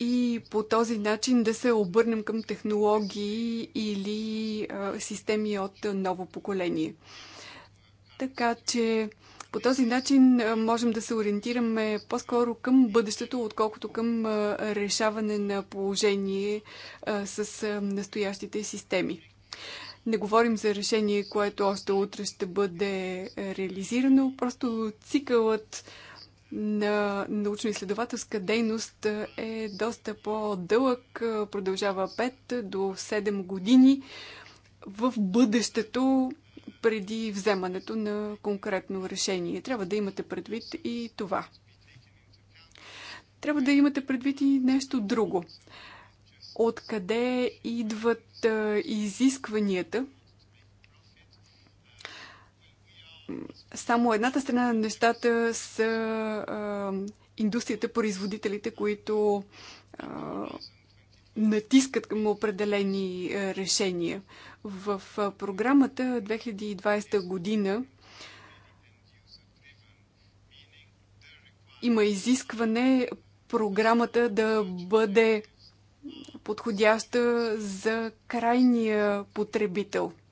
и по този начин да се обърнем към технологии или а, системи от ново поколение. Така че по този начин можем да се ориентираме по-скоро към бъдещето, отколкото към решаване на положение с настоящите системи. Не говорим за решение, което още утре ще бъде реализирано, просто цикълът на научно-изследователска дейност е доста по-дълъг, продължава 5 до 7 години в бъдещето преди вземането на конкретно решение. Трябва да имате предвид и това. Трябва да имате предвид и нещо друго. Откъде идват изискванията – само едната страна на нещата са а, индустрията, производителите, които а, натискат към определени а, решения. В а, програмата 2020 година има изискване програмата да бъде подходяща за крайния потребител –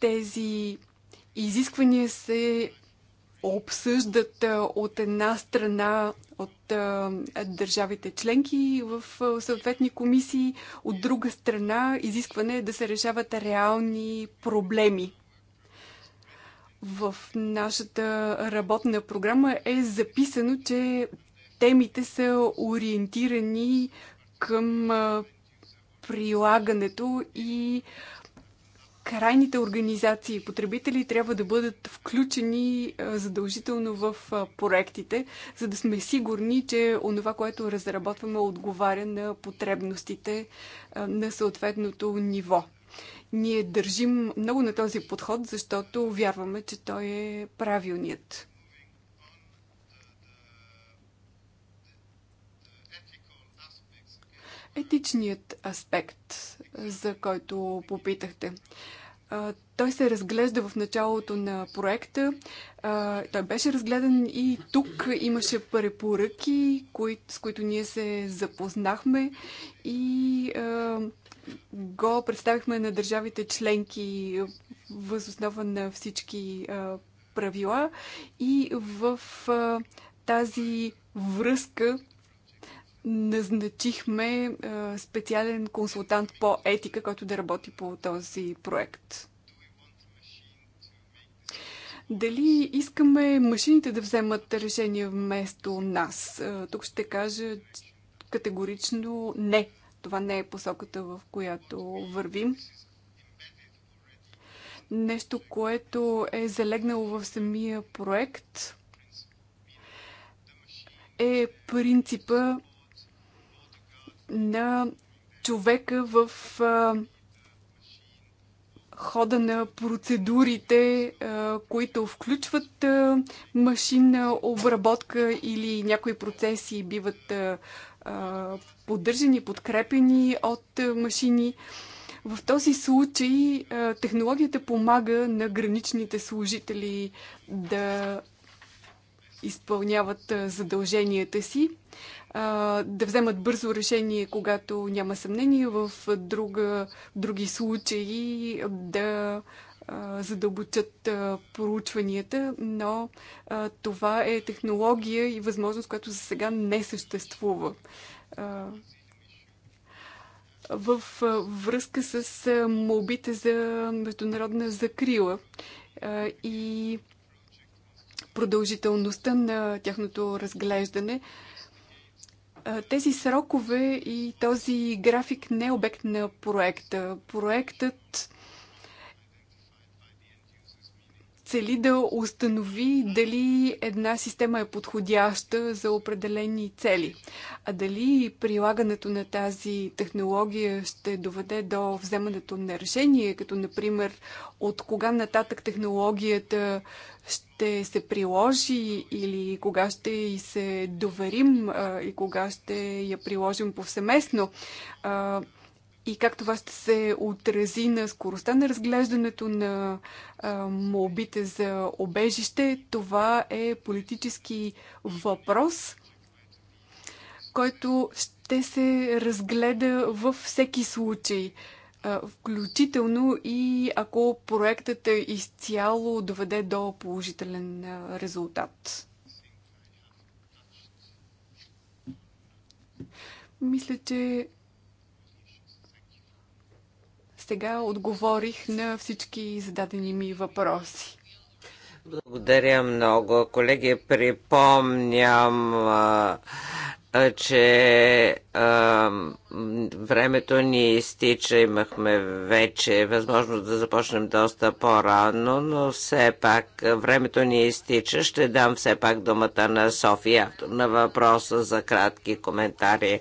Тези изисквания се обсъждат от една страна от държавите членки в съответни комисии, от друга страна изискване е да се решават реални проблеми. В нашата работна програма е записано, че темите са ориентирани към прилагането и а, крайните организации и потребители трябва да бъдат включени задължително в проектите, за да сме сигурни, че онова, което разработваме, отговаря на потребностите на съответното ниво. Ние държим много на този подход, защото вярваме, че той е правилният. Етичният аспект за който попитахте. Той се разглежда в началото на проекта. Той беше разгледан и тук имаше препоръки, с които ние се запознахме и го представихме на държавите членки възоснова на всички правила и в тази връзка назначихме специален консултант по етика, който да работи по този проект. Дали искаме машините да вземат решение вместо нас? Тук ще кажа категорично не. Това не е посоката, в която вървим. Нещо, което е залегнало в самия проект – е принципа на човека в хода на процедурите, които включват машинна обработка или някои процеси биват поддържани, подкрепени от машини. В този случай технологията помага на граничните служители да изпълняват задълженията си, да вземат бързо решение, когато няма съмнение, в друга, други случаи да задълбочат проучванията, но това е технология и възможност, която за сега не съществува. В връзка с молбите за международна закрила и продължителността на тяхното разглеждане. Тези срокове и този график не е обект на проекта. Проектът цели да установи дали една система е подходяща за определени цели. А дали прилагането на тази технология ще доведе до вземането на решение, като например от кога нататък технологията ще се приложи или кога ще и се доверим и кога ще я приложим повсеместно и как това ще се отрази на скоростта на разглеждането на молбите за обежище. Това е политически въпрос, който ще се разгледа във всеки случай. Включително и ако проектът е изцяло доведе до положителен резултат. Мисля, че сега отговорих на всички зададени ми въпроси. Благодаря много. Колеги, припомням че а, времето ни изтича, имахме вече възможност да започнем доста по-рано, но все пак времето ни изтича. Ще дам все пак думата на София на въпроса за кратки коментари,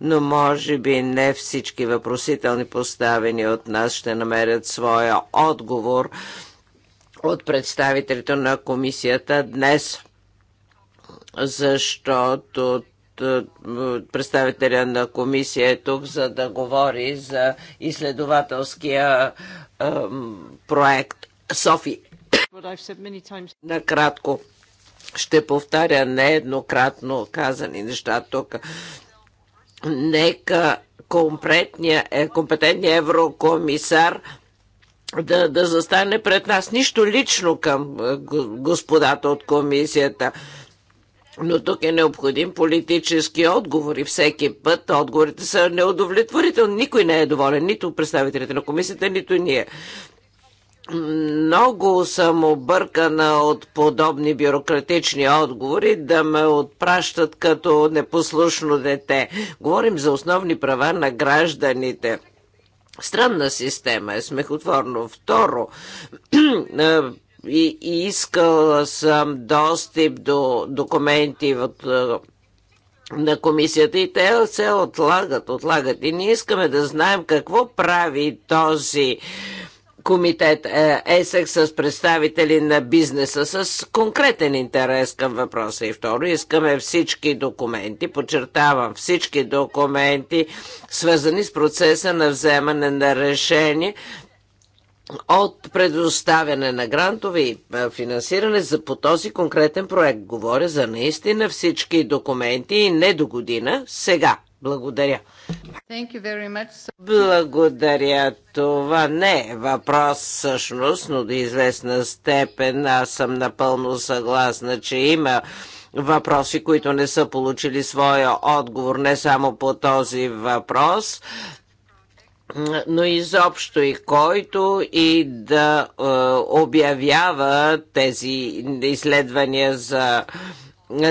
но може би не всички въпросителни поставени от нас ще намерят своя отговор от представителите на комисията днес защото е, представителя на комисия е тук, за да говори за изследователския проект Софи. Накратко ще повтаря нееднократно казани неща тук. Нека е, компетентният еврокомисар да, да застане пред нас. Нищо лично към е, господата от комисията. Но тук е необходим политически отговор и всеки път отговорите са неудовлетворителни. Никой не е доволен, нито представителите на комисията, нито ние. Много съм объркана от подобни бюрократични отговори да ме отпращат като непослушно дете. Говорим за основни права на гражданите. Странна система е смехотворно. Второ, <clears throat> и, искал искала съм достъп до документи от е, на комисията и те се отлагат, отлагат. И ние искаме да знаем какво прави този комитет е, ЕСЕК с представители на бизнеса с конкретен интерес към въпроса. И второ, искаме всички документи, подчертавам всички документи, свързани с процеса на вземане на решение, от предоставяне на грантове и финансиране за, по този конкретен проект. Говоря за наистина всички документи и не до година, сега. Благодаря. Thank you very much. Благодаря. Това не е въпрос всъщност, но до известна степен аз съм напълно съгласна, че има въпроси, които не са получили своя отговор не само по този въпрос, но изобщо и който и да е, обявява тези изследвания за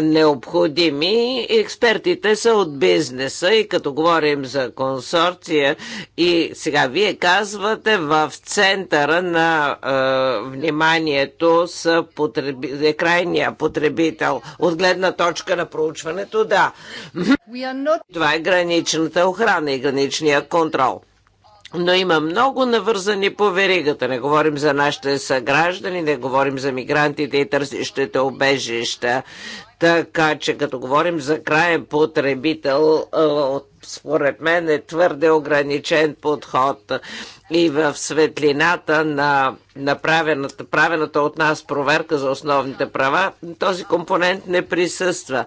необходими. Експертите са от бизнеса и като говорим за консорция и сега вие казвате в центъра на е, вниманието са потреби, е крайния потребител от гледна точка на проучването, да. Not... Това е граничната охрана и граничния контрол но има много навързани по веригата. Не говорим за нашите съграждани, не говорим за мигрантите и търсещите обежища. Така че като говорим за краен потребител, според мен е твърде ограничен подход и в светлината на направената, правената от нас проверка за основните права, този компонент не присъства.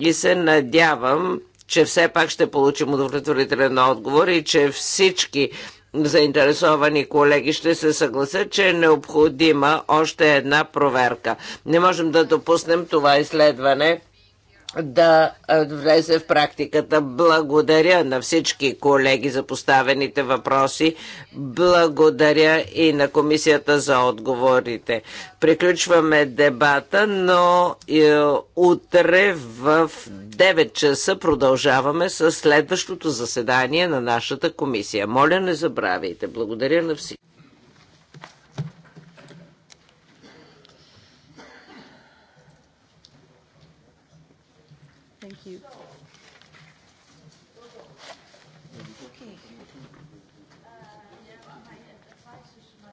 И се надявам, че все пак ще получим удовлетворителен отговор и че всички заинтересовани колеги ще се съгласят, че е необходима още една проверка. Не можем да допуснем това изследване да влезе в практиката. Благодаря на всички колеги за поставените въпроси. Благодаря и на комисията за отговорите. Приключваме дебата, но е, утре в 9 часа продължаваме с следващото заседание на нашата комисия. Моля, не забравяйте. Благодаря на всички.